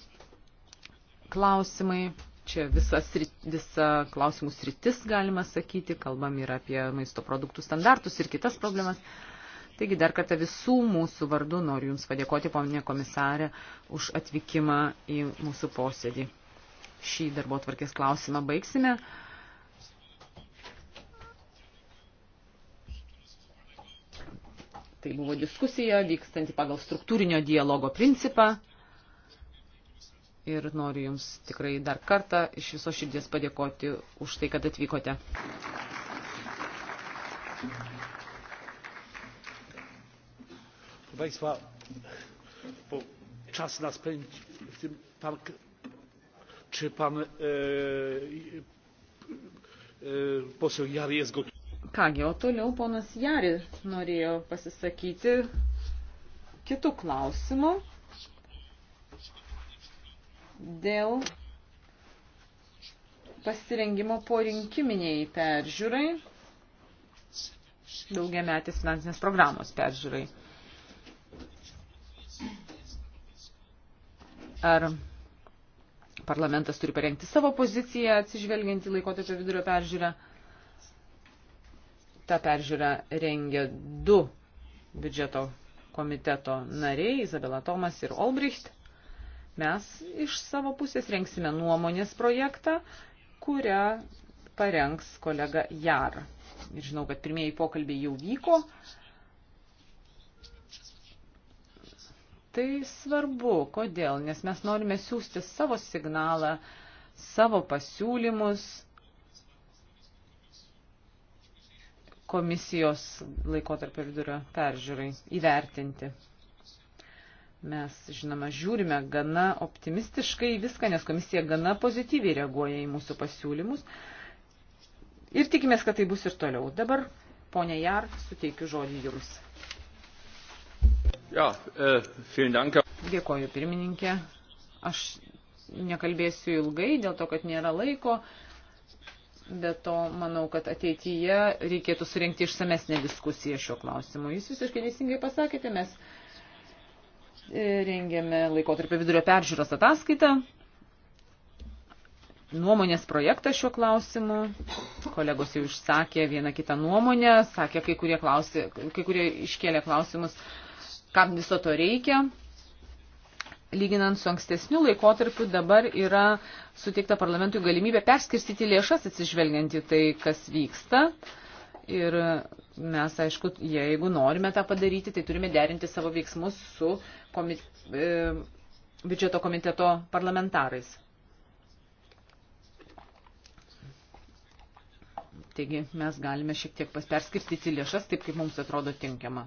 klausimai čia visa, srit, visa klausimų sritis, galima sakyti, kalbam ir apie maisto produktų standartus ir kitas problemas. Taigi dar kartą visų mūsų vardų noriu Jums padėkoti, pominė komisarė, už atvykimą į mūsų posėdį. Šį darbo tvarkės klausimą baigsime. Tai buvo diskusija vykstanti pagal struktūrinio dialogo principą ir noriu Jums tikrai dar kartą iš viso širdies padėkoti už tai, kad atvykote. Państwa, bo czas nas pędzi, w tym pan, czy pan e, e, poseł Jary jest gotowy? Kągi, o toliau ponas Jari norėjo pasisakyti kitų klausimų dėl pasirengimo po rinkiminiai peržiūrai, daugiametės finansinės programos peržiūrai. Ar parlamentas turi parengti savo poziciją atsižvelgiant į laikotarpio vidurio peržiūrą? Ta peržiūra rengia du biudžeto komiteto nariai, Izabela Tomas ir Olbricht. Mes iš savo pusės renksime nuomonės projektą, kurią parengs kolega Jar. Ir žinau, kad pirmieji pokalbiai jau vyko. Tai svarbu, kodėl, nes mes norime siūsti savo signalą, savo pasiūlymus komisijos laikotarpio vidurio peržiūrai įvertinti. Mes, žinoma, žiūrime gana optimistiškai viską, nes komisija gana pozityviai reaguoja į mūsų pasiūlymus. Ir tikimės, kad tai bus ir toliau. Dabar, ponė Jar, suteikiu žodį jums. Ja, e, Dėkoju, pirmininkė. Aš nekalbėsiu ilgai, dėl to, kad nėra laiko. Be to, manau, kad ateityje reikėtų surinkti išsamesnę diskusiją šiuo klausimu. Jūs visiškai teisingai pasakėte, mes Rengėme laikotarpio vidurio peržiūros ataskaitą, nuomonės projektą šiuo klausimu. Kolegos jau išsakė vieną kitą nuomonę, sakė, kai kurie, klausė, kai kurie iškėlė klausimus, kam viso to reikia. Lyginant su ankstesniu laikotarpiu, dabar yra suteikta parlamentui galimybė perskirstyti lėšas atsižvelgiant į tai, kas vyksta. Uh, ir mes, aišku, jeigu norime tą padaryti, tai turime derinti savo veiksmus su komit e, biudžeto komiteto parlamentarais. Taigi mes galime šiek tiek perskirstyti lėšas taip, kaip mums atrodo tinkiama.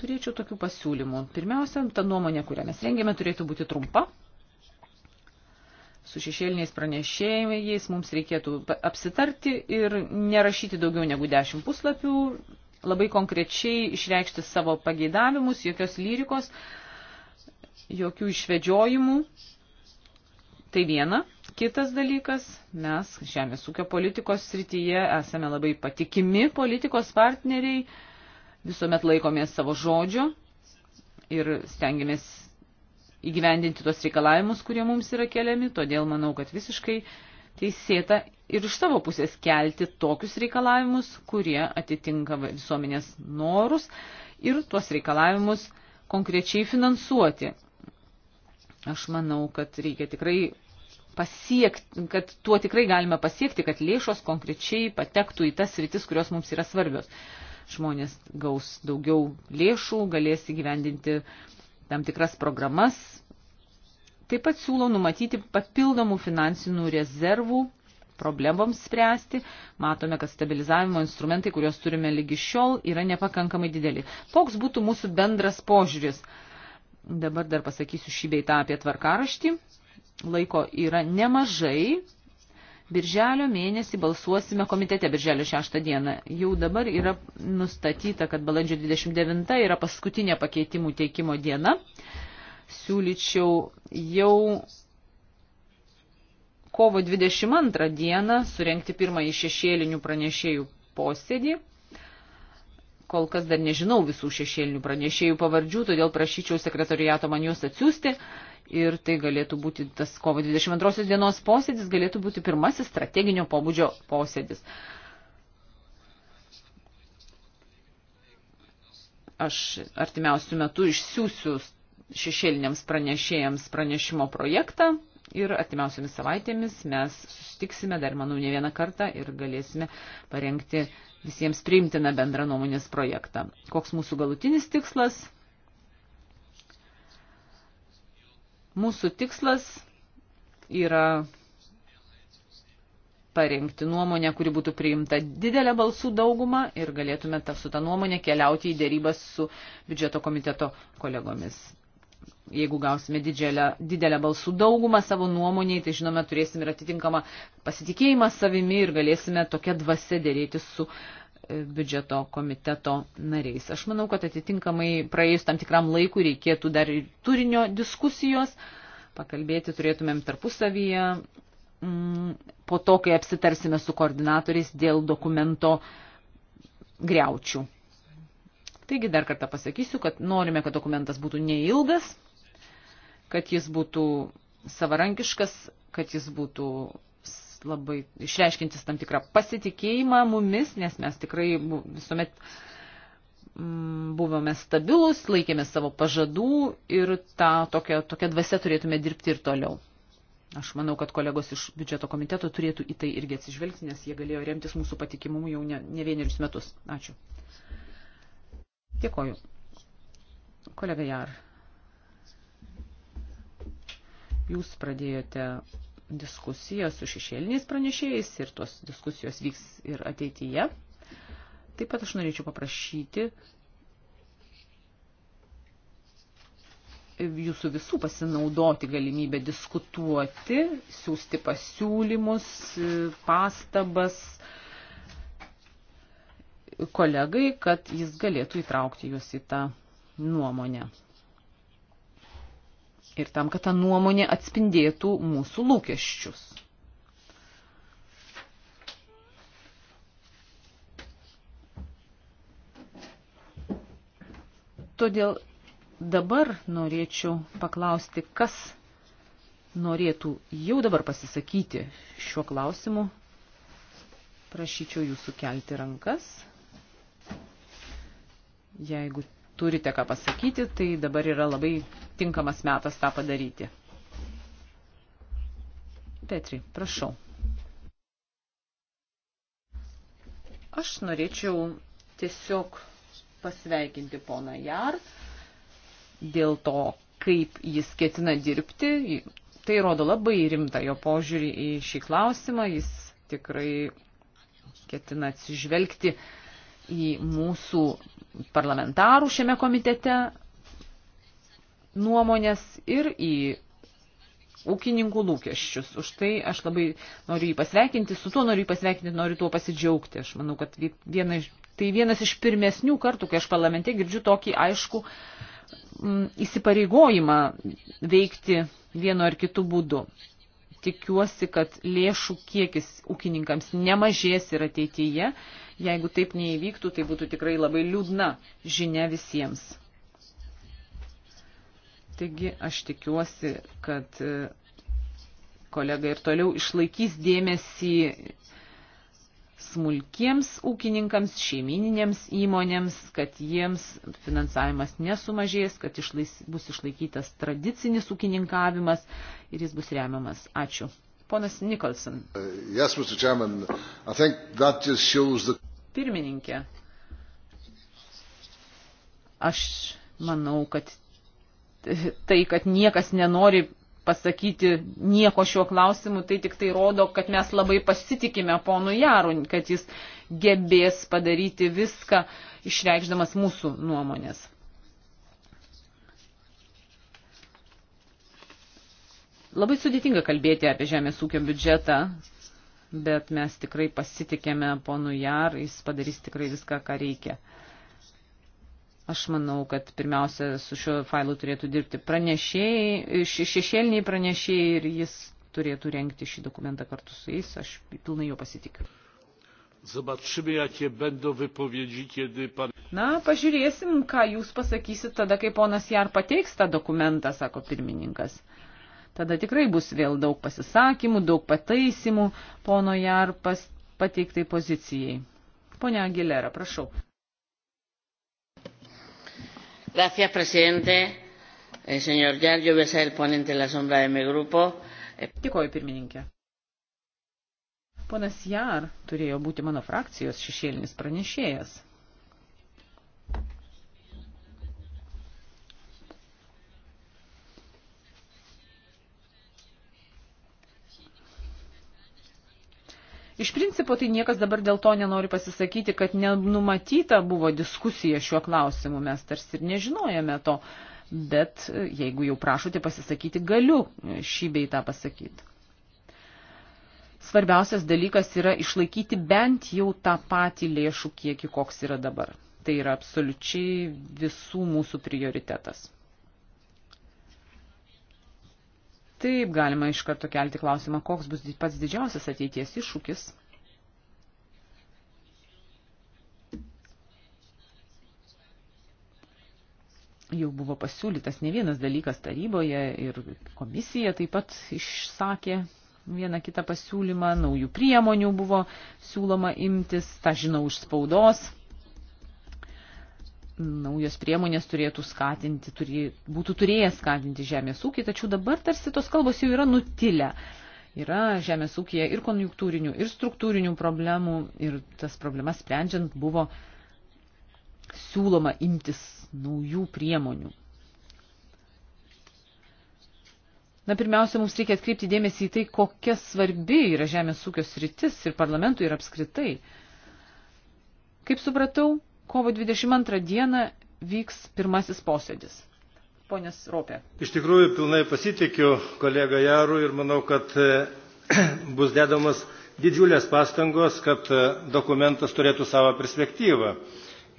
Turėčiau tokių pasiūlymų. Pirmiausia, ta nuomonė, kurią mes rengėme, turėtų būti trumpa su šešėliniais pranešėjais mums reikėtų apsitarti ir nerašyti daugiau negu dešimt puslapių, labai konkrečiai išreikšti savo pageidavimus, jokios lyrikos, jokių išvedžiojimų. Tai viena. Kitas dalykas, mes žemės ūkio politikos srityje esame labai patikimi politikos partneriai, visuomet laikomės savo žodžio ir stengiamės įgyvendinti tos reikalavimus, kurie mums yra keliami, todėl manau, kad visiškai teisėta ir iš savo pusės kelti tokius reikalavimus, kurie atitinka visuomenės norus ir tuos reikalavimus konkrečiai finansuoti. Aš manau, kad reikia tikrai pasiekti, kad tuo tikrai galime pasiekti, kad lėšos konkrečiai patektų į tas rytis, kurios mums yra svarbios. Žmonės gaus daugiau lėšų, galės įgyvendinti uh, tam tikras programas. Taip pat siūlau numatyti papildomų finansinių rezervų problemoms spręsti. Matome, kad stabilizavimo instrumentai, kuriuos turime lygi šiol, yra nepakankamai dideli. Toks būtų mūsų bendras požiūris. Dabar dar pasakysiu šį beitą apie tvarkaraštį. Laiko yra nemažai, Birželio mėnesį balsuosime komitete Birželio 6 dieną. Jau dabar yra nustatyta, kad balandžio 29 yra paskutinė pakeitimų teikimo diena. Siūlyčiau jau kovo 22 dieną surenkti pirmąjį šešėlinių pranešėjų posėdį. Kol kas dar nežinau visų šešėlinių pranešėjų pavardžių, todėl prašyčiau sekretoriato man juos atsiųsti. Uh, ir tai galėtų būti tas kovo 22 dienos posėdis, galėtų būti pirmasis strateginio pobūdžio posėdis. Aš artimiausių metų išsiųsiu šešėliniams pranešėjams pranešimo projektą ir artimiausiamis savaitėmis mes susitiksime dar, manau, ne vieną kartą ir galėsime parengti visiems priimtiną bendrą nuomonės projektą. Koks mūsų galutinis tikslas? Mūsų tikslas yra parengti nuomonę, kuri būtų priimta didelę balsų daugumą ir galėtume ta, su tą nuomonę keliauti į dėrybas su biudžeto komiteto kolegomis. Jeigu gausime didelę, didelę balsų daugumą savo nuomonėje, tai žinome, turėsime ir atitinkamą pasitikėjimą savimi ir galėsime tokia dvasia dėrėti su uh, biudžeto komiteto nariais. Aš manau, kad atitinkamai praėjus tam tikram laikui reikėtų dar ir turinio diskusijos, pakalbėti turėtumėm tarpusavyje, mm, po to, kai apsitarsime su koordinatoriais dėl dokumento greučių. Taigi dar kartą pasakysiu, kad norime, kad dokumentas būtų neilgas, kad jis būtų savarankiškas, kad jis būtų labai išreiškintis tam tikrą pasitikėjimą mumis, nes mes tikrai visuomet mm, buvome stabilus, laikėmės savo pažadų ir tą tokią, tokią dvasę turėtume dirbti ir toliau. Aš manau, kad kolegos iš biudžeto komiteto turėtų į tai irgi atsižvelgti, nes jie galėjo remtis mūsų patikimumu jau ne, ne vienerius metus. Ačiū. Dėkoju. Kolega Jar, jūs pradėjote diskusiją su šešėliniais pranešėjais ir tos diskusijos vyks ir ateityje. Taip pat aš norėčiau paprašyti jūsų visų pasinaudoti galimybę diskutuoti, siūsti pasiūlymus, pastabas kolegai, kad jis galėtų įtraukti juos į tą nuomonę ir tam, kad ta nuomonė atspindėtų mūsų lūkesčius. Todėl dabar norėčiau paklausti, kas norėtų jau dabar pasisakyti šiuo klausimu. Prašyčiau jūsų kelti rankas. Jeigu turite ką pasakyti, tai dabar yra labai tinkamas metas tą padaryti. Petri, prašau. Aš norėčiau tiesiog pasveikinti poną Jar dėl to, kaip jis ketina dirbti. Tai rodo labai rimtą jo požiūrį į šį klausimą. Jis tikrai ketina atsižvelgti uh, į mūsų parlamentarų šiame komitete nuomonės ir į ūkininkų lūkesčius. Už tai aš labai noriu jį pasveikinti, su tuo noriu jį pasveikinti, noriu tuo pasidžiaugti. Aš manau, kad viena, tai vienas iš pirmesnių kartų, kai aš parlamente girdžiu tokį aišku m, mm, įsipareigojimą veikti vienu ar kitu būdu tikiuosi, kad lėšų kiekis ūkininkams nemažės ir ateityje. Jeigu taip neįvyktų, tai būtų tikrai labai liūdna žinia visiems. Taigi aš tikiuosi, kad e, kolega ir toliau išlaikys dėmesį smulkiems ūkininkams, šeimininėms įmonėms, kad jiems finansavimas nesumažės, kad išlais, bus išlaikytas tradicinis ūkininkavimas ir jis bus remiamas. Ačiū. Ponas Nikolson. Uh, yes, the... Pirmininkė, aš manau, kad tai, kad niekas nenori pasakyti nieko šiuo klausimu, tai tik tai rodo, kad mes labai pasitikime ponu Jaru, kad jis gebės padaryti viską, išreikšdamas mūsų nuomonės. Labai sudėtinga kalbėti apie žemės ūkio biudžetą, bet mes tikrai pasitikėme ponu Jar, jis padarys tikrai viską, ką reikia. Aš manau, kad pirmiausia su šiuo failu turėtų dirbti pranešėjai, šešėliniai pranešėjai ir jis turėtų renkti šį dokumentą kartu su jais. Aš pilnai jo pasitikiu. Zobaczymy, jakie będą wypowiedzi, kiedy pan. Na, pažiūrėsim, ką jūs pasakysit tada, kai ponas Jar pateiks tą dokumentą, sako pirmininkas. Tada tikrai bus vėl daug pasisakymų, daug pataisimų pono Jar pateiktai pozicijai. Pone Agilera, prašau. Gracias, presidente. Eh, señor Yar, yo voy a ser el ponente en la sombra de mi grupo. Eh, Dėkoju, pirmininkė. Ponas Jar turėjo būti mano frakcijos šešėlinis pranešėjas. Iš principo, tai niekas dabar dėl to nenori pasisakyti, kad nenumatyta buvo diskusija šiuo klausimu, mes tarsi ir nežinojame to, bet e, jeigu jau prašote pasisakyti, galiu e, šį bei tą pasakyti. Svarbiausias dalykas yra išlaikyti bent jau tą patį lėšų kiekį, koks yra dabar. Tai yra absoliučiai visų mūsų prioritetas. Taip galima iš karto kelti klausimą, koks bus pats didžiausias ateities iššūkis. Jau buvo pasiūlytas ne vienas dalykas taryboje ir komisija taip pat išsakė vieną kitą pasiūlymą, naujų priemonių buvo siūloma imtis, tą žinau iš spaudos naujos priemonės turėtų skatinti, turė, būtų turėjęs skatinti žemės ūkį, tačiau dabar tarsi tos kalbos jau yra nutilę. Yra žemės ūkija ir konjunktūrinių, ir struktūrinių problemų, ir tas problemas sprendžiant buvo siūloma imtis naujų priemonių. Na, pirmiausia, mums reikia atkreipti dėmesį į tai, kokia svarbi yra žemės ūkio sritis ir parlamentui ir apskritai. Kaip supratau, Kovo 22 dieną vyks pirmasis posėdis. Ponės Ropė. Iš tikrųjų, pilnai pasitikiu kolega Jaru ir manau, kad bus dedamas didžiulės pastangos, kad e, dokumentas turėtų savo perspektyvą.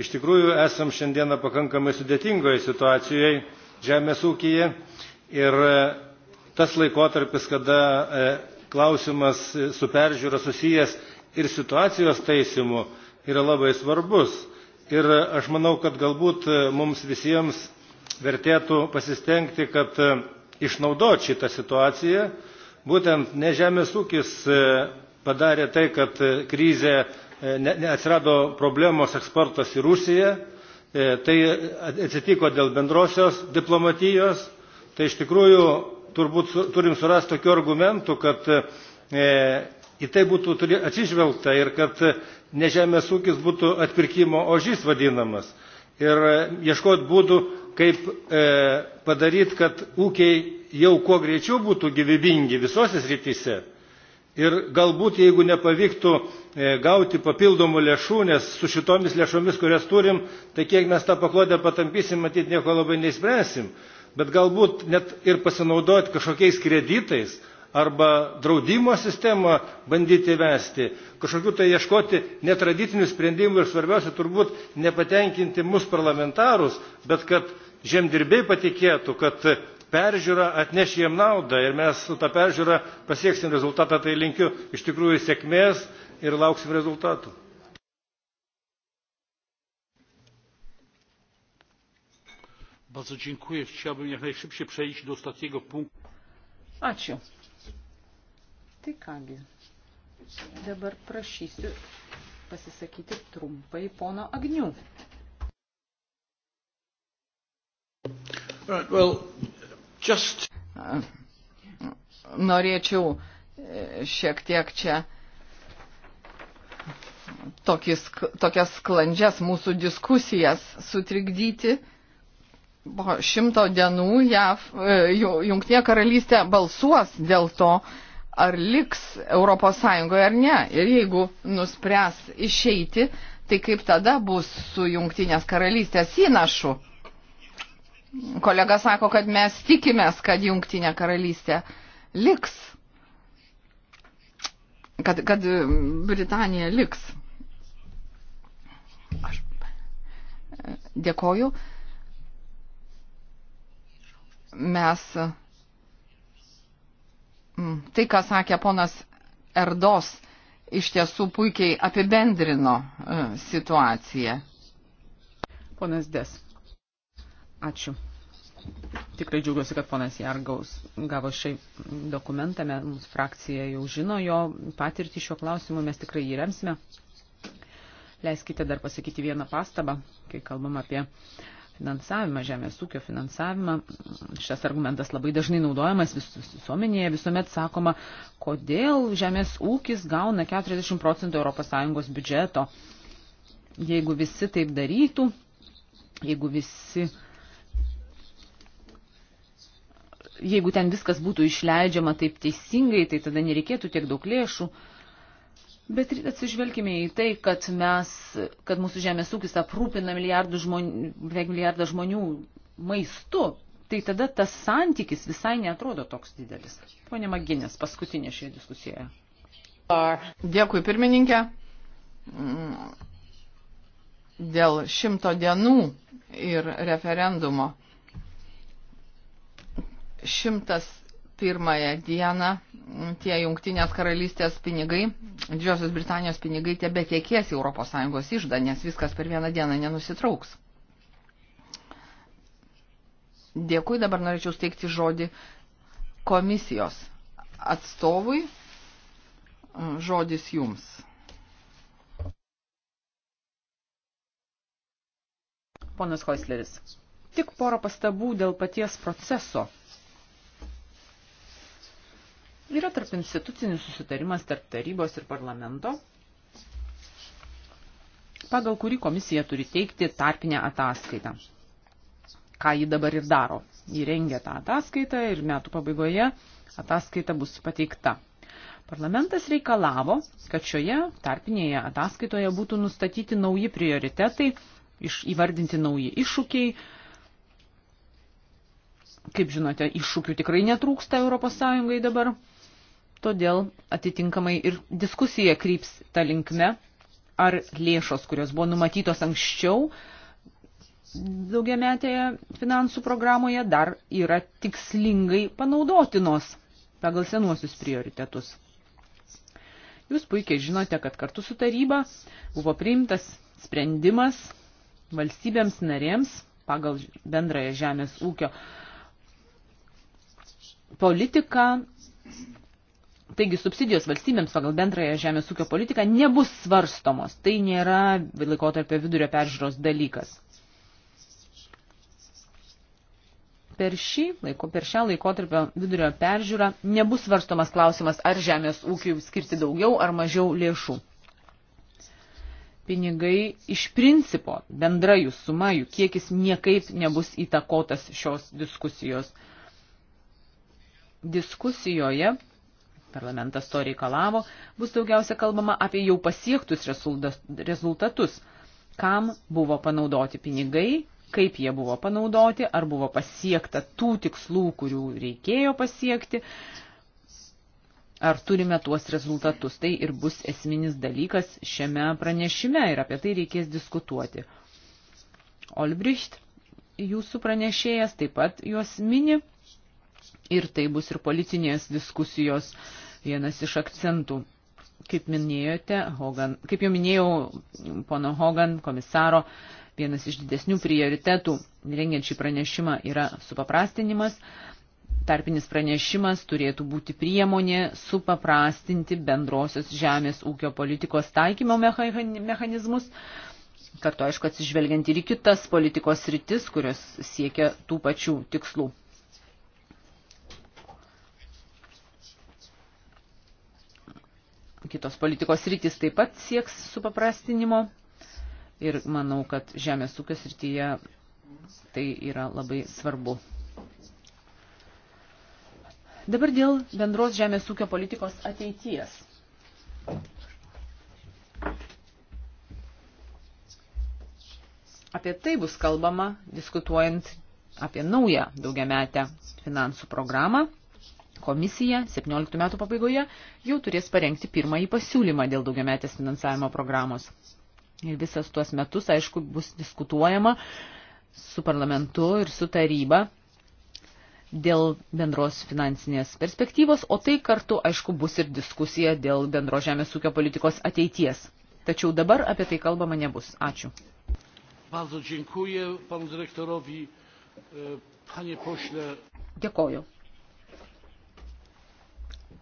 Iš tikrųjų, esam šiandieną pakankamai sudėtingoje situacijoje žemės ūkyje ir e, tas laikotarpis, kada e, klausimas su peržiūra susijęs ir situacijos taisimu yra labai svarbus ir aš manau, kad galbūt e, mums visiems vertėtų pasistengti, kad e, išnaudot šitą situaciją. Būtent ne žemės ūkis e, padarė tai, kad krizė atsirado problemos eksportas į Rusiją, tai atsitiko dėl bendrosios diplomatijos, tai iš tikrųjų turbūt turim surasti tokių argumentų, kad į tai būtų atsižvelgta ir kad ne žemės ūkis būtų atpirkimo ožys vadinamas. Ir e, ieškoti būdų, kaip e, padaryti, kad ūkiai jau kuo greičiau būtų gyvybingi visose srityse. Ir galbūt, jeigu nepavyktų e, gauti papildomų lėšų, nes su šitomis lėšomis, kurias turim, tai kiek mes tą paklodę patampysim, matyt, nieko labai neįspręsim. Bet galbūt net ir pasinaudoti kažkokiais kreditais, arba draudimo sistemą bandyti vesti, kažkokiu tai ieškoti netradicinių sprendimų ir svarbiausia turbūt nepatenkinti mus parlamentarus, bet kad žemdirbiai patikėtų, kad peržiūra atneš jiem naudą ir mes su tą peržiūra pasieksim rezultatą, tai linkiu iš tikrųjų sėkmės ir lauksim rezultatų. Bardzo dziękuję. Chciałbym jak najszybciej przejść do ostatniego punktu. Ačiū. Tai kągi, dabar prašysiu pasisakyti trumpai pono Agnių. Right, well, just... Norėčiau e, šiek tiek čia tokis, tokias sklandžias mūsų diskusijas sutrikdyti. Po šimto dienų JAV, e, Junktinė karalystė balsuos dėl to, ar liks ES ar ne. Ir jeigu nuspręs išeiti, tai kaip tada bus su jungtinės karalystės įnašu? Kolega sako, kad mes tikimės, kad jungtinė karalystė liks. Kad, kad Britanija liks. Aš dėkoju. Mes Mm, tai, ką sakė ponas Erdos, iš tiesų puikiai apibendrino e, situaciją. Ponas Des. Ačiū. Tikrai džiaugiuosi, kad ponas Jargaus gavo šį dokumentą, mums frakcija jau žino jo patirtį šiuo klausimu, mes tikrai jį remsime. Leiskite dar pasakyti vieną pastabą, kai kalbam apie uh, finansavimą, žemės ūkio finansavimą. Šias argumentas labai dažnai naudojamas vis, visuomenėje, visuomet sakoma, kodėl žemės ūkis gauna 40 procentų ES biudžeto. Jeigu visi taip darytų, jeigu visi jeigu ten viskas būtų išleidžiama taip teisingai, tai tada nereikėtų tiek daug lėšų. Uh, Bet atsižvelgime į tai, kad mes, kad mūsų žemės ūkis aprūpina milijardų žmonių, beveik milijardą žmonių maistu, tai tada tas santykis visai netrodo toks didelis. Pone Maginės, paskutinė šioje diskusijoje. Dėkui, pirmininkė. Dėl šimto dienų ir referendumo. Šimtas pirmąją dieną tie jungtinės karalystės pinigai, Didžiosios Britanijos pinigai tebe tiekės į ES išdą, nes viskas per vieną dieną nenusitrauks. Dėkui, dabar norėčiau steigti žodį komisijos atstovui. Žodis jums. Ponas Hoisleris, tik porą pastabų dėl paties proceso Yra tarp institucinis susitarimas tarp tarybos ir parlamento, pagal kurį komisija turi teikti tarpinę ataskaitą. Ką ji dabar ir daro. Ji rengia tą ataskaitą ir metų pabaigoje ataskaita bus pateikta. Parlamentas reikalavo, kad šioje tarpinėje ataskaitoje būtų nustatyti nauji prioritetai, iš, įvardinti nauji iššūkiai. Kaip žinote, iššūkių tikrai netrūksta ES dabar. Todėl atitinkamai ir diskusija kryps tą linkme, ar lėšos, kurios buvo numatytos anksčiau daugiametėje finansų programoje, dar yra tikslingai panaudotinos pagal senuosius prioritetus. Jūs puikiai žinote, kad kartu su taryba buvo priimtas sprendimas valstybėms narėms pagal bendrąją žemės ūkio politiką Taigi subsidijos valstybėms pagal bendrąją žemės ūkio politiką nebus svarstomos. Tai nėra laikotarpio vidurio peržiūros dalykas. Per, šį, laiko, per šią laikotarpio vidurio peržiūrą nebus svarstomas klausimas, ar žemės ūkiui skirti daugiau ar mažiau lėšų. Pinigai iš principo, bendra jų suma, jų kiekis niekaip nebus įtakotas šios diskusijos. Diskusijoje parlamentas to reikalavo, bus daugiausia kalbama apie jau pasiektus rezultatus, kam buvo panaudoti pinigai, kaip jie buvo panaudoti, ar buvo pasiekta tų tikslų, kurių reikėjo pasiekti, ar turime tuos rezultatus. Tai ir bus esminis dalykas šiame pranešime ir apie tai reikės diskutuoti. Olbricht, jūsų pranešėjas taip pat juos mini Ir tai bus ir politinės diskusijos vienas iš akcentų. Kaip minėjote, Hogan, kaip jau minėjau, pono Hogan, komisaro, vienas iš didesnių prioritetų rengiant šį pranešimą yra supaprastinimas. Tarpinis pranešimas turėtų būti priemonė supaprastinti bendrosios žemės ūkio politikos taikymo mechanizmus, kartu aišku atsižvelgiant ir į kitas politikos rytis, kurios siekia tų pačių tikslų. Kitos politikos rytis taip pat sieks supaprastinimo ir manau, kad žemės ūkio srityje tai yra labai svarbu. Dabar dėl bendros žemės ūkio politikos ateities. Apie tai bus kalbama diskutuojant apie naują daugiametę finansų programą Komisija 17 metų pabaigoje jau turės parengti pirmąjį pasiūlymą dėl daugiametės finansavimo programos. Ir visas tuos metus, aišku, bus diskutuojama su parlamentu ir su taryba dėl bendros finansinės perspektyvos, o tai kartu, aišku, bus ir diskusija dėl bendro žemės ūkio politikos ateities. Tačiau dabar apie tai kalbama nebus. Ačiū. Bardzo dziękuję panu dyrektorowi. E, panie pośle. Dėkoju.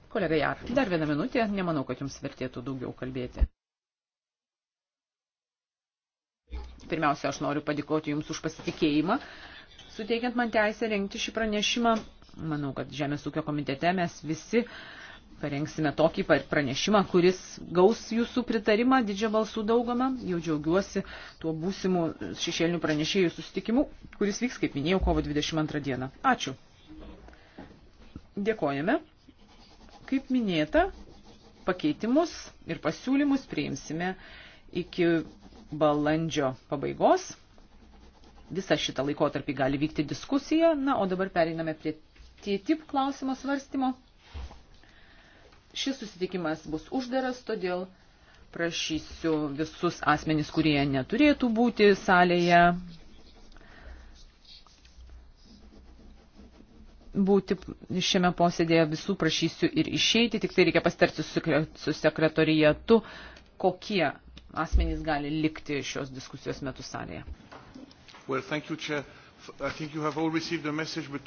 Kolega Jar, dar vieną minutę, nemanau, kad jums vertėtų daugiau kalbėti. Pirmiausia, aš noriu padėkoti Jums už pasitikėjimą, suteikiant man teisę rengti šį pranešimą. Manau, kad Žemės ūkio komitete mes visi parengsime tokį pranešimą, kuris gaus jūsų pritarimą didžią balsų daugumą. Jau džiaugiuosi tuo būsimu šešėlinių pranešėjų susitikimu, kuris vyks, kaip minėjau, kovo 22 dieną. Ačiū. Dėkojame. Kaip minėta, pakeitimus ir pasiūlymus priimsime iki balandžio pabaigos. Visą šitą laikotarpį gali vykti diskusija. Na, o dabar pereiname prie TTIP klausimo svarstymo. Šis susitikimas bus uždaras, todėl prašysiu visus asmenys, kurie neturėtų būti salėje, būti šiame posėdėje, visų prašysiu ir išeiti, tik tai reikia pastarti su sekretorijatu, kokie asmenys gali likti šios diskusijos metu salėje. Well, thank you, Chair. I think you have all received a message, but